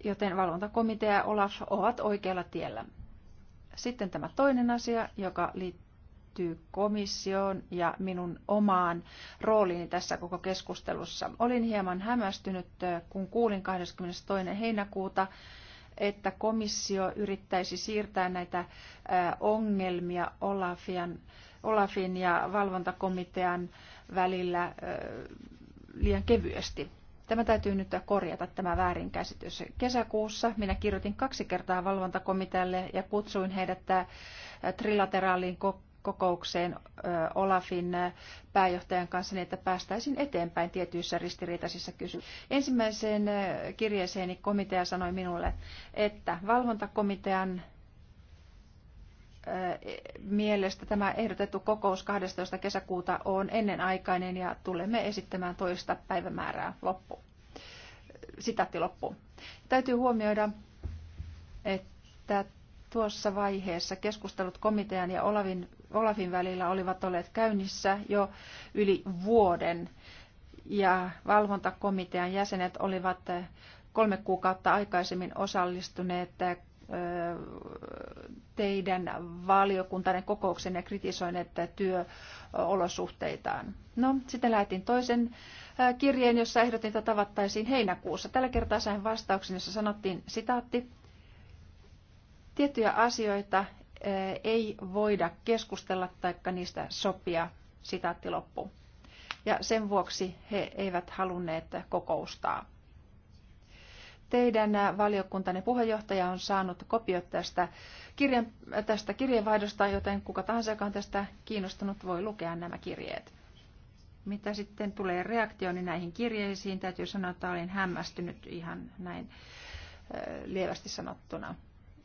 joten valvontakomitea ja Olaf ovat oikealla tiellä. Sitten tämä toinen asia, joka liittyy komissioon ja minun omaan rooliini tässä koko keskustelussa. Olin hieman hämmästynyt, kun kuulin 22. heinäkuuta, että komissio yrittäisi siirtää näitä ongelmia Olafian, Olafin ja valvontakomitean välillä liian kevyesti. Tämä täytyy nyt korjata tämä väärinkäsitys. Kesäkuussa minä kirjoitin kaksi kertaa valvontakomitealle ja kutsuin heidät trilateraaliin kokoukseen Olafin pääjohtajan kanssa niin, että päästäisiin eteenpäin tietyissä ristiriitaisissa kysymyksissä. Ensimmäiseen kirjeeseeni komitea sanoi minulle, että valvontakomitean mielestä tämä ehdotettu kokous 12. kesäkuuta on ennenaikainen ja tulemme esittämään toista päivämäärää loppu. Sitaatti loppu. Täytyy huomioida, että tuossa vaiheessa keskustelut komitean ja Olavin Olafin välillä olivat olleet käynnissä jo yli vuoden ja valvontakomitean jäsenet olivat eh, kolme kuukautta aikaisemmin osallistuneet eh, teidän valiokuntanne kokouksen ja kritisoineet eh, työolosuhteitaan. No, sitten lähetin toisen kirjeen, jossa ehdotin, että tavattaisiin heinäkuussa. Tällä kertaa sain vastauksen, jossa sanottiin sitaatti. Tiettyjä asioita ei voida keskustella taikka niistä sopia, sitaatti loppu. Ja sen vuoksi he eivät halunneet kokoustaa. Teidän valiokuntanne puheenjohtaja on saanut kopiot tästä, kirjan, tästä kirjeenvaihdosta, joten kuka tahansa, joka on tästä kiinnostunut, voi lukea nämä kirjeet. Mitä sitten tulee reaktioni näihin kirjeisiin, täytyy sanoa, että olin hämmästynyt ihan näin lievästi sanottuna.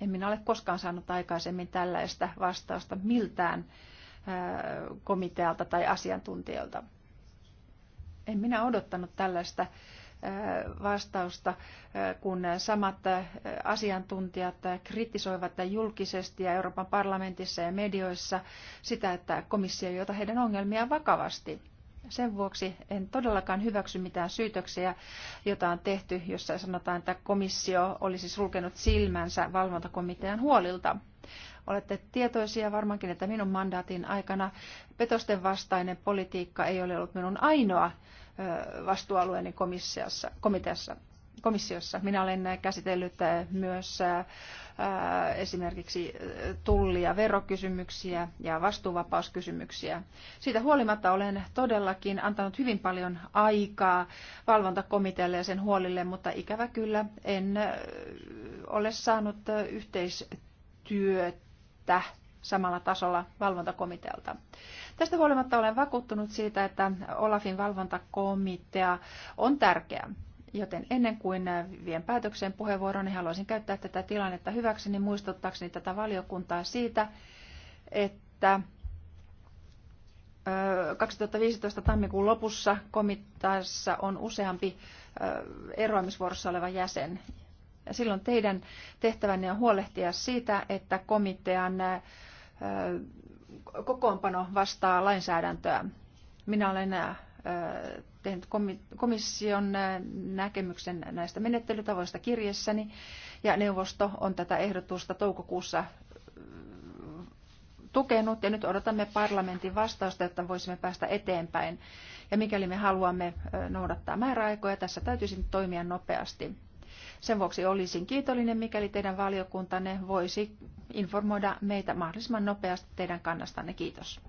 En minä ole koskaan saanut aikaisemmin tällaista vastausta miltään komitealta tai asiantuntijalta. En minä odottanut tällaista vastausta, kun samat asiantuntijat kritisoivat julkisesti ja Euroopan parlamentissa ja medioissa sitä, että komissio ei ota heidän ongelmiaan vakavasti. Sen vuoksi en todellakaan hyväksy mitään syytöksiä, jota on tehty, jossa sanotaan, että komissio olisi siis sulkenut silmänsä valvontakomitean huolilta. Olette tietoisia varmaankin, että minun mandaatin aikana petosten vastainen politiikka ei ole ollut minun ainoa vastuualueeni komissiassa, komiteassa komissiossa. Minä olen käsitellyt äh, myös äh, äh, esimerkiksi tulli- ja verokysymyksiä ja vastuuvapauskysymyksiä. Siitä huolimatta olen todellakin antanut hyvin paljon aikaa valvontakomitealle ja sen huolille, mutta ikävä kyllä en ole saanut yhteistyötä samalla tasolla valvontakomitealta. Tästä huolimatta olen vakuuttunut siitä, että Olafin valvontakomitea on tärkeä. Joten ennen kuin äh, vien päätökseen puheenvuoron, niin haluaisin käyttää tätä tilannetta hyväkseni niin muistuttaakseni tätä valiokuntaa siitä, että 2015 äh, tammikuun lopussa komitaassa on useampi äh, eroamisvuorossa oleva jäsen. Silloin teidän tehtävänne on huolehtia siitä, että komitean kokoonpano vastaa lainsäädäntöä. Minä olen tehnyt komission äh, näkemyksen näistä menettelytavoista kirjessäni ja neuvosto on tätä ehdotusta toukokuussa äh, tukenut ja nyt odotamme parlamentin vastausta, jotta voisimme päästä eteenpäin. Ja mikäli me haluamme äh, noudattaa määräaikoja, tässä täytyisi toimia nopeasti. Sen vuoksi olisin kiitollinen, mikäli teidän valiokuntanne voisi informoida meitä mahdollisimman nopeasti teidän kannastanne. Kiitos.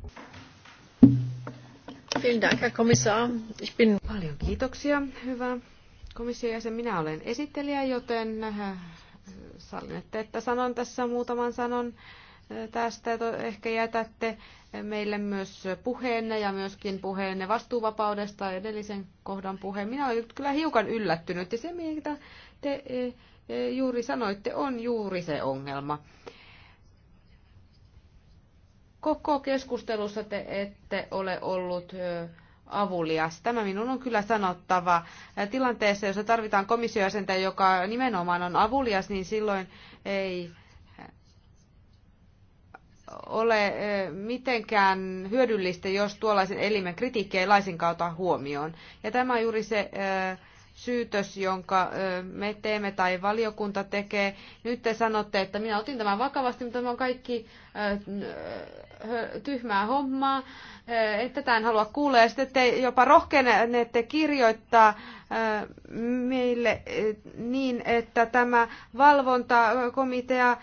Paljon kiitoksia, hyvä komission jäsen. Minä olen esittelijä, joten äh, sallinette, että sanon tässä muutaman sanon äh, tästä. Ehkä jätätte meille myös puheenne ja myöskin puheenne vastuuvapaudesta edellisen kohdan puheen. Minä olen kyllä hiukan yllättynyt ja se, mitä te äh, juuri sanoitte, on juuri se ongelma. Koko keskustelussa te ette ole ollut avulias. Tämä minun on kyllä sanottava. Tilanteessa, jossa tarvitaan komissiojäsentä, joka nimenomaan on avulias, niin silloin ei ole mitenkään hyödyllistä, jos tuollaisen elimen kritiikki ei laisinkaan ota huomioon. Ja tämä on juuri se äh, syytös, jonka me teemme tai valiokunta tekee. Nyt te sanotte, että minä otin tämän vakavasti, mutta tämä on kaikki tyhmää hommaa. että tämän halua kuulla. Ja sitten te jopa rohkenette kirjoittaa meille niin, että tämä valvontakomitea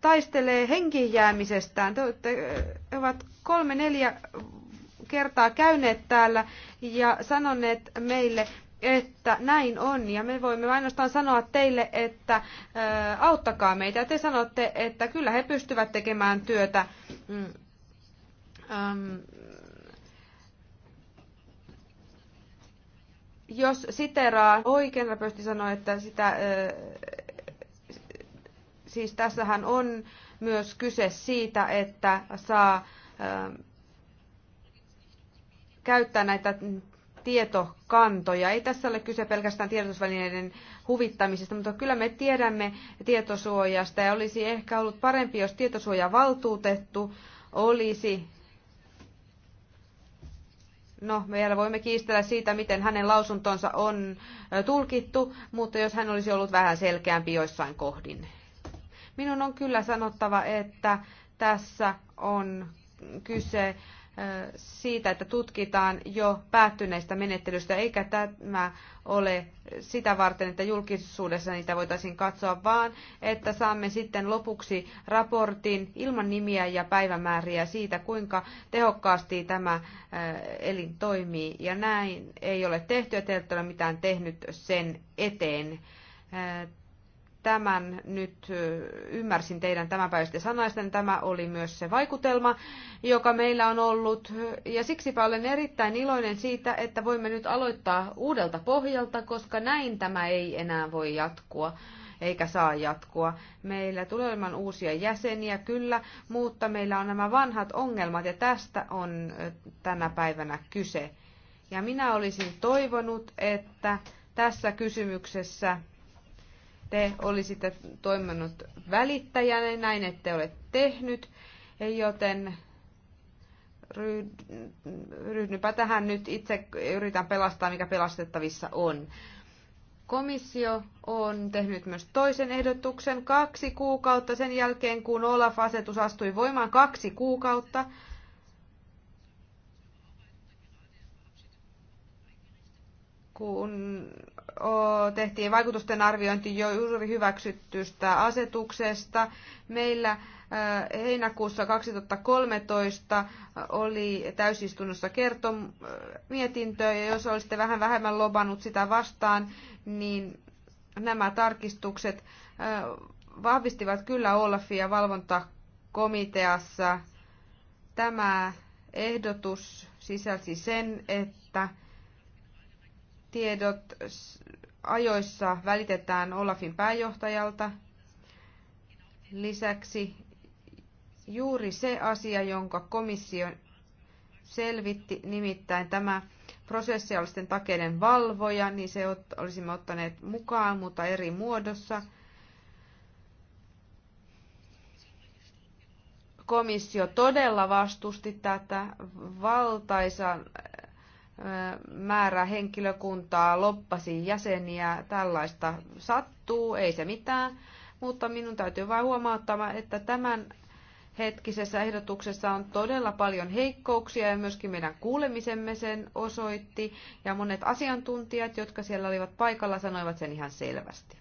taistelee henkijäämisestään, Te ovat kolme, neljä kertaa käyneet täällä ja sanoneet meille, että näin on ja me voimme ainoastaan sanoa teille, että äh, auttakaa meitä. te sanotte, että kyllä he pystyvät tekemään työtä. Mm. Ähm. jos siteraa, oikein rapösti sanoi, että sitä, äh, siis tässähän on myös kyse siitä, että saa äh, käyttää näitä tietokantoja. Ei tässä ole kyse pelkästään tiedotusvälineiden huvittamisesta, mutta kyllä me tiedämme tietosuojasta ja olisi ehkä ollut parempi, jos tietosuojavaltuutettu olisi no me vielä voimme kiistellä siitä, miten hänen lausuntonsa on tulkittu, mutta jos hän olisi ollut vähän selkeämpi joissain kohdin. Minun on kyllä sanottava, että tässä on kyse siitä, että tutkitaan jo päättyneistä menettelystä, eikä tämä ole sitä varten, että julkisuudessa niitä voitaisiin katsoa, vaan että saamme sitten lopuksi raportin ilman nimiä ja päivämääriä siitä, kuinka tehokkaasti tämä elin toimii. Ja näin ei ole tehty ja te ette ole mitään tehnyt sen eteen tämän nyt ymmärsin teidän tämänpäiväisten sanaisten Tämä oli myös se vaikutelma, joka meillä on ollut. Ja siksipä olen erittäin iloinen siitä, että voimme nyt aloittaa uudelta pohjalta, koska näin tämä ei enää voi jatkua eikä saa jatkua. Meillä tulee olemaan uusia jäseniä, kyllä, mutta meillä on nämä vanhat ongelmat ja tästä on tänä päivänä kyse. Ja minä olisin toivonut, että tässä kysymyksessä te olisitte toiminut välittäjänä, näin ette ole tehnyt, joten ryhdynpä tähän nyt itse yritän pelastaa, mikä pelastettavissa on. Komissio on tehnyt myös toisen ehdotuksen kaksi kuukautta sen jälkeen, kun Olaf-asetus astui voimaan kaksi kuukautta. Kun tehtiin vaikutusten arviointi jo juuri hyväksyttystä asetuksesta. Meillä heinäkuussa 2013 oli täysistunnossa kertom mietintö, ja jos olisitte vähän vähemmän lobannut sitä vastaan, niin nämä tarkistukset vahvistivat kyllä Olafia valvontakomiteassa. Tämä ehdotus sisälsi sen, että tiedot ajoissa välitetään Olafin pääjohtajalta. Lisäksi juuri se asia, jonka komissio selvitti, nimittäin tämä prosessiaalisten takeiden valvoja, niin se olisimme ottaneet mukaan, mutta eri muodossa. Komissio todella vastusti tätä valtaisan määrä henkilökuntaa, loppasi jäseniä, tällaista sattuu, ei se mitään. Mutta minun täytyy vain huomauttaa, että tämän hetkisessä ehdotuksessa on todella paljon heikkouksia ja myöskin meidän kuulemisemme sen osoitti. Ja monet asiantuntijat, jotka siellä olivat paikalla, sanoivat sen ihan selvästi.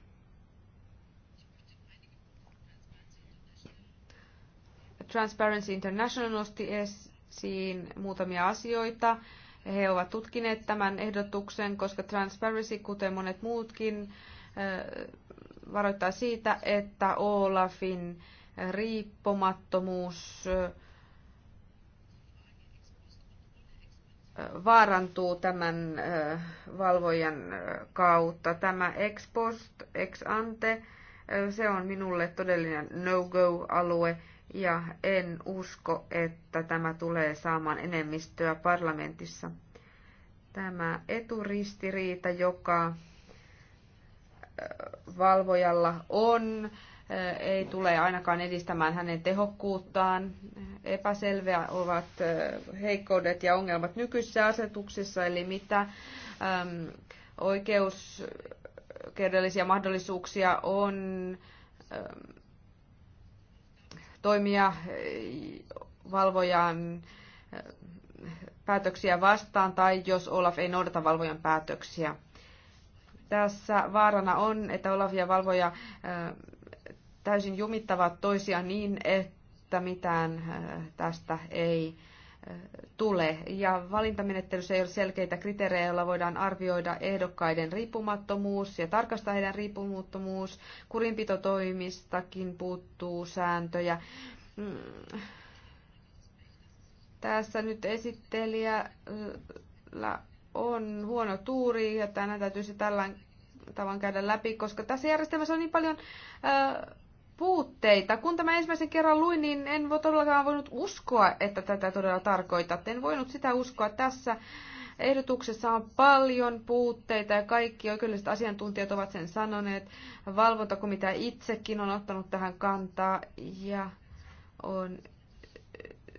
Transparency International nosti esiin muutamia asioita he ovat tutkineet tämän ehdotuksen, koska Transparency, kuten monet muutkin, eh, varoittaa siitä, että Olafin riippumattomuus eh, vaarantuu tämän eh, valvojan kautta. Tämä ex post, ex ante, se on minulle todellinen no-go-alue ja en usko, että tämä tulee saamaan enemmistöä parlamentissa. Tämä eturistiriita, joka valvojalla on, ei tule ainakaan edistämään hänen tehokkuuttaan. Epäselviä ovat heikkoudet ja ongelmat nykyisessä asetuksessa, eli mitä äm, mahdollisuuksia on toimia e, valvojan päätöksiä vastaan tai jos Olaf ei noudata valvojan päätöksiä. Tässä vaarana on, että Olaf ja valvoja e, täysin jumittavat toisiaan niin, että mitään e, tästä ei tule. Ja valintamenettelyssä ei ole selkeitä kriteerejä, joilla voidaan arvioida ehdokkaiden riippumattomuus ja tarkastaa heidän riippumattomuus. Kurinpitotoimistakin puuttuu sääntöjä. Mm. Tässä nyt esittelijällä on huono tuuri ja tänään täytyisi tällä tavan käydä läpi, koska tässä järjestelmässä on niin paljon äh, puutteita. Kun tämä ensimmäisen kerran luin, niin en voi todellakaan voinut uskoa, että tätä todella tarkoitat. En voinut sitä uskoa tässä. Ehdotuksessa on paljon puutteita ja kaikki oikeudelliset asiantuntijat ovat sen sanoneet. Valvontakomitea itsekin on ottanut tähän kantaa ja on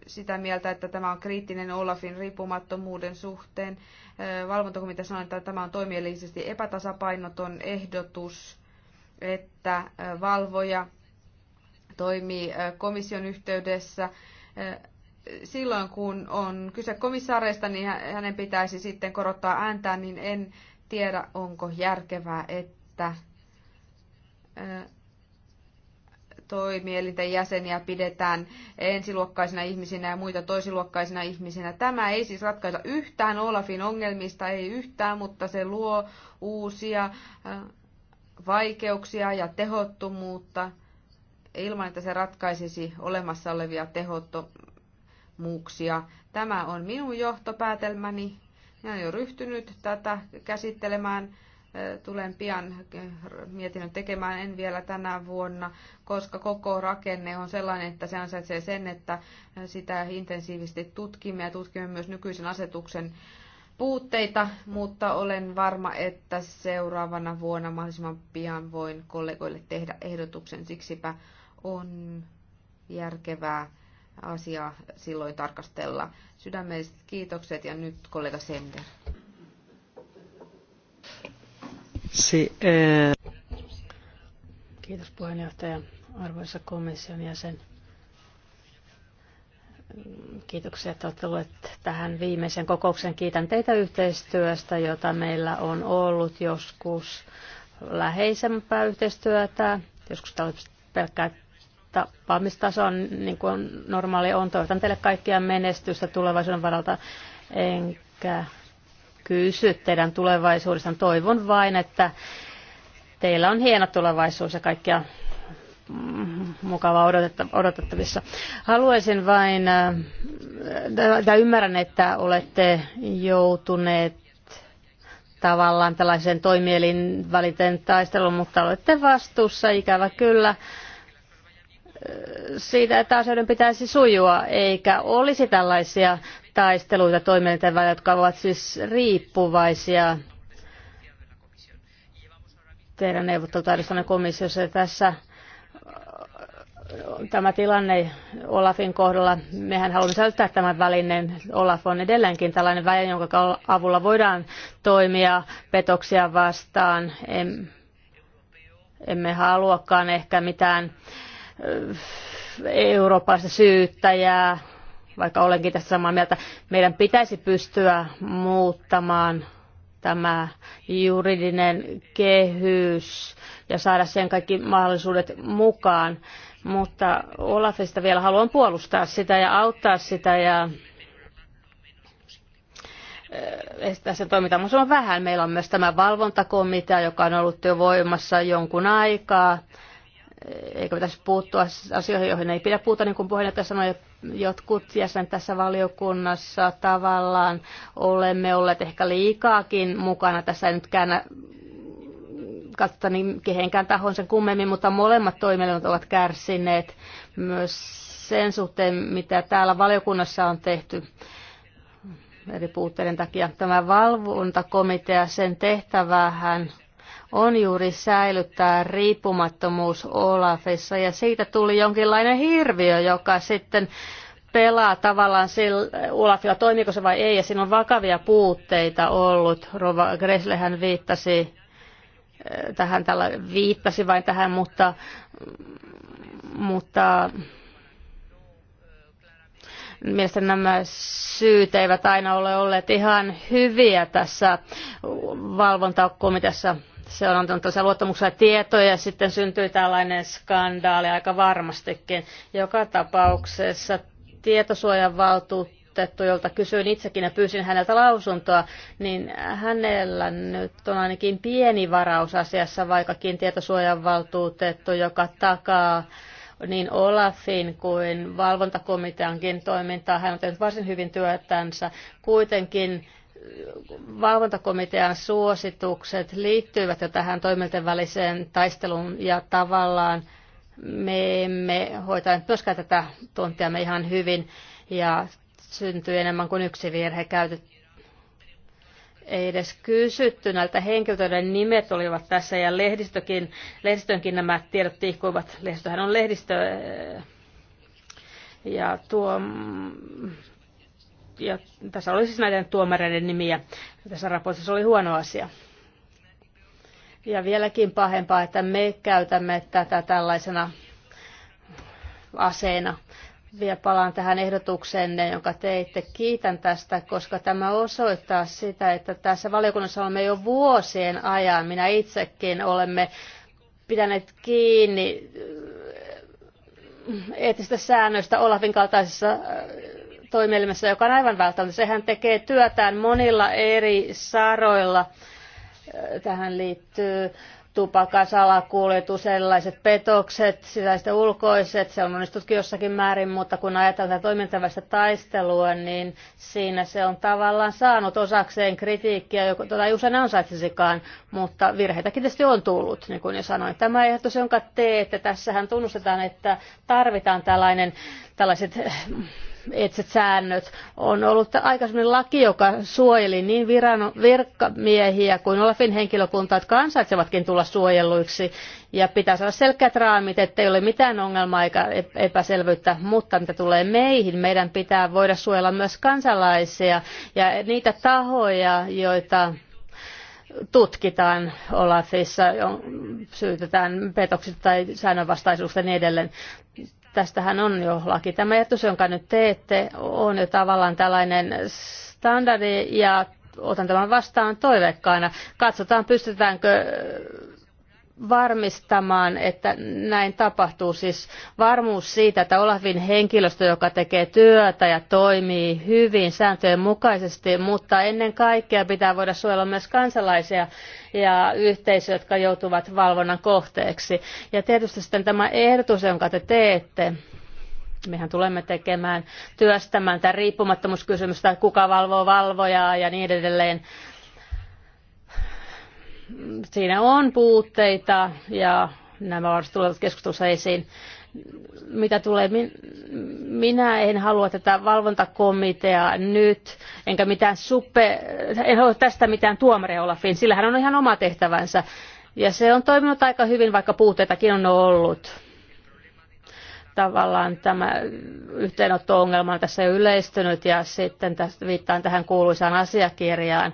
sitä mieltä, että tämä on kriittinen Olafin riippumattomuuden suhteen. Valvontakomitea sanoi, että tämä on toimielisesti epätasapainoton ehdotus, että valvoja toimii komission yhteydessä. Silloin kun on kyse komissaareista, niin hänen pitäisi sitten korottaa ääntään, niin en tiedä, onko järkevää, että toimielinten jäseniä pidetään ensiluokkaisina ihmisinä ja muita toisiluokkaisina ihmisinä. Tämä ei siis ratkaisa yhtään Olafin ongelmista, ei yhtään, mutta se luo uusia vaikeuksia ja tehottomuutta ilman, että se ratkaisisi olemassa olevia tehottomuuksia. Tämä on minun johtopäätelmäni. Minä olen jo ryhtynyt tätä käsittelemään. Tulen pian mietinnön tekemään, en vielä tänä vuonna, koska koko rakenne on sellainen, että se ansaitsee sen, että sitä intensiivisesti tutkimme ja tutkimme myös nykyisen asetuksen puutteita, mutta olen varma, että seuraavana vuonna mahdollisimman pian voin kollegoille tehdä ehdotuksen. Siksipä on järkevää asia silloin tarkastella. Sydämelliset kiitokset ja nyt kollega Sender. Si, ää... Eh. Kiitos puheenjohtaja, arvoisa komission jäsen. Kiitoksia, että olette tulleet tähän viimeisen kokouksen. Kiitän teitä yhteistyöstä, jota meillä on ollut joskus läheisempää yhteistyötä, joskus pelkkää tapaamistaso on niin kuin normaali on. Toivotan teille kaikkia menestystä tulevaisuuden varalta, enkä kysy teidän tulevaisuudesta. Toivon vain, että teillä on hieno tulevaisuus ja kaikkia mm, mukavaa odotettavissa. Haluaisin vain, tai äh, ymmärrän, että olette joutuneet tavallaan tällaisen toimielin väliten taistelun, mutta olette vastuussa ikävä kyllä siitä, että asioiden pitäisi sujua, eikä olisi tällaisia taisteluita toimijoiden välillä, jotka ovat siis riippuvaisia teidän neuvottelutaidostanne komissiossa. Ja tässä tämä tilanne Olafin kohdalla, mehän haluamme säilyttää tämän välinen. Olaf on edelleenkin tällainen väline, jonka avulla voidaan toimia petoksia vastaan. Emme haluakaan ehkä mitään eurooppalaista syyttäjää, vaikka olenkin tässä samaa mieltä, meidän pitäisi pystyä muuttamaan tämä juridinen kehys ja saada sen kaikki mahdollisuudet mukaan. Mutta Olafista vielä haluan puolustaa sitä ja auttaa sitä ja eh, estää sen se on vähän. Meillä on myös tämä valvontakomitea, joka on ollut jo voimassa jonkun aikaa eikä pitäisi puuttua asioihin, joihin ei pidä puuttua, niin kuin puheenjohtaja sanoi, jotkut jäsenet tässä valiokunnassa tavallaan olemme olleet ehkä liikaakin mukana. Tässä ei nyt käännä katsota niin kehenkään tahon sen kummemmin, mutta molemmat toimielimet ovat kärsineet myös sen suhteen, mitä täällä valiokunnassa on tehty eri puutteiden takia. Tämä valvontakomitea, sen tehtävähän on juuri säilyttää riippumattomuus Olafissa. Ja siitä tuli jonkinlainen hirviö, joka sitten pelaa tavallaan sillä, Olafilla toimiiko se vai ei, ja siinä on vakavia puutteita ollut. Rova Greslehän viittasi äh, tähän tällä viittasi vain tähän, mutta, mutta mielestäni nämä syyt eivät aina ole olleet ihan hyviä tässä valvontakomiteassa se on antanut tosiaan luottamuksella tietoja ja sitten syntyi tällainen skandaali aika varmastikin. Joka tapauksessa tietosuojan valtuutettu, jolta kysyin itsekin ja pyysin häneltä lausuntoa, niin hänellä nyt on ainakin pieni varaus asiassa, vaikkakin tietosuojan valtuutettu, joka takaa niin Olafin kuin valvontakomiteankin toimintaa. Hän on tehnyt varsin hyvin työtänsä. Kuitenkin valvontakomitean suositukset liittyivät jo tähän toimilten väliseen taisteluun ja tavallaan me emme hoitaneet myöskään tätä tuntiamme ihan hyvin ja syntyi enemmän kuin yksi virhe käytetty. Ei edes kysytty näiltä henkilöiden nimet olivat tässä ja lehdistökin, lehdistönkin nämä tiedot tihkuivat. Lehdistöhän on lehdistö ja tuo ja tässä oli siis näiden tuomareiden nimiä. Tässä raportissa oli huono asia. Ja vieläkin pahempaa, että me käytämme tätä tällaisena aseena. Vielä palaan tähän ehdotukseenne, jonka teitte. Kiitän tästä, koska tämä osoittaa sitä, että tässä valiokunnassa olemme jo vuosien ajan, minä itsekin, olemme pitäneet kiinni äh, eettisistä säännöistä Olafin kaltaisessa äh, toimielimessä, joka on aivan välttämätön. Sehän tekee työtään monilla eri saroilla. Tähän liittyy tupakan salakuljetus, erilaiset petokset, sisäiset ja ulkoiset, se on onnistutkin jossakin määrin, mutta kun ajatellaan toimintavästä taistelua, niin siinä se on tavallaan saanut osakseen kritiikkiä, jota tuota ei usein ansaitsisikaan, mutta virheitäkin tietysti on tullut, niin kuin jo sanoin. Tämä ehdotus, jonka teette, tässähän tunnustetaan, että tarvitaan tällainen, tällaiset etset säännöt. On ollut aikaisemmin laki, joka suojeli niin viran, virkamiehiä kuin Olafin henkilökuntaa, jotka ansaitsevatkin tulla suojelluiksi. Ja pitää saada selkeät raamit, ettei ole mitään ongelmaa eikä epäselvyyttä, mutta mitä tulee meihin, meidän pitää voida suojella myös kansalaisia ja niitä tahoja, joita tutkitaan Olafissa, syytetään petoksista tai säännönvastaisuuksista ja niin edelleen. Tästähän on jo laki. Tämä jätys, jonka nyt teette, on jo tavallaan tällainen standardi ja otan tämän vastaan toiveikkaana. Katsotaan, pystytäänkö varmistamaan, että näin tapahtuu. Siis varmuus siitä, että Olavin henkilöstö, joka tekee työtä ja toimii hyvin sääntöjen mukaisesti, mutta ennen kaikkea pitää voida suojella myös kansalaisia ja yhteisö, jotka joutuvat valvonnan kohteeksi. Ja tietysti sitten tämä ehdotus, jonka te teette, mehän tulemme tekemään, työstämään tämä riippumattomuuskysymystä, kuka valvoo valvojaa ja niin edelleen. Siinä on puutteita ja nämä varmasti tulevat keskustelussa esiin mitä tulee, minä en halua tätä valvontakomiteaa nyt, enkä mitään suppe, en halua tästä mitään tuomaria Olafin, sillä hän on ihan oma tehtävänsä. Ja se on toiminut aika hyvin, vaikka puutteitakin on ollut. Tavallaan tämä yhteenotto-ongelma on tässä yleistynyt ja sitten tästä viittaan tähän kuuluisaan asiakirjaan,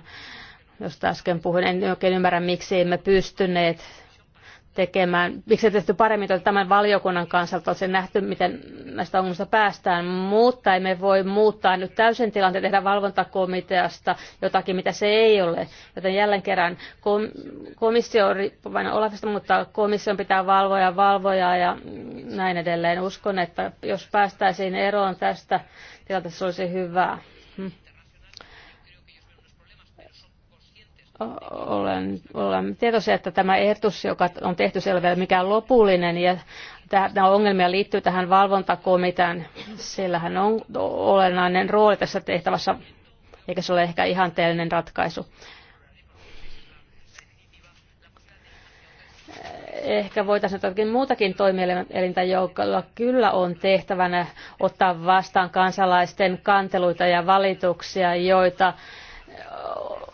josta äsken puhuin. En oikein ymmärrä, miksi emme pystyneet tekemään, miksi tehty paremmin tämän valiokunnan kanssa, että olisi nähty, miten näistä ongelmista päästään, mutta emme voi muuttaa nyt täysin tilanteen tehdä valvontakomiteasta jotakin, mitä se ei ole. Joten jälleen kerran kom- komissio on riippuvainen Olafista, mutta komission pitää valvoja valvoja ja näin edelleen. Uskon, että jos päästäisiin eroon tästä tilanteesta, se olisi hyvää. olen, olen tietoisia, että tämä ehdotus, joka on tehty, ei ole vielä mikään lopullinen ja nämä ongelmia liittyy tähän valvontakomitean. Sillähän on olennainen rooli tässä tehtävässä, eikä se ole ehkä ihanteellinen ratkaisu. Ehkä voitaisiin jotakin muutakin toimielintä, jolla kyllä on tehtävänä ottaa vastaan kansalaisten kanteluita ja valituksia, joita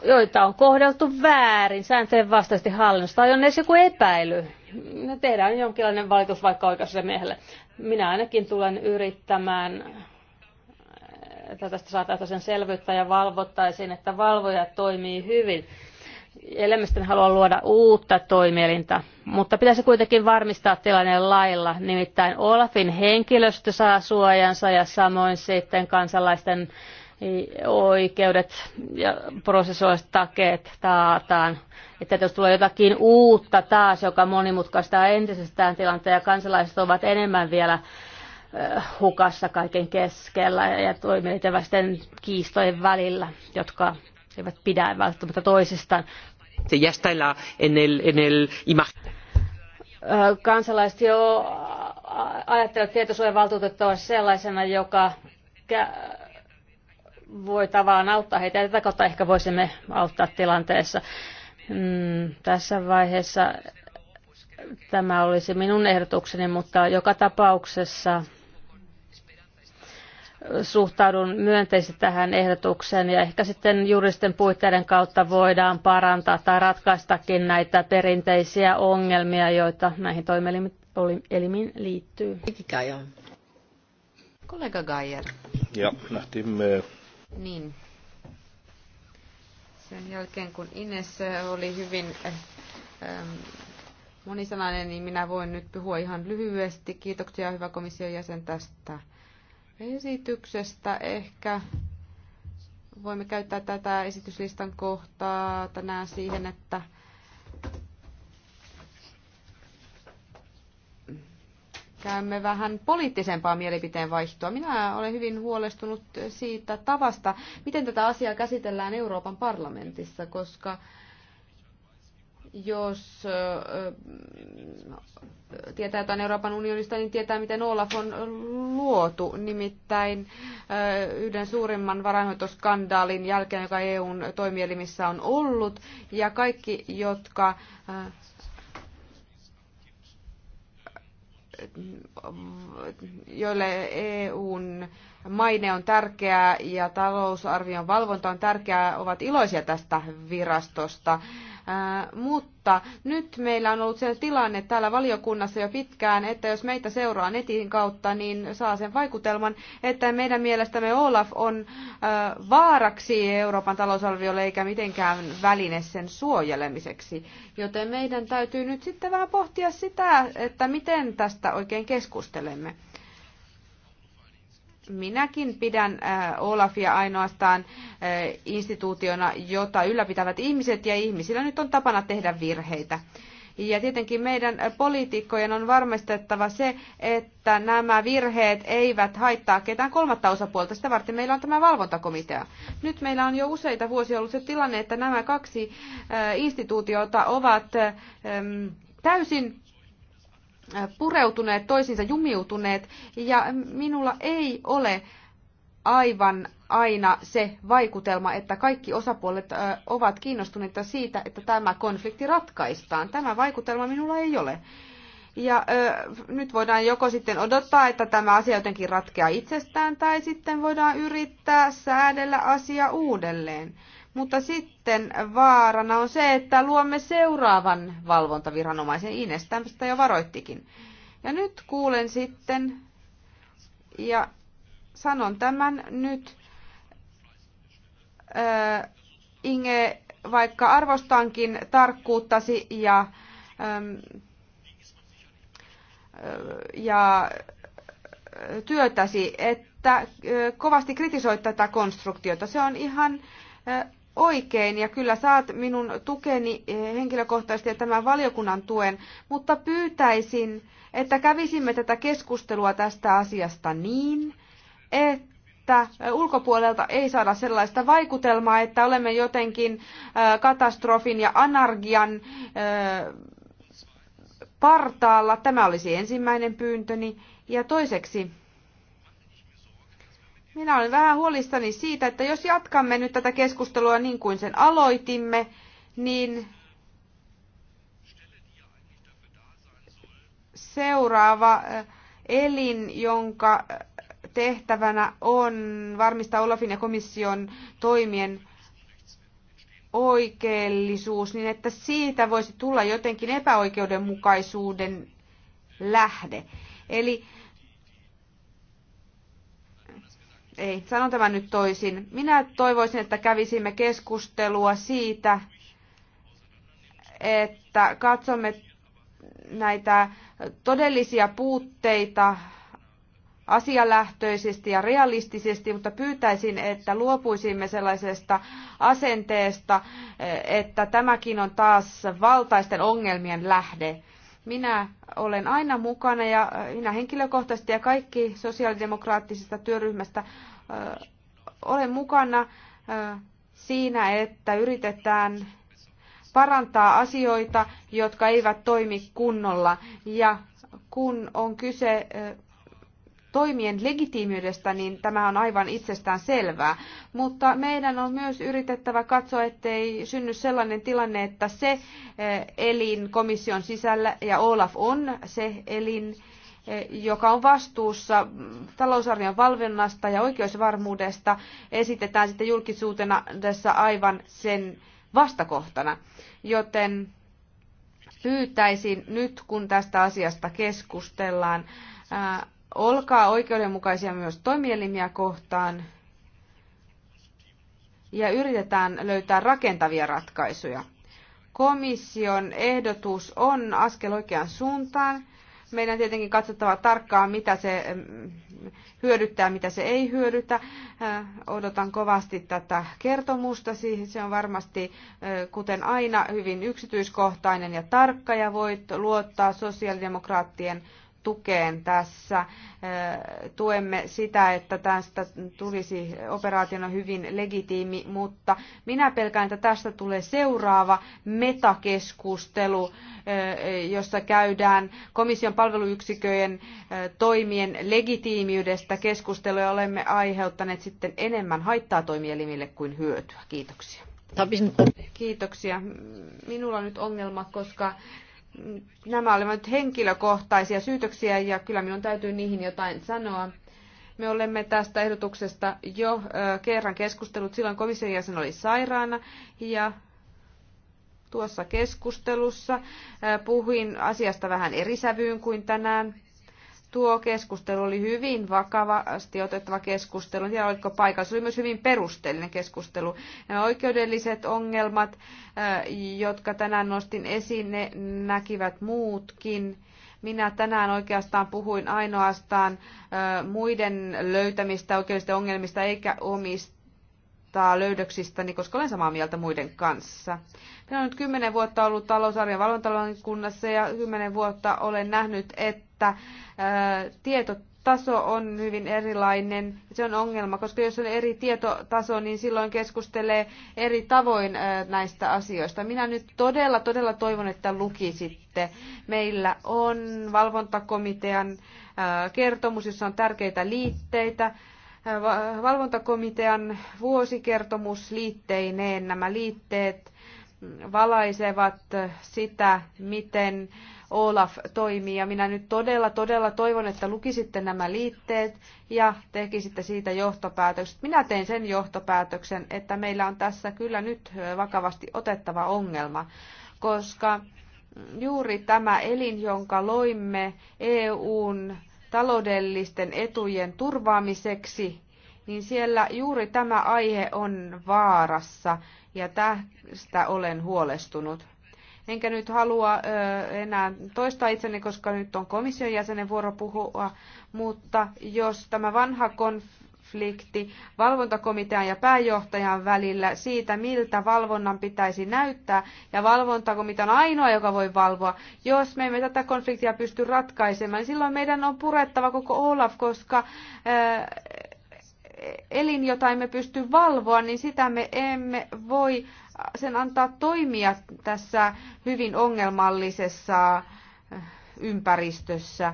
joita on kohdeltu väärin sääntöjen vastaisesti hallinnossa tai on edes joku epäily. No, tehdään jonkinlainen valitus vaikka oikeusasiamiehelle. Minä ainakin tulen yrittämään että tästä saataisiin selvyyttä ja valvottaisiin, että valvoja toimii hyvin. Elämästä haluaa luoda uutta toimielintä, mutta pitäisi kuitenkin varmistaa tilanne lailla. Nimittäin Olafin henkilöstö saa suojansa ja samoin sitten kansalaisten oikeudet ja prosessuaaliset takeet taataan. Että jos tulee jotakin uutta taas, joka monimutkaistaa entisestään tilanteen ja kansalaiset ovat enemmän vielä hukassa kaiken keskellä ja toimintavasten kiistojen välillä, jotka eivät pidä välttämättä toisistaan. Ya está en el kansalaiset jo ajattelevat tietosuojavaltuutettua sellaisena, joka voi tavallaan auttaa heitä, ja tätä kautta ehkä voisimme auttaa tilanteessa. Mm, tässä vaiheessa tämä olisi minun ehdotukseni, mutta joka tapauksessa suhtaudun myönteisesti tähän ehdotukseen ja ehkä sitten juristen puitteiden kautta voidaan parantaa tai ratkaistakin näitä perinteisiä ongelmia, joita näihin toimielimiin liittyy. Kollega Geier. Ja, nachdem niin. Sen jälkeen kun Ines oli hyvin ähm, monisanainen, niin minä voin nyt puhua ihan lyhyesti. Kiitoksia hyvä komission jäsen tästä esityksestä. Ehkä voimme käyttää tätä esityslistan kohtaa tänään siihen, että käymme vähän poliittisempaa mielipiteen vaihtoa. Minä olen hyvin huolestunut siitä tavasta, miten tätä asiaa käsitellään Euroopan parlamentissa, koska jos tietää jotain Euroopan unionista, niin tietää, miten Olaf on luotu. Nimittäin yhden suurimman varainhoitoskandaalin jälkeen, joka EUn toimielimissä on ollut, ja kaikki, jotka joille EUn maine on tärkeää ja talousarvion valvonta on tärkeää, ovat iloisia tästä virastosta mutta nyt meillä on ollut se tilanne täällä valiokunnassa jo pitkään, että jos meitä seuraa netin kautta, niin saa sen vaikutelman, että meidän mielestämme Olaf on vaaraksi Euroopan talousarviolle eikä mitenkään väline sen suojelemiseksi. Joten meidän täytyy nyt sitten vähän pohtia sitä, että miten tästä oikein keskustelemme. Minäkin pidän äh, Olafia ainoastaan äh, instituutiona, jota ylläpitävät ihmiset ja ihmisillä nyt on tapana tehdä virheitä. Ja tietenkin meidän äh, poliitikkojen on varmistettava se, että nämä virheet eivät haittaa ketään kolmatta osapuolta. Sitä varten meillä on tämä valvontakomitea. Nyt meillä on jo useita vuosia ollut se tilanne, että nämä kaksi instituutiota ovat täysin Äh, pureutuneet toisiinsa, jumiutuneet, ja minulla ei ole aivan aina se vaikutelma, että kaikki osapuolet äh, ovat kiinnostuneita siitä, että tämä konflikti ratkaistaan. Tämä vaikutelma minulla ei ole. Ja ö, äh, nyt voidaan joko sitten odottaa, että tämä asia jotenkin ratkeaa itsestään, tai sitten voidaan yrittää säädellä asia uudelleen. Mutta sitten vaarana on se, että luomme seuraavan valvontaviranomaisen. Ines tämmöistä jo varoittikin. Ja nyt kuulen sitten, ja sanon tämän nyt, äh, Inge, vaikka arvostankin tarkkuuttasi ja, ähm, ja työtäsi, että äh, kovasti kritisoit tätä konstruktiota. Se on ihan äh, oikein ja kyllä saat minun tukeni eh, henkilökohtaisesti ja tämän valiokunnan tuen, mutta pyytäisin, että kävisimme tätä keskustelua tästä asiasta niin, että että eh, ulkopuolelta ei saada sellaista vaikutelmaa, että olemme jotenkin eh, katastrofin ja anarkian partaalla. Tämä olisi ensimmäinen pyyntöni. Ja toiseksi minä olen vähän huolissani siitä, että jos jatkamme nyt tätä keskustelua niin kuin sen aloitimme, niin seuraava eh, elin, jonka eh, tehtävänä on varmistaa Olafin ja komission toimien oikeellisuus, niin että siitä voisi tulla jotenkin epäoikeudenmukaisuuden lähde. Eli ei, sanon tämän nyt toisin. Minä toivoisin, että kävisimme keskustelua siitä, että katsomme näitä todellisia puutteita asialähtöisesti ja realistisesti, mutta pyytäisin, että luopuisimme sellaisesta asenteesta, että tämäkin on taas valtaisten ongelmien lähde. Minä olen aina mukana ja äh, minä henkilökohtaisesti ja kaikki sosiaalidemokraattisesta työryhmästä äh, olen mukana äh, siinä, että yritetään parantaa asioita, jotka eivät toimi kunnolla. Ja kun on kyse toimien legitiimiydestä, niin tämä on aivan itsestään selvää. Mutta meidän on myös yritettävä katsoa, ettei synny sellainen tilanne, että se eh, elin komission sisällä, ja Olaf on se elin, eh, joka on vastuussa talousarvion valvonnasta ja oikeusvarmuudesta, esitetään sitten julkisuutena tässä aivan sen vastakohtana. Joten pyytäisin nyt, kun tästä asiasta keskustellaan, Olkaa oikeudenmukaisia myös toimielimiä kohtaan ja yritetään löytää rakentavia ratkaisuja. Komission ehdotus on askel oikeaan suuntaan. Meidän tietenkin katsottava tarkkaan, mitä se mm, hyödyttää, mitä se ei hyödytä. Äh, odotan kovasti tätä kertomusta. Se on varmasti, äh, kuten aina, hyvin yksityiskohtainen ja tarkka ja voit luottaa sosiaalidemokraattien tukeen tässä. Tuemme sitä, että tästä tulisi operaationa hyvin legitiimi, mutta minä pelkään, että tästä tulee seuraava metakeskustelu, jossa käydään komission palveluyksiköjen toimien legitiimiydestä keskustelua ja olemme aiheuttaneet sitten enemmän haittaa toimielimille kuin hyötyä. Kiitoksia. Kiitoksia. Minulla on nyt ongelma, koska nämä olivat henkilökohtaisia syytöksiä ja kyllä minun täytyy niihin jotain sanoa. Me olemme tästä ehdotuksesta jo kerran keskustellut. Silloin komission jäsen oli sairaana ja tuossa keskustelussa puhuin asiasta vähän eri sävyyn kuin tänään tuo keskustelu oli hyvin vakavasti otettava keskustelu. En tiedä, oliko paikalla. Se oli myös hyvin perusteellinen keskustelu. Nämä oikeudelliset ongelmat, jotka tänään nostin esiin, ne näkivät muutkin. Minä tänään oikeastaan puhuin ainoastaan muiden löytämistä oikeudellisista ongelmista eikä omista huomauttaa löydöksistäni, koska olen samaa mieltä muiden kanssa. Minä olen nyt kymmenen vuotta ollut talousarvion kunnassa ja kymmenen vuotta olen nähnyt, että ää, tietotaso on hyvin erilainen. Se on ongelma, koska jos on eri tietotaso, niin silloin keskustelee eri tavoin ää, näistä asioista. Minä nyt todella, todella toivon, että lukisitte. Meillä on valvontakomitean ää, kertomus, jossa on tärkeitä liitteitä valvontakomitean vuosikertomus liitteineen. Nämä liitteet valaisevat sitä, miten Olaf toimii. Ja minä nyt todella, todella toivon, että lukisitte nämä liitteet ja tekisitte siitä johtopäätökset. Minä tein sen johtopäätöksen, että meillä on tässä kyllä nyt vakavasti otettava ongelma, koska juuri tämä elin, jonka loimme EUn taloudellisten etujen turvaamiseksi, niin siellä juuri tämä aihe on vaarassa ja tästä olen huolestunut. Enkä nyt halua enää toistaa itseni, koska nyt on komission jäsenen vuoro puhua, mutta jos tämä vanha konf konflikti valvontakomitean ja pääjohtajan välillä siitä, miltä valvonnan pitäisi näyttää. Ja valvontakomitea on ainoa, joka voi valvoa. Jos me emme tätä konfliktia pysty ratkaisemaan, niin silloin meidän on purettava koko Olaf, koska elin, jota emme pysty valvoa, niin sitä me emme voi sen antaa toimia tässä hyvin ongelmallisessa ympäristössä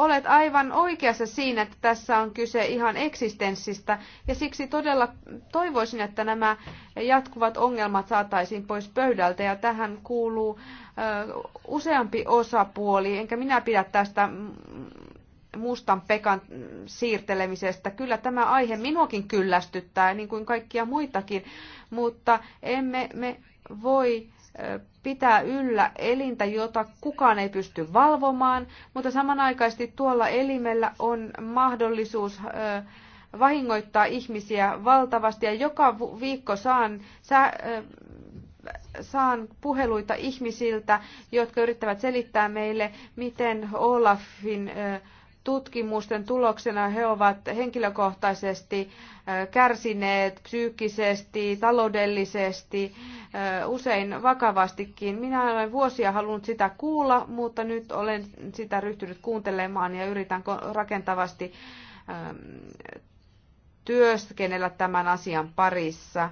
olet aivan oikeassa siinä, että tässä on kyse ihan eksistenssistä, ja siksi todella toivoisin, että nämä jatkuvat ongelmat saataisiin pois pöydältä, ja tähän kuuluu ö, useampi osapuoli, enkä minä pidä tästä mustan pekan siirtelemisestä. Kyllä tämä aihe minuakin kyllästyttää, niin kuin kaikkia muitakin, mutta emme me voi pitää yllä elintä, jota kukaan ei pysty valvomaan, mutta samanaikaisesti tuolla elimellä on mahdollisuus vahingoittaa ihmisiä valtavasti ja joka viikko saan, sä, saan puheluita ihmisiltä, jotka yrittävät selittää meille, miten Olafin äh, tutkimusten tuloksena he ovat henkilökohtaisesti kärsineet psyykkisesti, taloudellisesti, usein vakavastikin. Minä olen vuosia halunnut sitä kuulla, mutta nyt olen sitä ryhtynyt kuuntelemaan ja yritän rakentavasti työskennellä tämän asian parissa.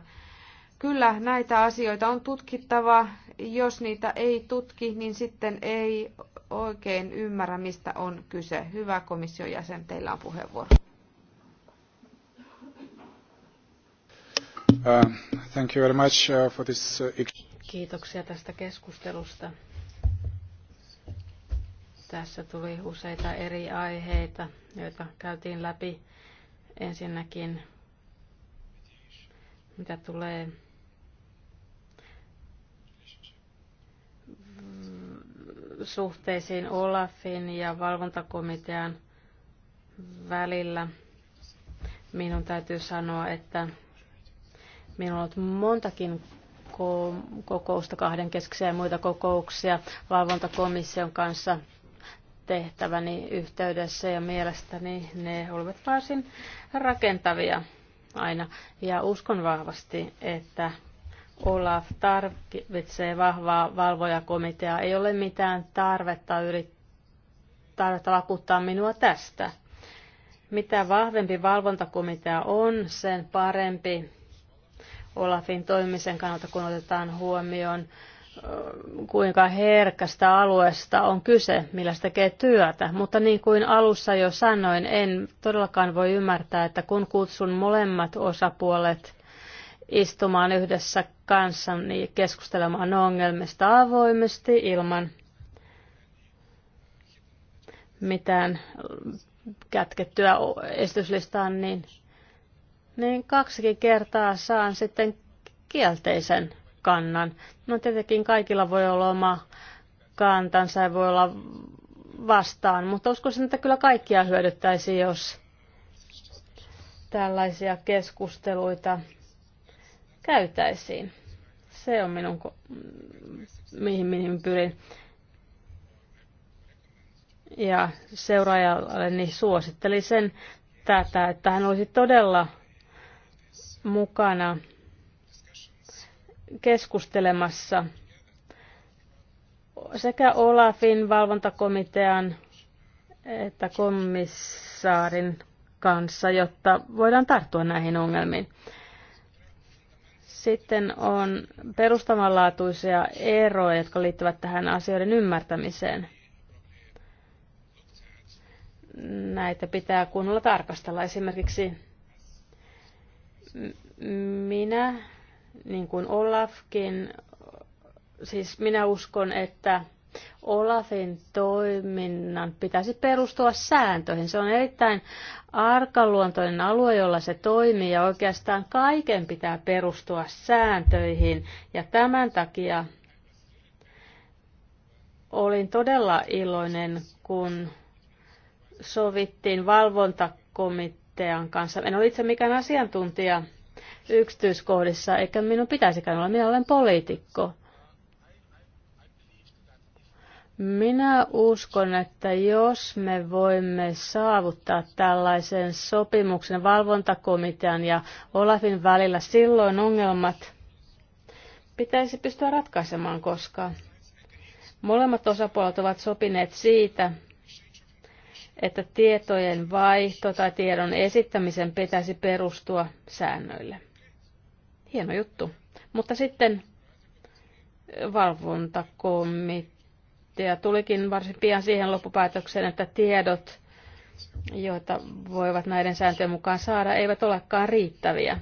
Kyllä näitä asioita on tutkittava jos niitä ei tutki, niin sitten ei oikein ymmärrä, mistä on kyse. Hyvä komission jäsen, teillä on puheenvuoro. Uh, thank you very much uh, for this... Uh, Kiitoksia tästä keskustelusta. Tässä tuli useita eri aiheita, joita käytiin läpi. Ensinnäkin, mitä tulee suhteisiin Olafin ja valvontakomitean välillä. Minun täytyy sanoa, että minulla on ollut montakin kokousta, kahden ja muita kokouksia valvontakomission kanssa tehtäväni yhteydessä ja mielestäni ne olivat varsin rakentavia aina. Ja uskon vahvasti, että Olaf tarvitsee vahvaa valvojakomiteaa. Ei ole mitään tarvetta, yrit- tarvetta vakuuttaa minua tästä. Mitä vahvempi valvontakomitea on, sen parempi Olafin toimisen kannalta, kun otetaan huomioon, kuinka herkästä alueesta on kyse, millä se tekee työtä. Mutta niin kuin alussa jo sanoin, en todellakaan voi ymmärtää, että kun kutsun molemmat osapuolet – istumaan yhdessä kanssani keskustelemaan ongelmista avoimesti ilman mitään kätkettyä esityslistaan, niin, niin kaksikin kertaa saan sitten kielteisen kannan. No tietenkin kaikilla voi olla oma kantansa ja voi olla vastaan, mutta uskoisin, että kyllä kaikkia hyödyttäisi, jos tällaisia keskusteluita käytäisiin. Se on minun, mihin, mihin pyrin. Ja seuraajalle niin suosittelin sen tätä, että hän olisi todella mukana keskustelemassa sekä Olafin valvontakomitean että komissaarin kanssa, jotta voidaan tarttua näihin ongelmiin. Sitten on perustavanlaatuisia eroja, jotka liittyvät tähän asioiden ymmärtämiseen. Näitä pitää kunnolla tarkastella. Esimerkiksi minä, niin kuin Olafkin, siis minä uskon, että Olafin toiminnan pitäisi perustua sääntöihin. Se on erittäin arkaluontoinen alue, jolla se toimii ja oikeastaan kaiken pitää perustua sääntöihin. Ja tämän takia olin todella iloinen, kun sovittiin valvontakomitean kanssa. En ole itse mikään asiantuntija yksityiskohdissa, eikä minun pitäisikään olla. Minä olen poliitikko minä uskon, että jos me voimme saavuttaa tällaisen sopimuksen valvontakomitean ja Olafin välillä, silloin ongelmat pitäisi pystyä ratkaisemaan, koska molemmat osapuolet ovat sopineet siitä, että tietojen vaihto tai tiedon esittämisen pitäisi perustua säännöille. Hieno juttu. Mutta sitten valvontakomitea ja tulikin varsin pian siihen loppupäätökseen, että tiedot, joita voivat näiden sääntöjen mukaan saada, eivät olekaan riittäviä.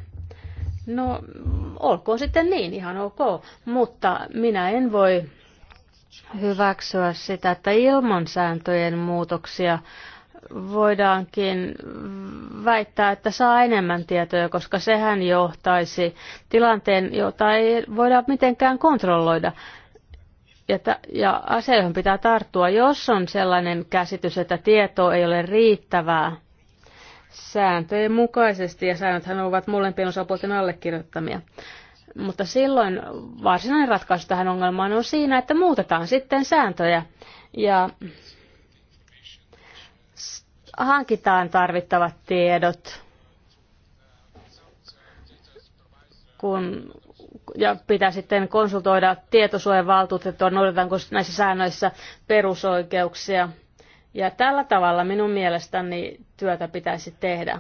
No, olkoon sitten niin, ihan ok. Mutta minä en voi hyväksyä sitä, että ilman sääntöjen muutoksia voidaankin väittää, että saa enemmän tietoja, koska sehän johtaisi tilanteen, jota ei voida mitenkään kontrolloida ja, ta- ja asioihin pitää tarttua, jos on sellainen käsitys, että tieto ei ole riittävää sääntöjen mukaisesti, ja säännöthän ovat molempien osapuolten allekirjoittamia. Mutta silloin varsinainen ratkaisu tähän ongelmaan on siinä, että muutetaan sitten sääntöjä ja hankitaan tarvittavat tiedot, kun ja pitää sitten konsultoida tietosuojavaltuutettua, noudatetaanko näissä säännöissä perusoikeuksia. Ja tällä tavalla minun mielestäni työtä pitäisi tehdä.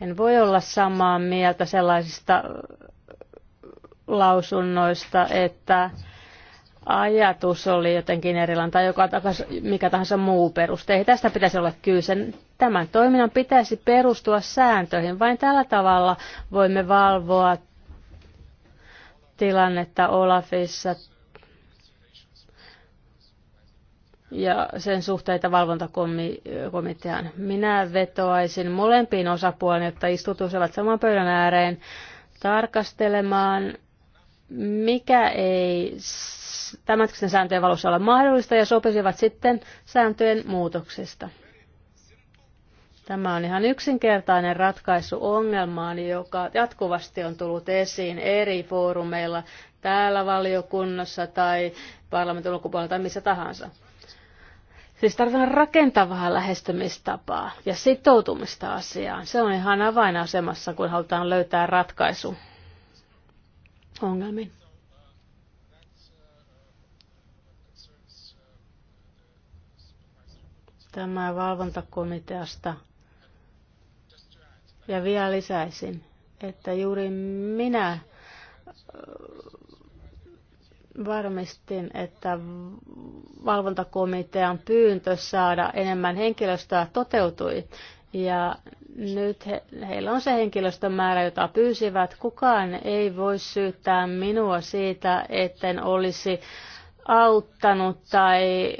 En voi olla samaa mieltä sellaisista lausunnoista, että ajatus oli jotenkin erilainen tai joka takas, mikä tahansa muu peruste. Ei tästä pitäisi olla kyse. Tämän toiminnan pitäisi perustua sääntöihin. Vain tällä tavalla voimme valvoa tilannetta Olafissa ja sen suhteita valvontakomiteaan. Minä vetoaisin molempiin osapuoliin, jotta istutuisivat saman pöydän ääreen tarkastelemaan, mikä ei tämänhetkisten sääntöjen valossa ole mahdollista ja sopisivat sitten sääntöjen muutoksesta. Tämä on ihan yksinkertainen ratkaisu ongelmaan, joka jatkuvasti on tullut esiin eri foorumeilla täällä valiokunnassa tai parlamentin ulkopuolella tai missä tahansa. Siis tarvitaan rakentavaa lähestymistapaa ja sitoutumista asiaan. Se on ihan avainasemassa, kun halutaan löytää ratkaisu ongelmiin. Tämä valvontakomiteasta ja vielä lisäisin, että juuri minä äh, varmistin, että valvontakomitean pyyntö saada enemmän henkilöstöä toteutui. Ja nyt he, heillä on se henkilöstömäärä, jota pyysivät. Kukaan ei voi syyttää minua siitä, etten olisi auttanut tai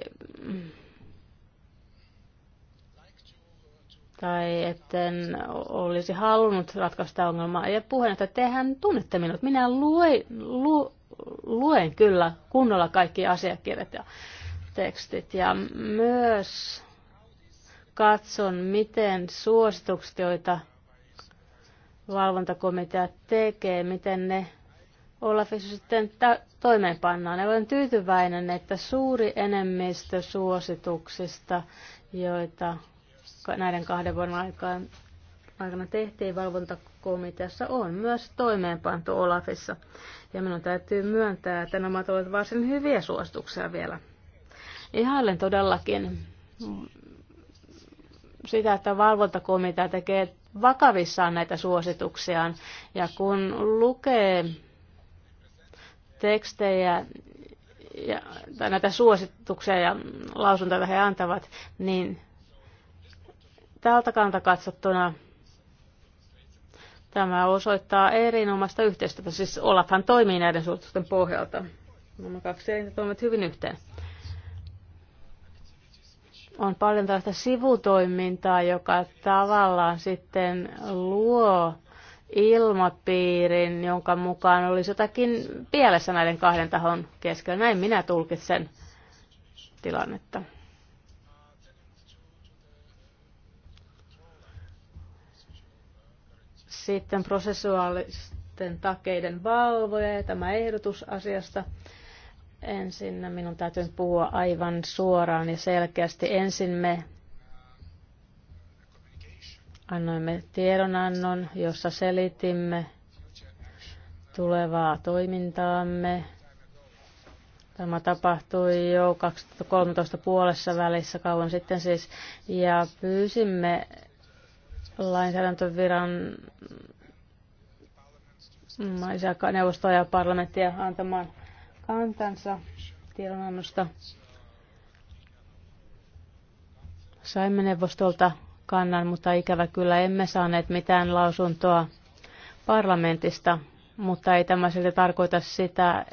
tai etten olisi halunnut ratkaista ongelmaa. Ja puheen, että tehän tunnette minut. Minä luen, lu, luen kyllä kunnolla kaikki asiakirjat ja tekstit. Ja myös katson, miten suositukset, joita valvontakomitea tekee, miten ne Olafissa sitten toimeenpannaan. olen tyytyväinen, että suuri enemmistö suosituksista, joita näiden kahden vuoden aikaan aikana tehtiin valvontakomiteassa, on myös toimeenpantu Olafissa. Ja minun täytyy myöntää, että nämä ovat varsin hyviä suosituksia vielä. Ihailen todellakin sitä, että valvontakomitea tekee vakavissaan näitä suosituksiaan. Ja kun lukee tekstejä ja, tai näitä suosituksia ja lausuntoja he antavat, niin Tältä kanta katsottuna tämä osoittaa erinomaista yhteistyötä, siis Olafhan toimii näiden suositusten pohjalta. Nämä kaksi elintä toimivat hyvin yhteen. On paljon tällaista sivutoimintaa, joka tavallaan sitten luo ilmapiirin, jonka mukaan olisi jotakin pielessä näiden kahden tahon keskellä. Näin minä tulkitsen tilannetta. Sitten prosessuaalisten takeiden valvoja ja tämä ehdotus asiasta. Ensin minun täytyy puhua aivan suoraan ja selkeästi. Ensin me annoimme tiedonannon, jossa selitimme tulevaa toimintaamme. Tämä tapahtui jo 2013 puolessa välissä kauan sitten siis, ja pyysimme lainsäädäntöviran neuvostoa ja parlamenttia antamaan kantansa tiedonannosta. Saimme neuvostolta kannan, mutta ikävä kyllä emme saaneet mitään lausuntoa parlamentista, mutta ei tämä silti tarkoita sitä,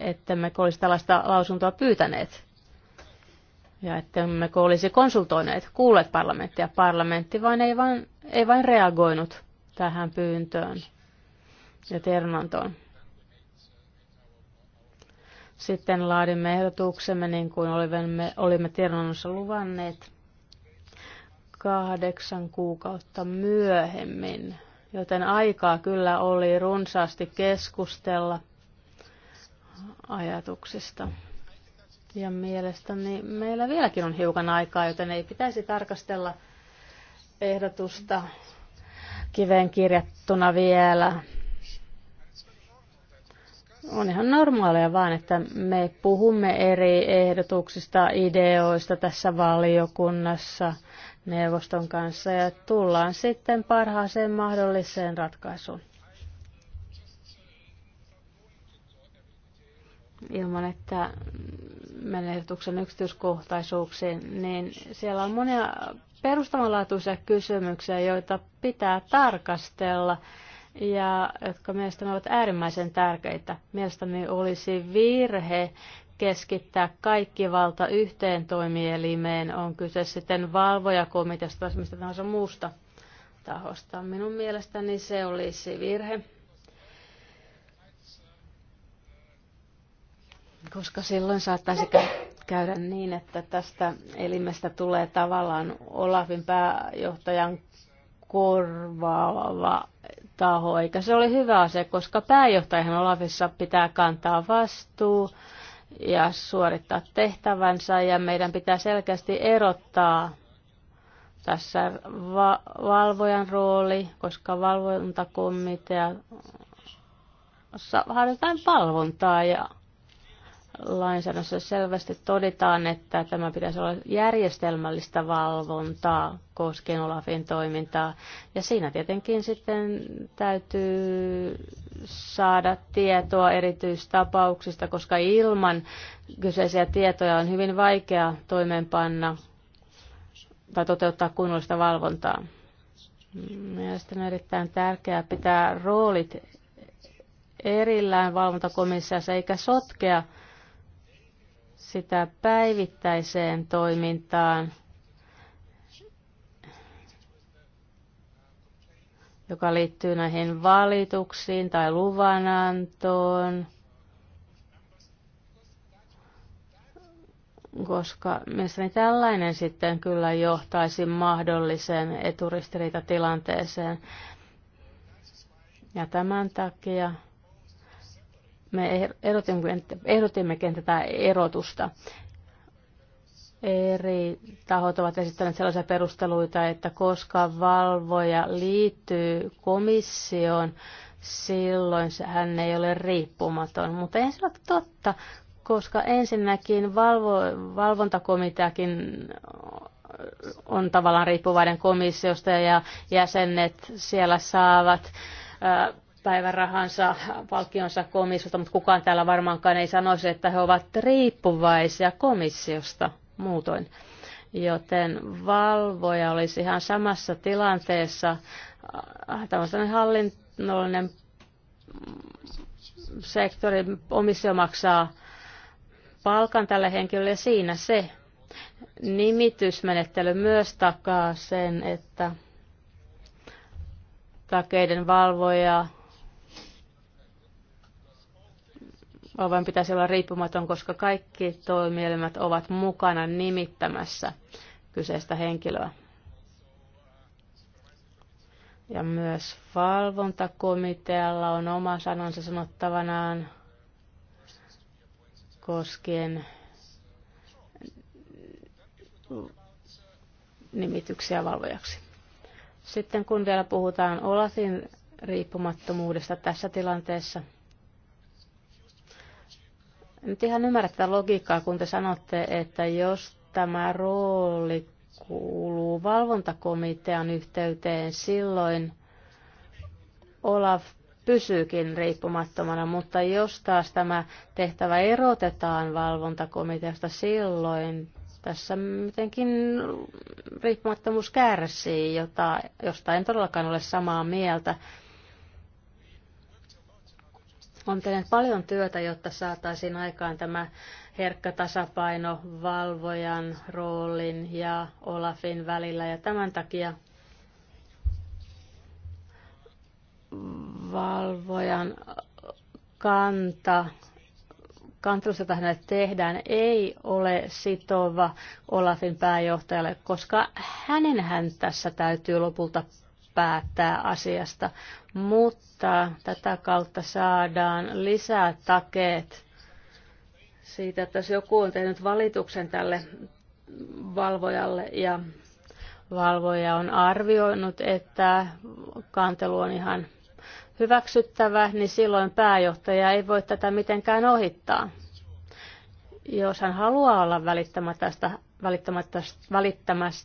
että me olisi tällaista lausuntoa pyytäneet ja että me olisi konsultoineet, kuulleet parlamenttia. Parlamentti vain ei vain, ei vain reagoinut tähän pyyntöön ja ternantoon. Sitten laadimme ehdotuksemme, niin kuin olimme, olimme tiedonannossa luvanneet, kahdeksan kuukautta myöhemmin, joten aikaa kyllä oli runsaasti keskustella ajatuksista. Ja mielestäni meillä vieläkin on hiukan aikaa, joten ei pitäisi tarkastella ehdotusta kiveen kirjattuna vielä. On ihan normaalia vaan, että me puhumme eri ehdotuksista, ideoista tässä valiokunnassa neuvoston kanssa ja tullaan sitten parhaaseen mahdolliseen ratkaisuun. Ilman, että menetuksen yksityiskohtaisuuksiin, niin siellä on monia perustavanlaatuisia kysymyksiä, joita pitää tarkastella ja jotka mielestäni ovat äärimmäisen tärkeitä. Mielestäni olisi virhe keskittää kaikki valta yhteen toimielimeen, on kyse sitten valvojakomiteasta tai mistä tahansa muusta tahosta. Minun mielestäni se olisi virhe. koska silloin saattaisi käydä niin, että tästä elimestä tulee tavallaan Olafin pääjohtajan korvaava taho, eikä se ole hyvä asia, koska pääjohtajan Olafissa pitää kantaa vastuu ja suorittaa tehtävänsä, ja meidän pitää selkeästi erottaa tässä va- valvojan rooli, koska valvontakomitea harjoitetaan valvontaa ja lainsäädännössä selvästi todetaan, että tämä pitäisi olla järjestelmällistä valvontaa koskien Olafin toimintaa. Ja siinä tietenkin sitten täytyy saada tietoa erityistapauksista, koska ilman kyseisiä tietoja on hyvin vaikea toimeenpanna tai toteuttaa kunnollista valvontaa. Mielestäni on erittäin tärkeää pitää roolit erillään valvontakomissiossa eikä sotkea sitä päivittäiseen toimintaan, joka liittyy näihin valituksiin tai luvanantoon, koska mielestäni tällainen sitten kyllä johtaisi mahdolliseen eturistiriitatilanteeseen. Ja tämän takia me ehdotimmekin tätä erotusta. Eri tahot ovat esittäneet sellaisia perusteluita, että koska valvoja liittyy komissioon, silloin hän ei ole riippumaton. Mutta ei se ole totta, koska ensinnäkin valvo, valvontakomiteakin on tavallaan riippuvainen komissiosta ja jäsenet siellä saavat päivärahansa, palkkionsa komissiolta, mutta kukaan täällä varmaankaan ei sanoisi, että he ovat riippuvaisia komissiosta muutoin. Joten valvoja olisi ihan samassa tilanteessa. Äh, Tämmöinen hallinnollinen sektori omissio maksaa palkan tälle henkilölle siinä se nimitysmenettely myös takaa sen, että takeiden valvoja Avain pitäisi olla riippumaton, koska kaikki toimielimet ovat mukana nimittämässä kyseistä henkilöä. Ja myös valvontakomitealla on oma sanansa sanottavanaan koskien nimityksiä valvojaksi. Sitten kun vielä puhutaan Olafin riippumattomuudesta tässä tilanteessa, en nyt ihan ymmärrä tätä logiikkaa, kun te sanotte, että jos tämä rooli kuuluu valvontakomitean yhteyteen, silloin Olaf pysyykin riippumattomana, mutta jos taas tämä tehtävä erotetaan valvontakomiteasta, silloin tässä mitenkin riippumattomuus kärsii, jota, josta en todellakaan ole samaa mieltä on tehnyt paljon työtä, jotta saataisiin aikaan tämä herkkä tasapaino valvojan roolin ja Olafin välillä. Ja tämän takia valvojan kanta, kantelussa, jota hänelle tehdään, ei ole sitova Olafin pääjohtajalle, koska hän tässä täytyy lopulta päättää asiasta, mutta tätä kautta saadaan lisää takeet siitä, että jos joku on tehnyt valituksen tälle valvojalle ja valvoja on arvioinut, että kantelu on ihan hyväksyttävä, niin silloin pääjohtaja ei voi tätä mitenkään ohittaa. Jos hän haluaa olla välittämättä, välittämättä, välittämättä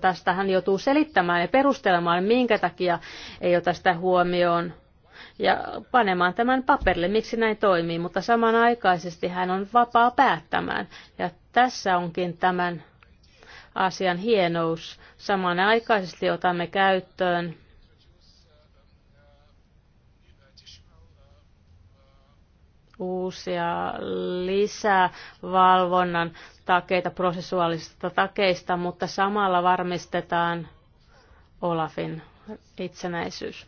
Tästä hän joutuu selittämään ja perustelemaan, minkä takia ei ota sitä huomioon ja panemaan tämän paperille, miksi näin toimii, mutta samanaikaisesti hän on vapaa päättämään. Ja tässä onkin tämän asian hienous. Samanaikaisesti otamme käyttöön uusia lisävalvonnan takeita prosessuaalisista takeista, mutta samalla varmistetaan Olafin itsenäisyys.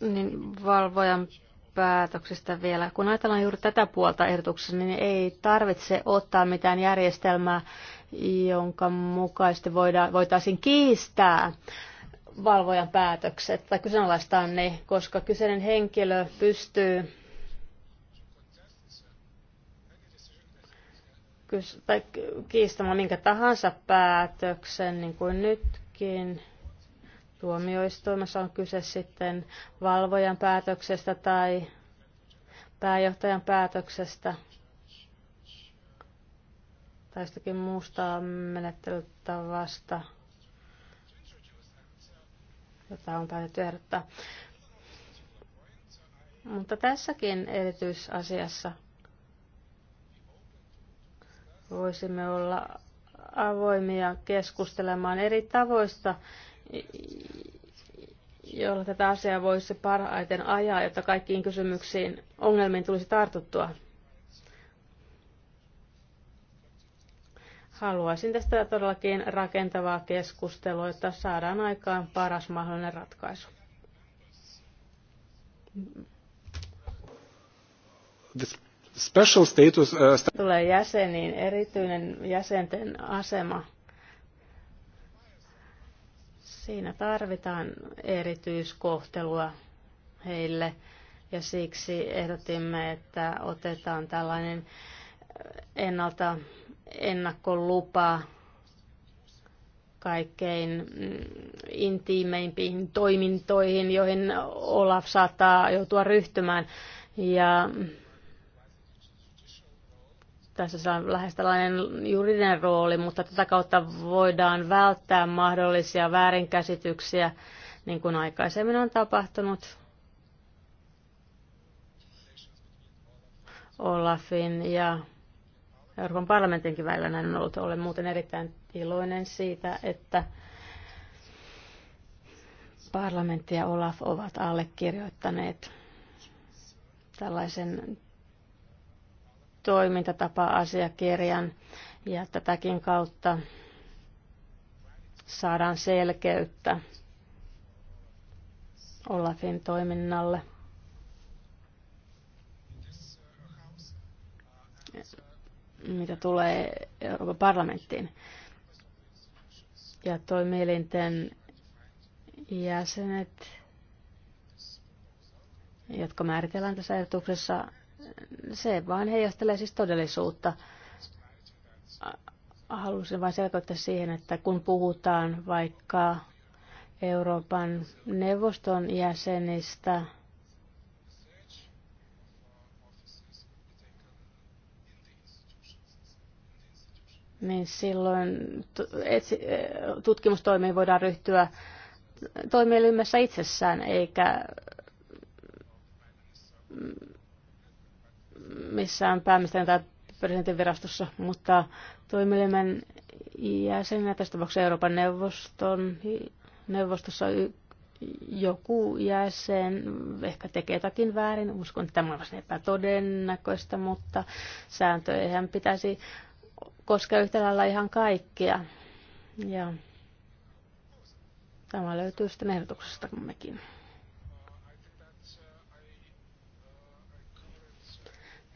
Niin valvojan päätöksistä vielä. Kun ajatellaan juuri tätä puolta ehdotuksessa, niin ei tarvitse ottaa mitään järjestelmää, jonka mukaisesti voitaisiin kiistää valvojan päätökset tai kyseenalaistaa ne, koska kyseinen henkilö pystyy tai kiistämään minkä tahansa päätöksen, niin kuin nytkin tuomioistuimessa on kyse sitten valvojan päätöksestä tai pääjohtajan päätöksestä tai jostakin muusta menettelytavasta. vasta jota on päätetty ehdottaa. Mutta tässäkin erityisasiassa voisimme olla avoimia keskustelemaan eri tavoista, joilla tätä asiaa voisi parhaiten ajaa, jotta kaikkiin kysymyksiin ongelmiin tulisi tartuttua. Haluaisin tästä todellakin rakentavaa keskustelua, että saadaan aikaan paras mahdollinen ratkaisu. Special status, uh, Tulee jäseniin erityinen jäsenten asema. Siinä tarvitaan erityiskohtelua heille ja siksi ehdotimme, että otetaan tällainen ennalta ennakkolupa kaikkein intiimeimpiin toimintoihin, joihin Olaf saattaa joutua ryhtymään. Ja tässä se on lähes tällainen juridinen rooli, mutta tätä kautta voidaan välttää mahdollisia väärinkäsityksiä, niin kuin aikaisemmin on tapahtunut Olafin ja Euroopan parlamentinkin välillä näin on ollut. Olen muuten erittäin iloinen siitä, että parlamentti ja Olaf ovat allekirjoittaneet tällaisen toimintatapa-asiakirjan ja tätäkin kautta saadaan selkeyttä Olafin toiminnalle. mitä tulee Euroopan parlamenttiin ja toimielinten jäsenet, jotka määritellään tässä ehdotuksessa, se vain heijastelee siis todellisuutta. Halusin vain selkeyttää siihen, että kun puhutaan vaikka Euroopan neuvoston jäsenistä, niin silloin e, tutkimustoimiin voidaan ryhtyä toimielimessä itsessään, eikä missään pääministerin tai presidentin virastossa, mutta toimielimen jäsenenä tässä tapauksessa Euroopan neuvoston, neuvostossa joku jäsen ehkä tekee jotakin väärin. Uskon, että tämä on epätodennäköistä, mutta sääntöjähän pitäisi koskee yhtä lailla ihan kaikkia. Ja tämä löytyy sitten ehdotuksestammekin.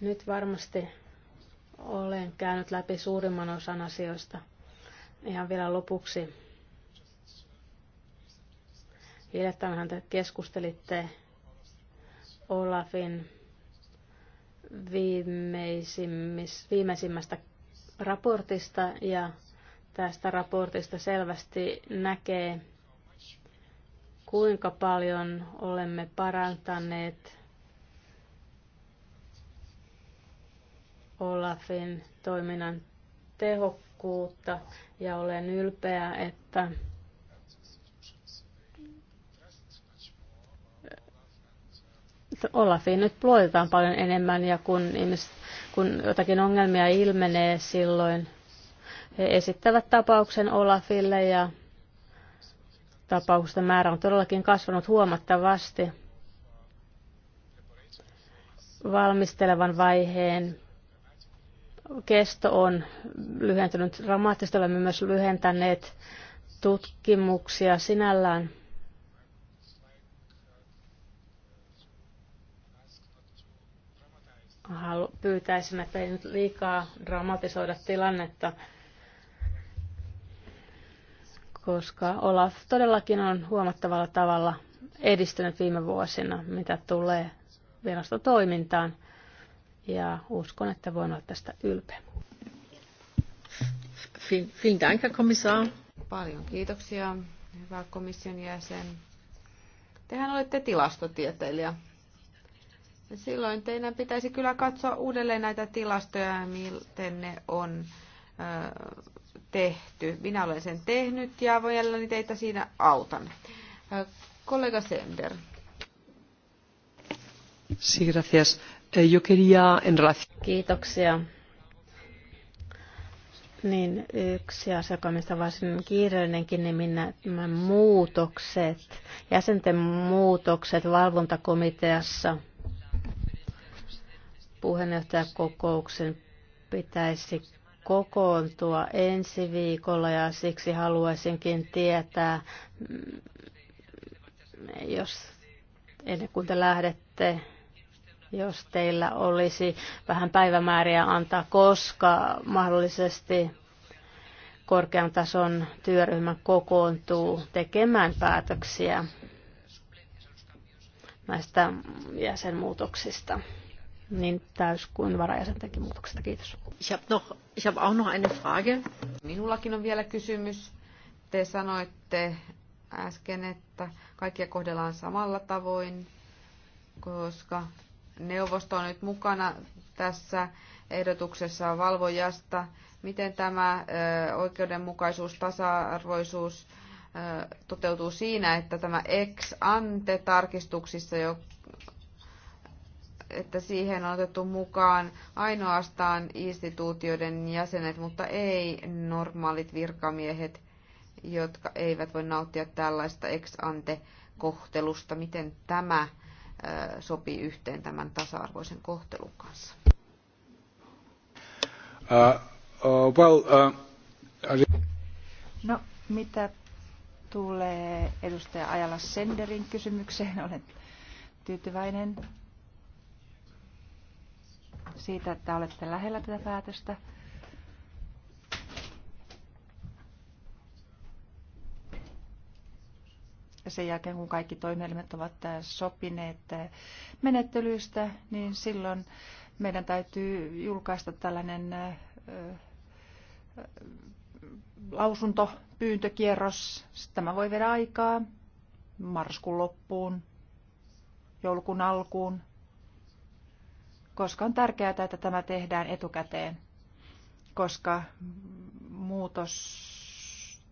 Nyt varmasti olen käynyt läpi suurimman osan asioista. Ihan vielä lopuksi. Hiljattainhan te keskustelitte Olafin viimeisimmästä raportista ja tästä raportista selvästi näkee, kuinka paljon olemme parantaneet Olafin toiminnan tehokkuutta ja olen ylpeä, että Olafiin nyt luotetaan paljon enemmän ja kun ihmiset kun jotakin ongelmia ilmenee silloin, he esittävät tapauksen Olafille ja tapausten määrä on todellakin kasvanut huomattavasti valmistelevan vaiheen kesto on lyhentynyt dramaattisesti. Olemme myös lyhentäneet tutkimuksia sinällään. halu, pyytäisin, että ei nyt liikaa dramatisoida tilannetta, koska Olaf todellakin on huomattavalla tavalla edistynyt viime vuosina, mitä tulee toimintaan, Ja uskon, että voin olla tästä ylpeä. Vielen Dank, Herr Kommissar. Paljon kiitoksia, hyvä komission jäsen. Tehän olette tilastotieteilijä. Silloin teidän pitäisi kyllä katsoa uudelleen näitä tilastoja, miten ne on tehty. Minä olen sen tehnyt ja mielelläni teitä siinä autan. Kollega Sender. Sí, gracias. Eh, yo quería en Kiitoksia. Niin, yksi asia, joka on mistä varsin kiireinenkin, niin minä, nämä muutokset, jäsenten muutokset valvontakomiteassa – puheenjohtajakokouksen pitäisi kokoontua ensi viikolla ja siksi haluaisinkin tietää, mm, jos ennen kuin te lähdette, jos teillä olisi vähän päivämääriä antaa, koska mahdollisesti korkean tason työryhmä kokoontuu tekemään päätöksiä näistä jäsenmuutoksista niin täys kuin varajäsen muutoksesta. Kiitos. Ich noch, ich hab auch noch eine Frage. Minullakin on vielä kysymys. Te sanoitte äsken, että kaikkia kohdellaan samalla tavoin, koska neuvosto on nyt mukana tässä ehdotuksessa valvojasta. Miten tämä oikeudenmukaisuus, tasa-arvoisuus toteutuu siinä, että tämä ex ante tarkistuksissa, joka että siihen on otettu mukaan ainoastaan instituutioiden jäsenet, mutta ei normaalit virkamiehet, jotka eivät voi nauttia tällaista ex ante kohtelusta. Miten tämä sopii yhteen tämän tasa-arvoisen kohtelun kanssa? Uh, uh, well, uh, no, mitä tulee edustaja Ajala Senderin kysymykseen, olen tyytyväinen siitä, että olette lähellä tätä päätöstä. sen jälkeen, kun kaikki toimielimet ovat äh, sopineet äh, menettelyistä, niin silloin meidän täytyy julkaista tällainen äh, lausuntopyyntökierros. Tämä voi viedä aikaa marraskuun loppuun, joulukuun alkuun koska on tärkeää, että tämä tehdään etukäteen, koska muutos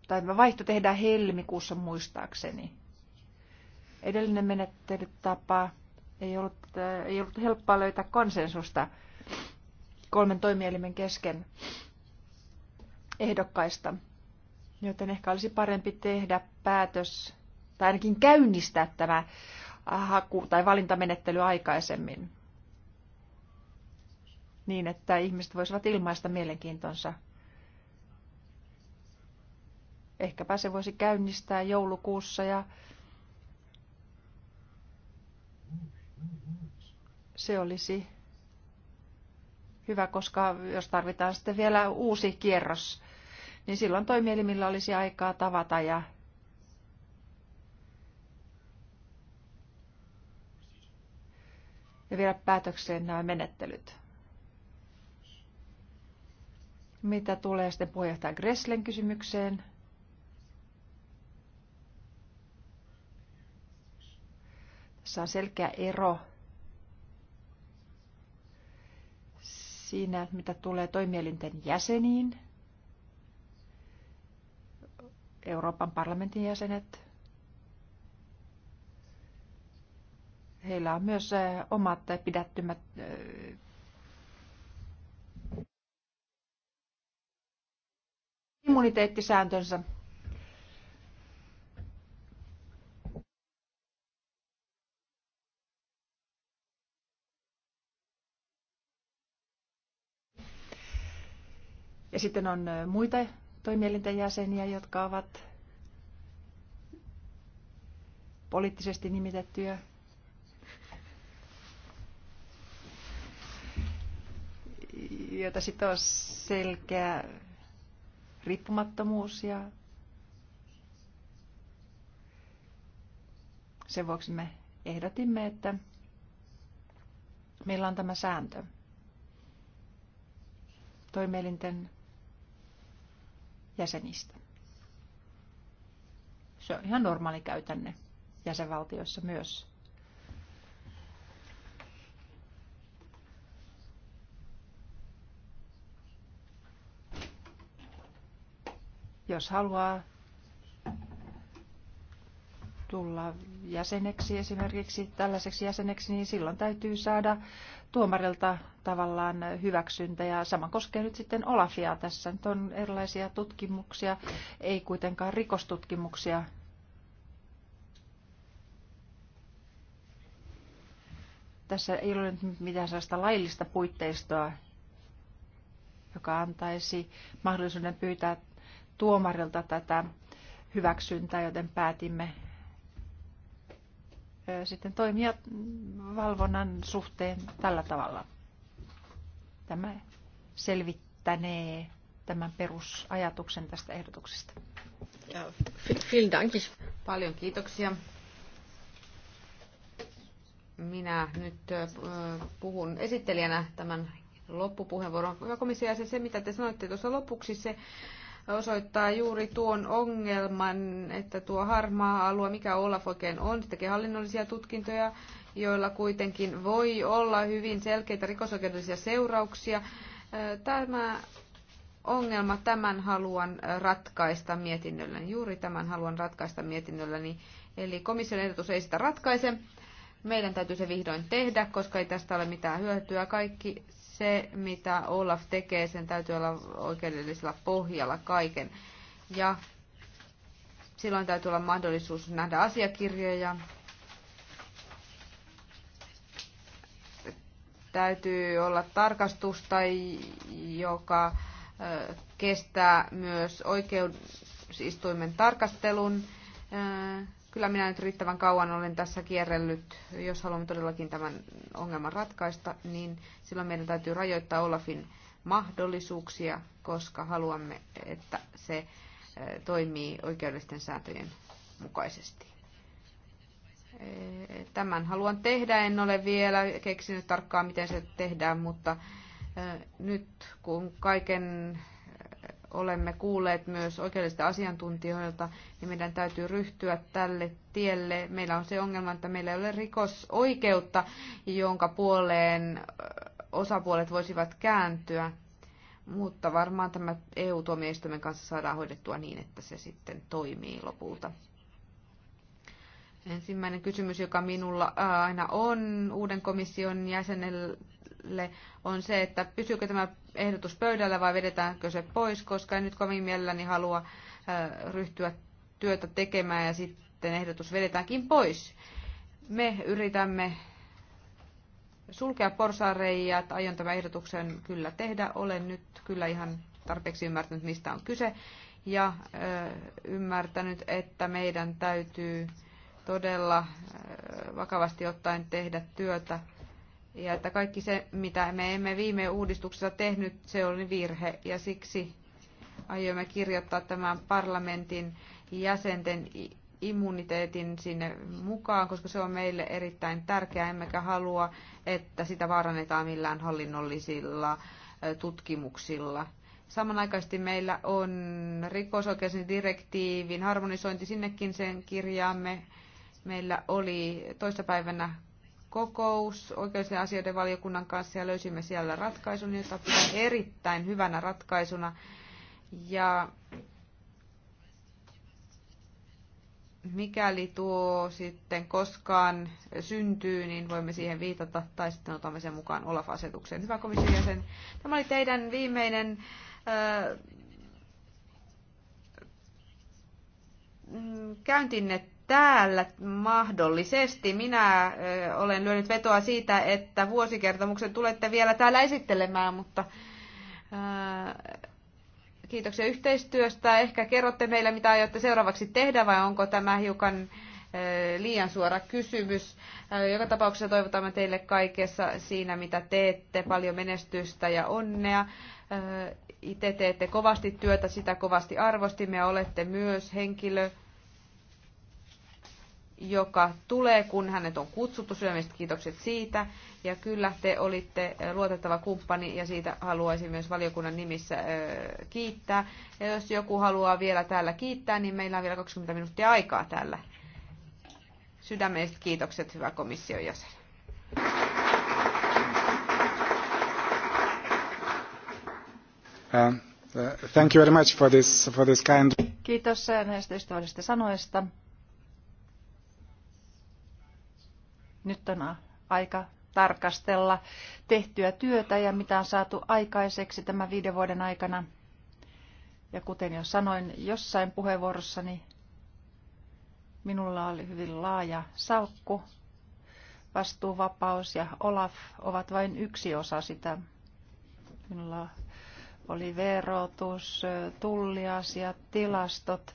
tai vaihto tehdään helmikuussa muistaakseni. Edellinen menettelytapa ei ollut, äh, ei ollut helppoa löytää konsensusta kolmen toimielimen kesken ehdokkaista, joten ehkä olisi parempi tehdä päätös tai ainakin käynnistää tämä haku tai valintamenettely aikaisemmin niin, että ihmiset voisivat ilmaista mielenkiintonsa. Ehkäpä se voisi käynnistää joulukuussa ja se olisi hyvä, koska jos tarvitaan sitten vielä uusi kierros, niin silloin toimielimillä olisi aikaa tavata ja ja viedä päätökseen nämä menettelyt. Mitä tulee sitten puheenjohtaja Gresslen kysymykseen, Tässä on selkeä ero siinä, mitä tulee toimielinten jäseniin, Euroopan parlamentin jäsenet. Heillä on myös eh, omat pidättymät eh, immuniteettisääntönsä. Ja sitten on muita toimielinten jäseniä, jotka ovat poliittisesti nimitettyjä. Jota sitten on selkeä riippumattomuus ja sen vuoksi me ehdotimme, että meillä on tämä sääntö toimielinten jäsenistä. Se on ihan normaali käytänne jäsenvaltioissa myös. Jos haluaa tulla jäseneksi esimerkiksi tällaiseksi jäseneksi, niin silloin täytyy saada tuomarilta tavallaan hyväksyntä. Ja sama koskee nyt sitten Olafia. Tässä nyt on erilaisia tutkimuksia, ei kuitenkaan rikostutkimuksia. Tässä ei ole nyt mitään sellaista laillista puitteistoa, joka antaisi mahdollisuuden pyytää tuomarilta tätä hyväksyntää, joten päätimme sitten toimia valvonnan suhteen tällä tavalla. Tämä selvittänee tämän perusajatuksen tästä ehdotuksesta. Ja, vielen dank. Paljon kiitoksia. Minä nyt puhun esittelijänä tämän loppupuheenvuoron. Hyvä komissio, se, se mitä te sanoitte tuossa lopuksi, se osoittaa juuri tuon ongelman, että tuo harmaa alue, mikä Olaf oikein on, se tekee hallinnollisia tutkintoja, joilla kuitenkin voi olla hyvin selkeitä rikosoikeudellisia seurauksia. Tämä ongelma, tämän haluan ratkaista mietinnöllä juuri tämän haluan ratkaista mietinnölläni. Eli komission ehdotus ei sitä ratkaise. Meidän täytyy se vihdoin tehdä, koska ei tästä ole mitään hyötyä. Kaikki se, mitä Olaf tekee, sen täytyy olla oikeudellisella pohjalla kaiken. Ja silloin täytyy olla mahdollisuus nähdä asiakirjoja. Täytyy olla tarkastusta, joka kestää myös oikeusistuimen tarkastelun Kyllä minä nyt riittävän kauan olen tässä kierrellyt. Jos haluamme todellakin tämän ongelman ratkaista, niin silloin meidän täytyy rajoittaa Olafin mahdollisuuksia, koska haluamme, että se eh, toimii oikeudellisten sääntöjen mukaisesti. Eh, tämän haluan tehdä, en ole vielä keksinyt tarkkaan, miten se tehdään, mutta eh, nyt kun kaiken olemme kuulleet myös oikeudellisista asiantuntijoilta, niin meidän täytyy ryhtyä tälle tielle. Meillä on se ongelma, että meillä ei ole rikosoikeutta, jonka puoleen osapuolet voisivat kääntyä. Mutta varmaan tämä EU-tuomioistuimen kanssa saadaan hoidettua niin, että se sitten toimii lopulta. Ensimmäinen kysymys, joka minulla aina on uuden komission jäsenellä pöydälle, on se, että pysyykö tämä ehdotus pöydällä vai vedetäänkö se pois, koska en nyt kovin mielelläni halua äh, ryhtyä työtä tekemään ja sitten ehdotus vedetäänkin pois. Me yritämme sulkea että aion tämän ehdotuksen kyllä tehdä, olen nyt kyllä ihan tarpeeksi ymmärtänyt, mistä on kyse, ja äh, ymmärtänyt, että meidän täytyy todella äh, vakavasti ottaen tehdä työtä ja että kaikki se, mitä me emme viime uudistuksessa tehnyt, se oli virhe ja siksi aiomme kirjoittaa tämän parlamentin jäsenten immuniteetin sinne mukaan, koska se on meille erittäin tärkeää, emmekä halua, että sitä vaarannetaan millään hallinnollisilla tutkimuksilla. Samanaikaisesti meillä on rikosoikeuden direktiivin harmonisointi, sinnekin sen kirjaamme. Meillä oli toissapäivänä kokous oikeudellisten asioiden valiokunnan kanssa ja löysimme siellä ratkaisun, jota pidän erittäin hyvänä ratkaisuna. Ja mikäli tuo sitten koskaan syntyy, niin voimme siihen viitata tai sitten otamme sen mukaan Olaf-asetukseen. Hyvä komission jäsen, tämä oli teidän viimeinen äh, mm, käyntinne täällä mahdollisesti. Minä olen lyönyt vetoa siitä, että vuosikertomuksen tulette vielä täällä esittelemään, mutta kiitoksia yhteistyöstä. Ehkä kerrotte meille, mitä aiotte seuraavaksi tehdä, vai onko tämä hiukan liian suora kysymys. Joka tapauksessa toivotamme teille kaikessa siinä, mitä teette. Paljon menestystä ja onnea. Itse teette kovasti työtä, sitä kovasti arvostimme ja olette myös henkilö, joka tulee, kun hänet on kutsuttu. Sydämiset kiitokset siitä. Ja kyllä te olitte eh, luotettava kumppani ja siitä haluaisin myös valiokunnan nimissä eh, kiittää. Ja jos joku haluaa vielä täällä kiittää, niin meillä on vielä 20 minuuttia aikaa täällä. Sydämiset kiitokset, hyvä komission jäsen. Um, uh, thank you very much for this, for this kind... Kiitos eh, näistä ystävällisistä sanoista. Nyt on aika tarkastella tehtyä työtä ja mitä on saatu aikaiseksi tämän viiden vuoden aikana. Ja kuten jo sanoin jossain puheenvuorossani, minulla oli hyvin laaja salkku. Vastuuvapaus ja Olaf ovat vain yksi osa sitä. Minulla oli verotus, tulliasiat, tilastot.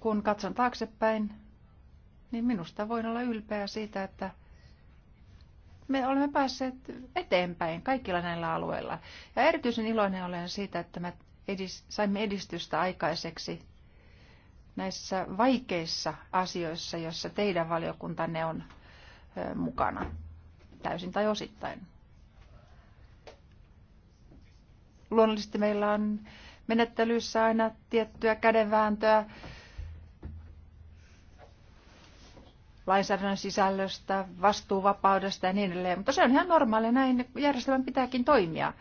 Kun katson taaksepäin, niin minusta voin olla ylpeä siitä, että me olemme päässeet eteenpäin kaikilla näillä alueilla. Ja erityisen iloinen olen siitä, että me edis, saimme edistystä aikaiseksi näissä vaikeissa asioissa, joissa teidän valiokuntanne on mukana täysin tai osittain. Luonnollisesti meillä on menettelyissä aina tiettyä kädenvääntöä lainsäädännön sisällöstä, vastuuvapaudesta ja niin edelleen. Mutta se on ihan normaali, näin järjestelmän pitääkin toimia.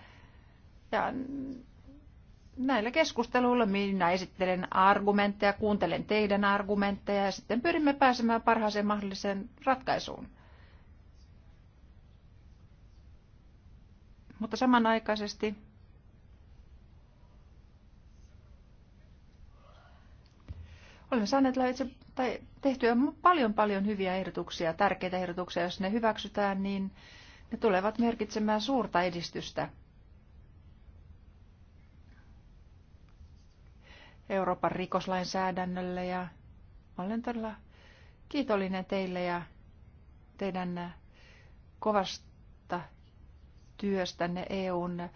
Ja näillä keskusteluilla minä esittelen argumentteja, kuuntelen teidän argumentteja ja sitten pyrimme pääsemään parhaaseen mahdolliseen ratkaisuun. Mutta samanaikaisesti olemme saaneet lävitse tai tehtyä paljon paljon hyviä ehdotuksia, tärkeitä ehdotuksia. Jos ne hyväksytään, niin ne tulevat merkitsemään suurta edistystä Euroopan rikoslainsäädännölle ja olen todella kiitollinen teille ja teidän kovasta työstänne EUn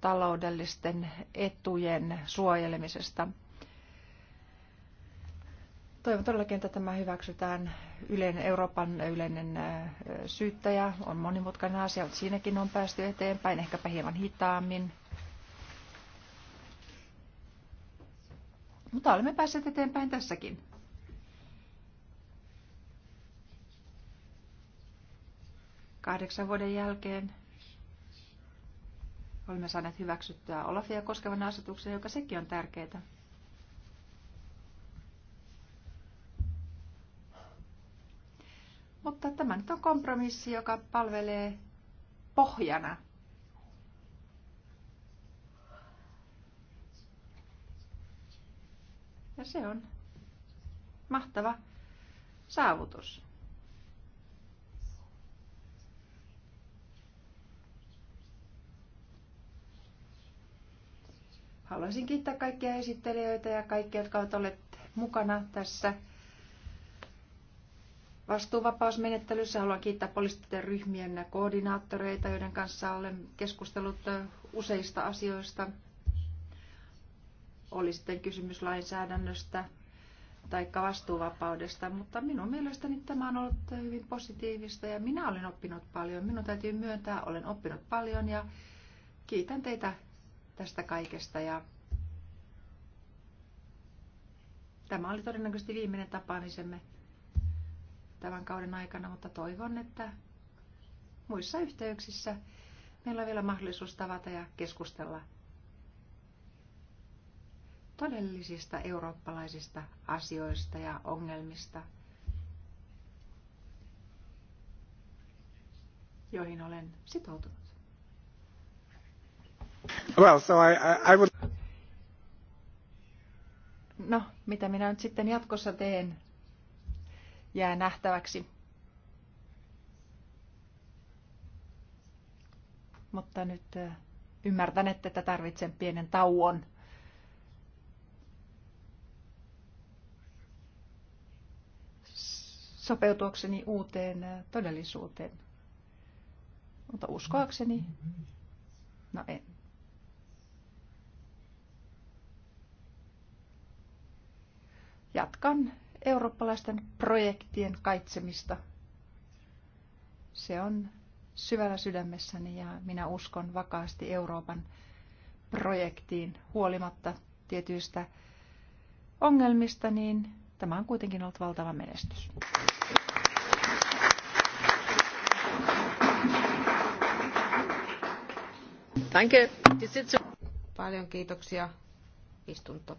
taloudellisten etujen suojelemisesta. Toivon todellakin, että tämä hyväksytään. Yleinen, Euroopan yleinen syyttäjä on monimutkainen asia, mutta siinäkin on päästy eteenpäin, ehkäpä hieman hitaammin. Mutta olemme päässeet eteenpäin tässäkin. Kahdeksan vuoden jälkeen olemme saaneet hyväksyttyä Olafia koskevan asetuksen, joka sekin on tärkeää. Mutta tämä nyt on kompromissi, joka palvelee pohjana. Ja se on mahtava saavutus. Haluaisin kiittää kaikkia esittelijöitä ja kaikkia, jotka ovat olleet mukana tässä vastuuvapausmenettelyssä. Haluan kiittää poliittisten ryhmien koordinaattoreita, joiden kanssa olen keskustellut äh, useista asioista. Oli sitten kysymys lainsäädännöstä tai vastuuvapaudesta, mutta minun mielestäni tämä on ollut hyvin positiivista ja minä olen oppinut paljon. Minun täytyy myöntää, olen oppinut paljon ja kiitän teitä tästä kaikesta ja Tämä oli todennäköisesti viimeinen tapaamisemme tämän kauden aikana, mutta toivon, että muissa yhteyksissä meillä on vielä mahdollisuus tavata ja keskustella todellisista eurooppalaisista asioista ja ongelmista, joihin olen sitoutunut. Well, so I, I, I would... No, mitä minä nyt sitten jatkossa teen? jää nähtäväksi. Mutta nyt äh, ymmärtän, että tarvitsen pienen tauon. sopeutuakseni uuteen äh, todellisuuteen. Mutta uskoakseni, no en. Jatkan eurooppalaisten projektien kaitsemista. Se on syvällä sydämessäni ja minä uskon vakaasti Euroopan projektiin huolimatta tietyistä ongelmista, niin tämä on kuitenkin ollut valtava menestys. you. Paljon kiitoksia. Istunto.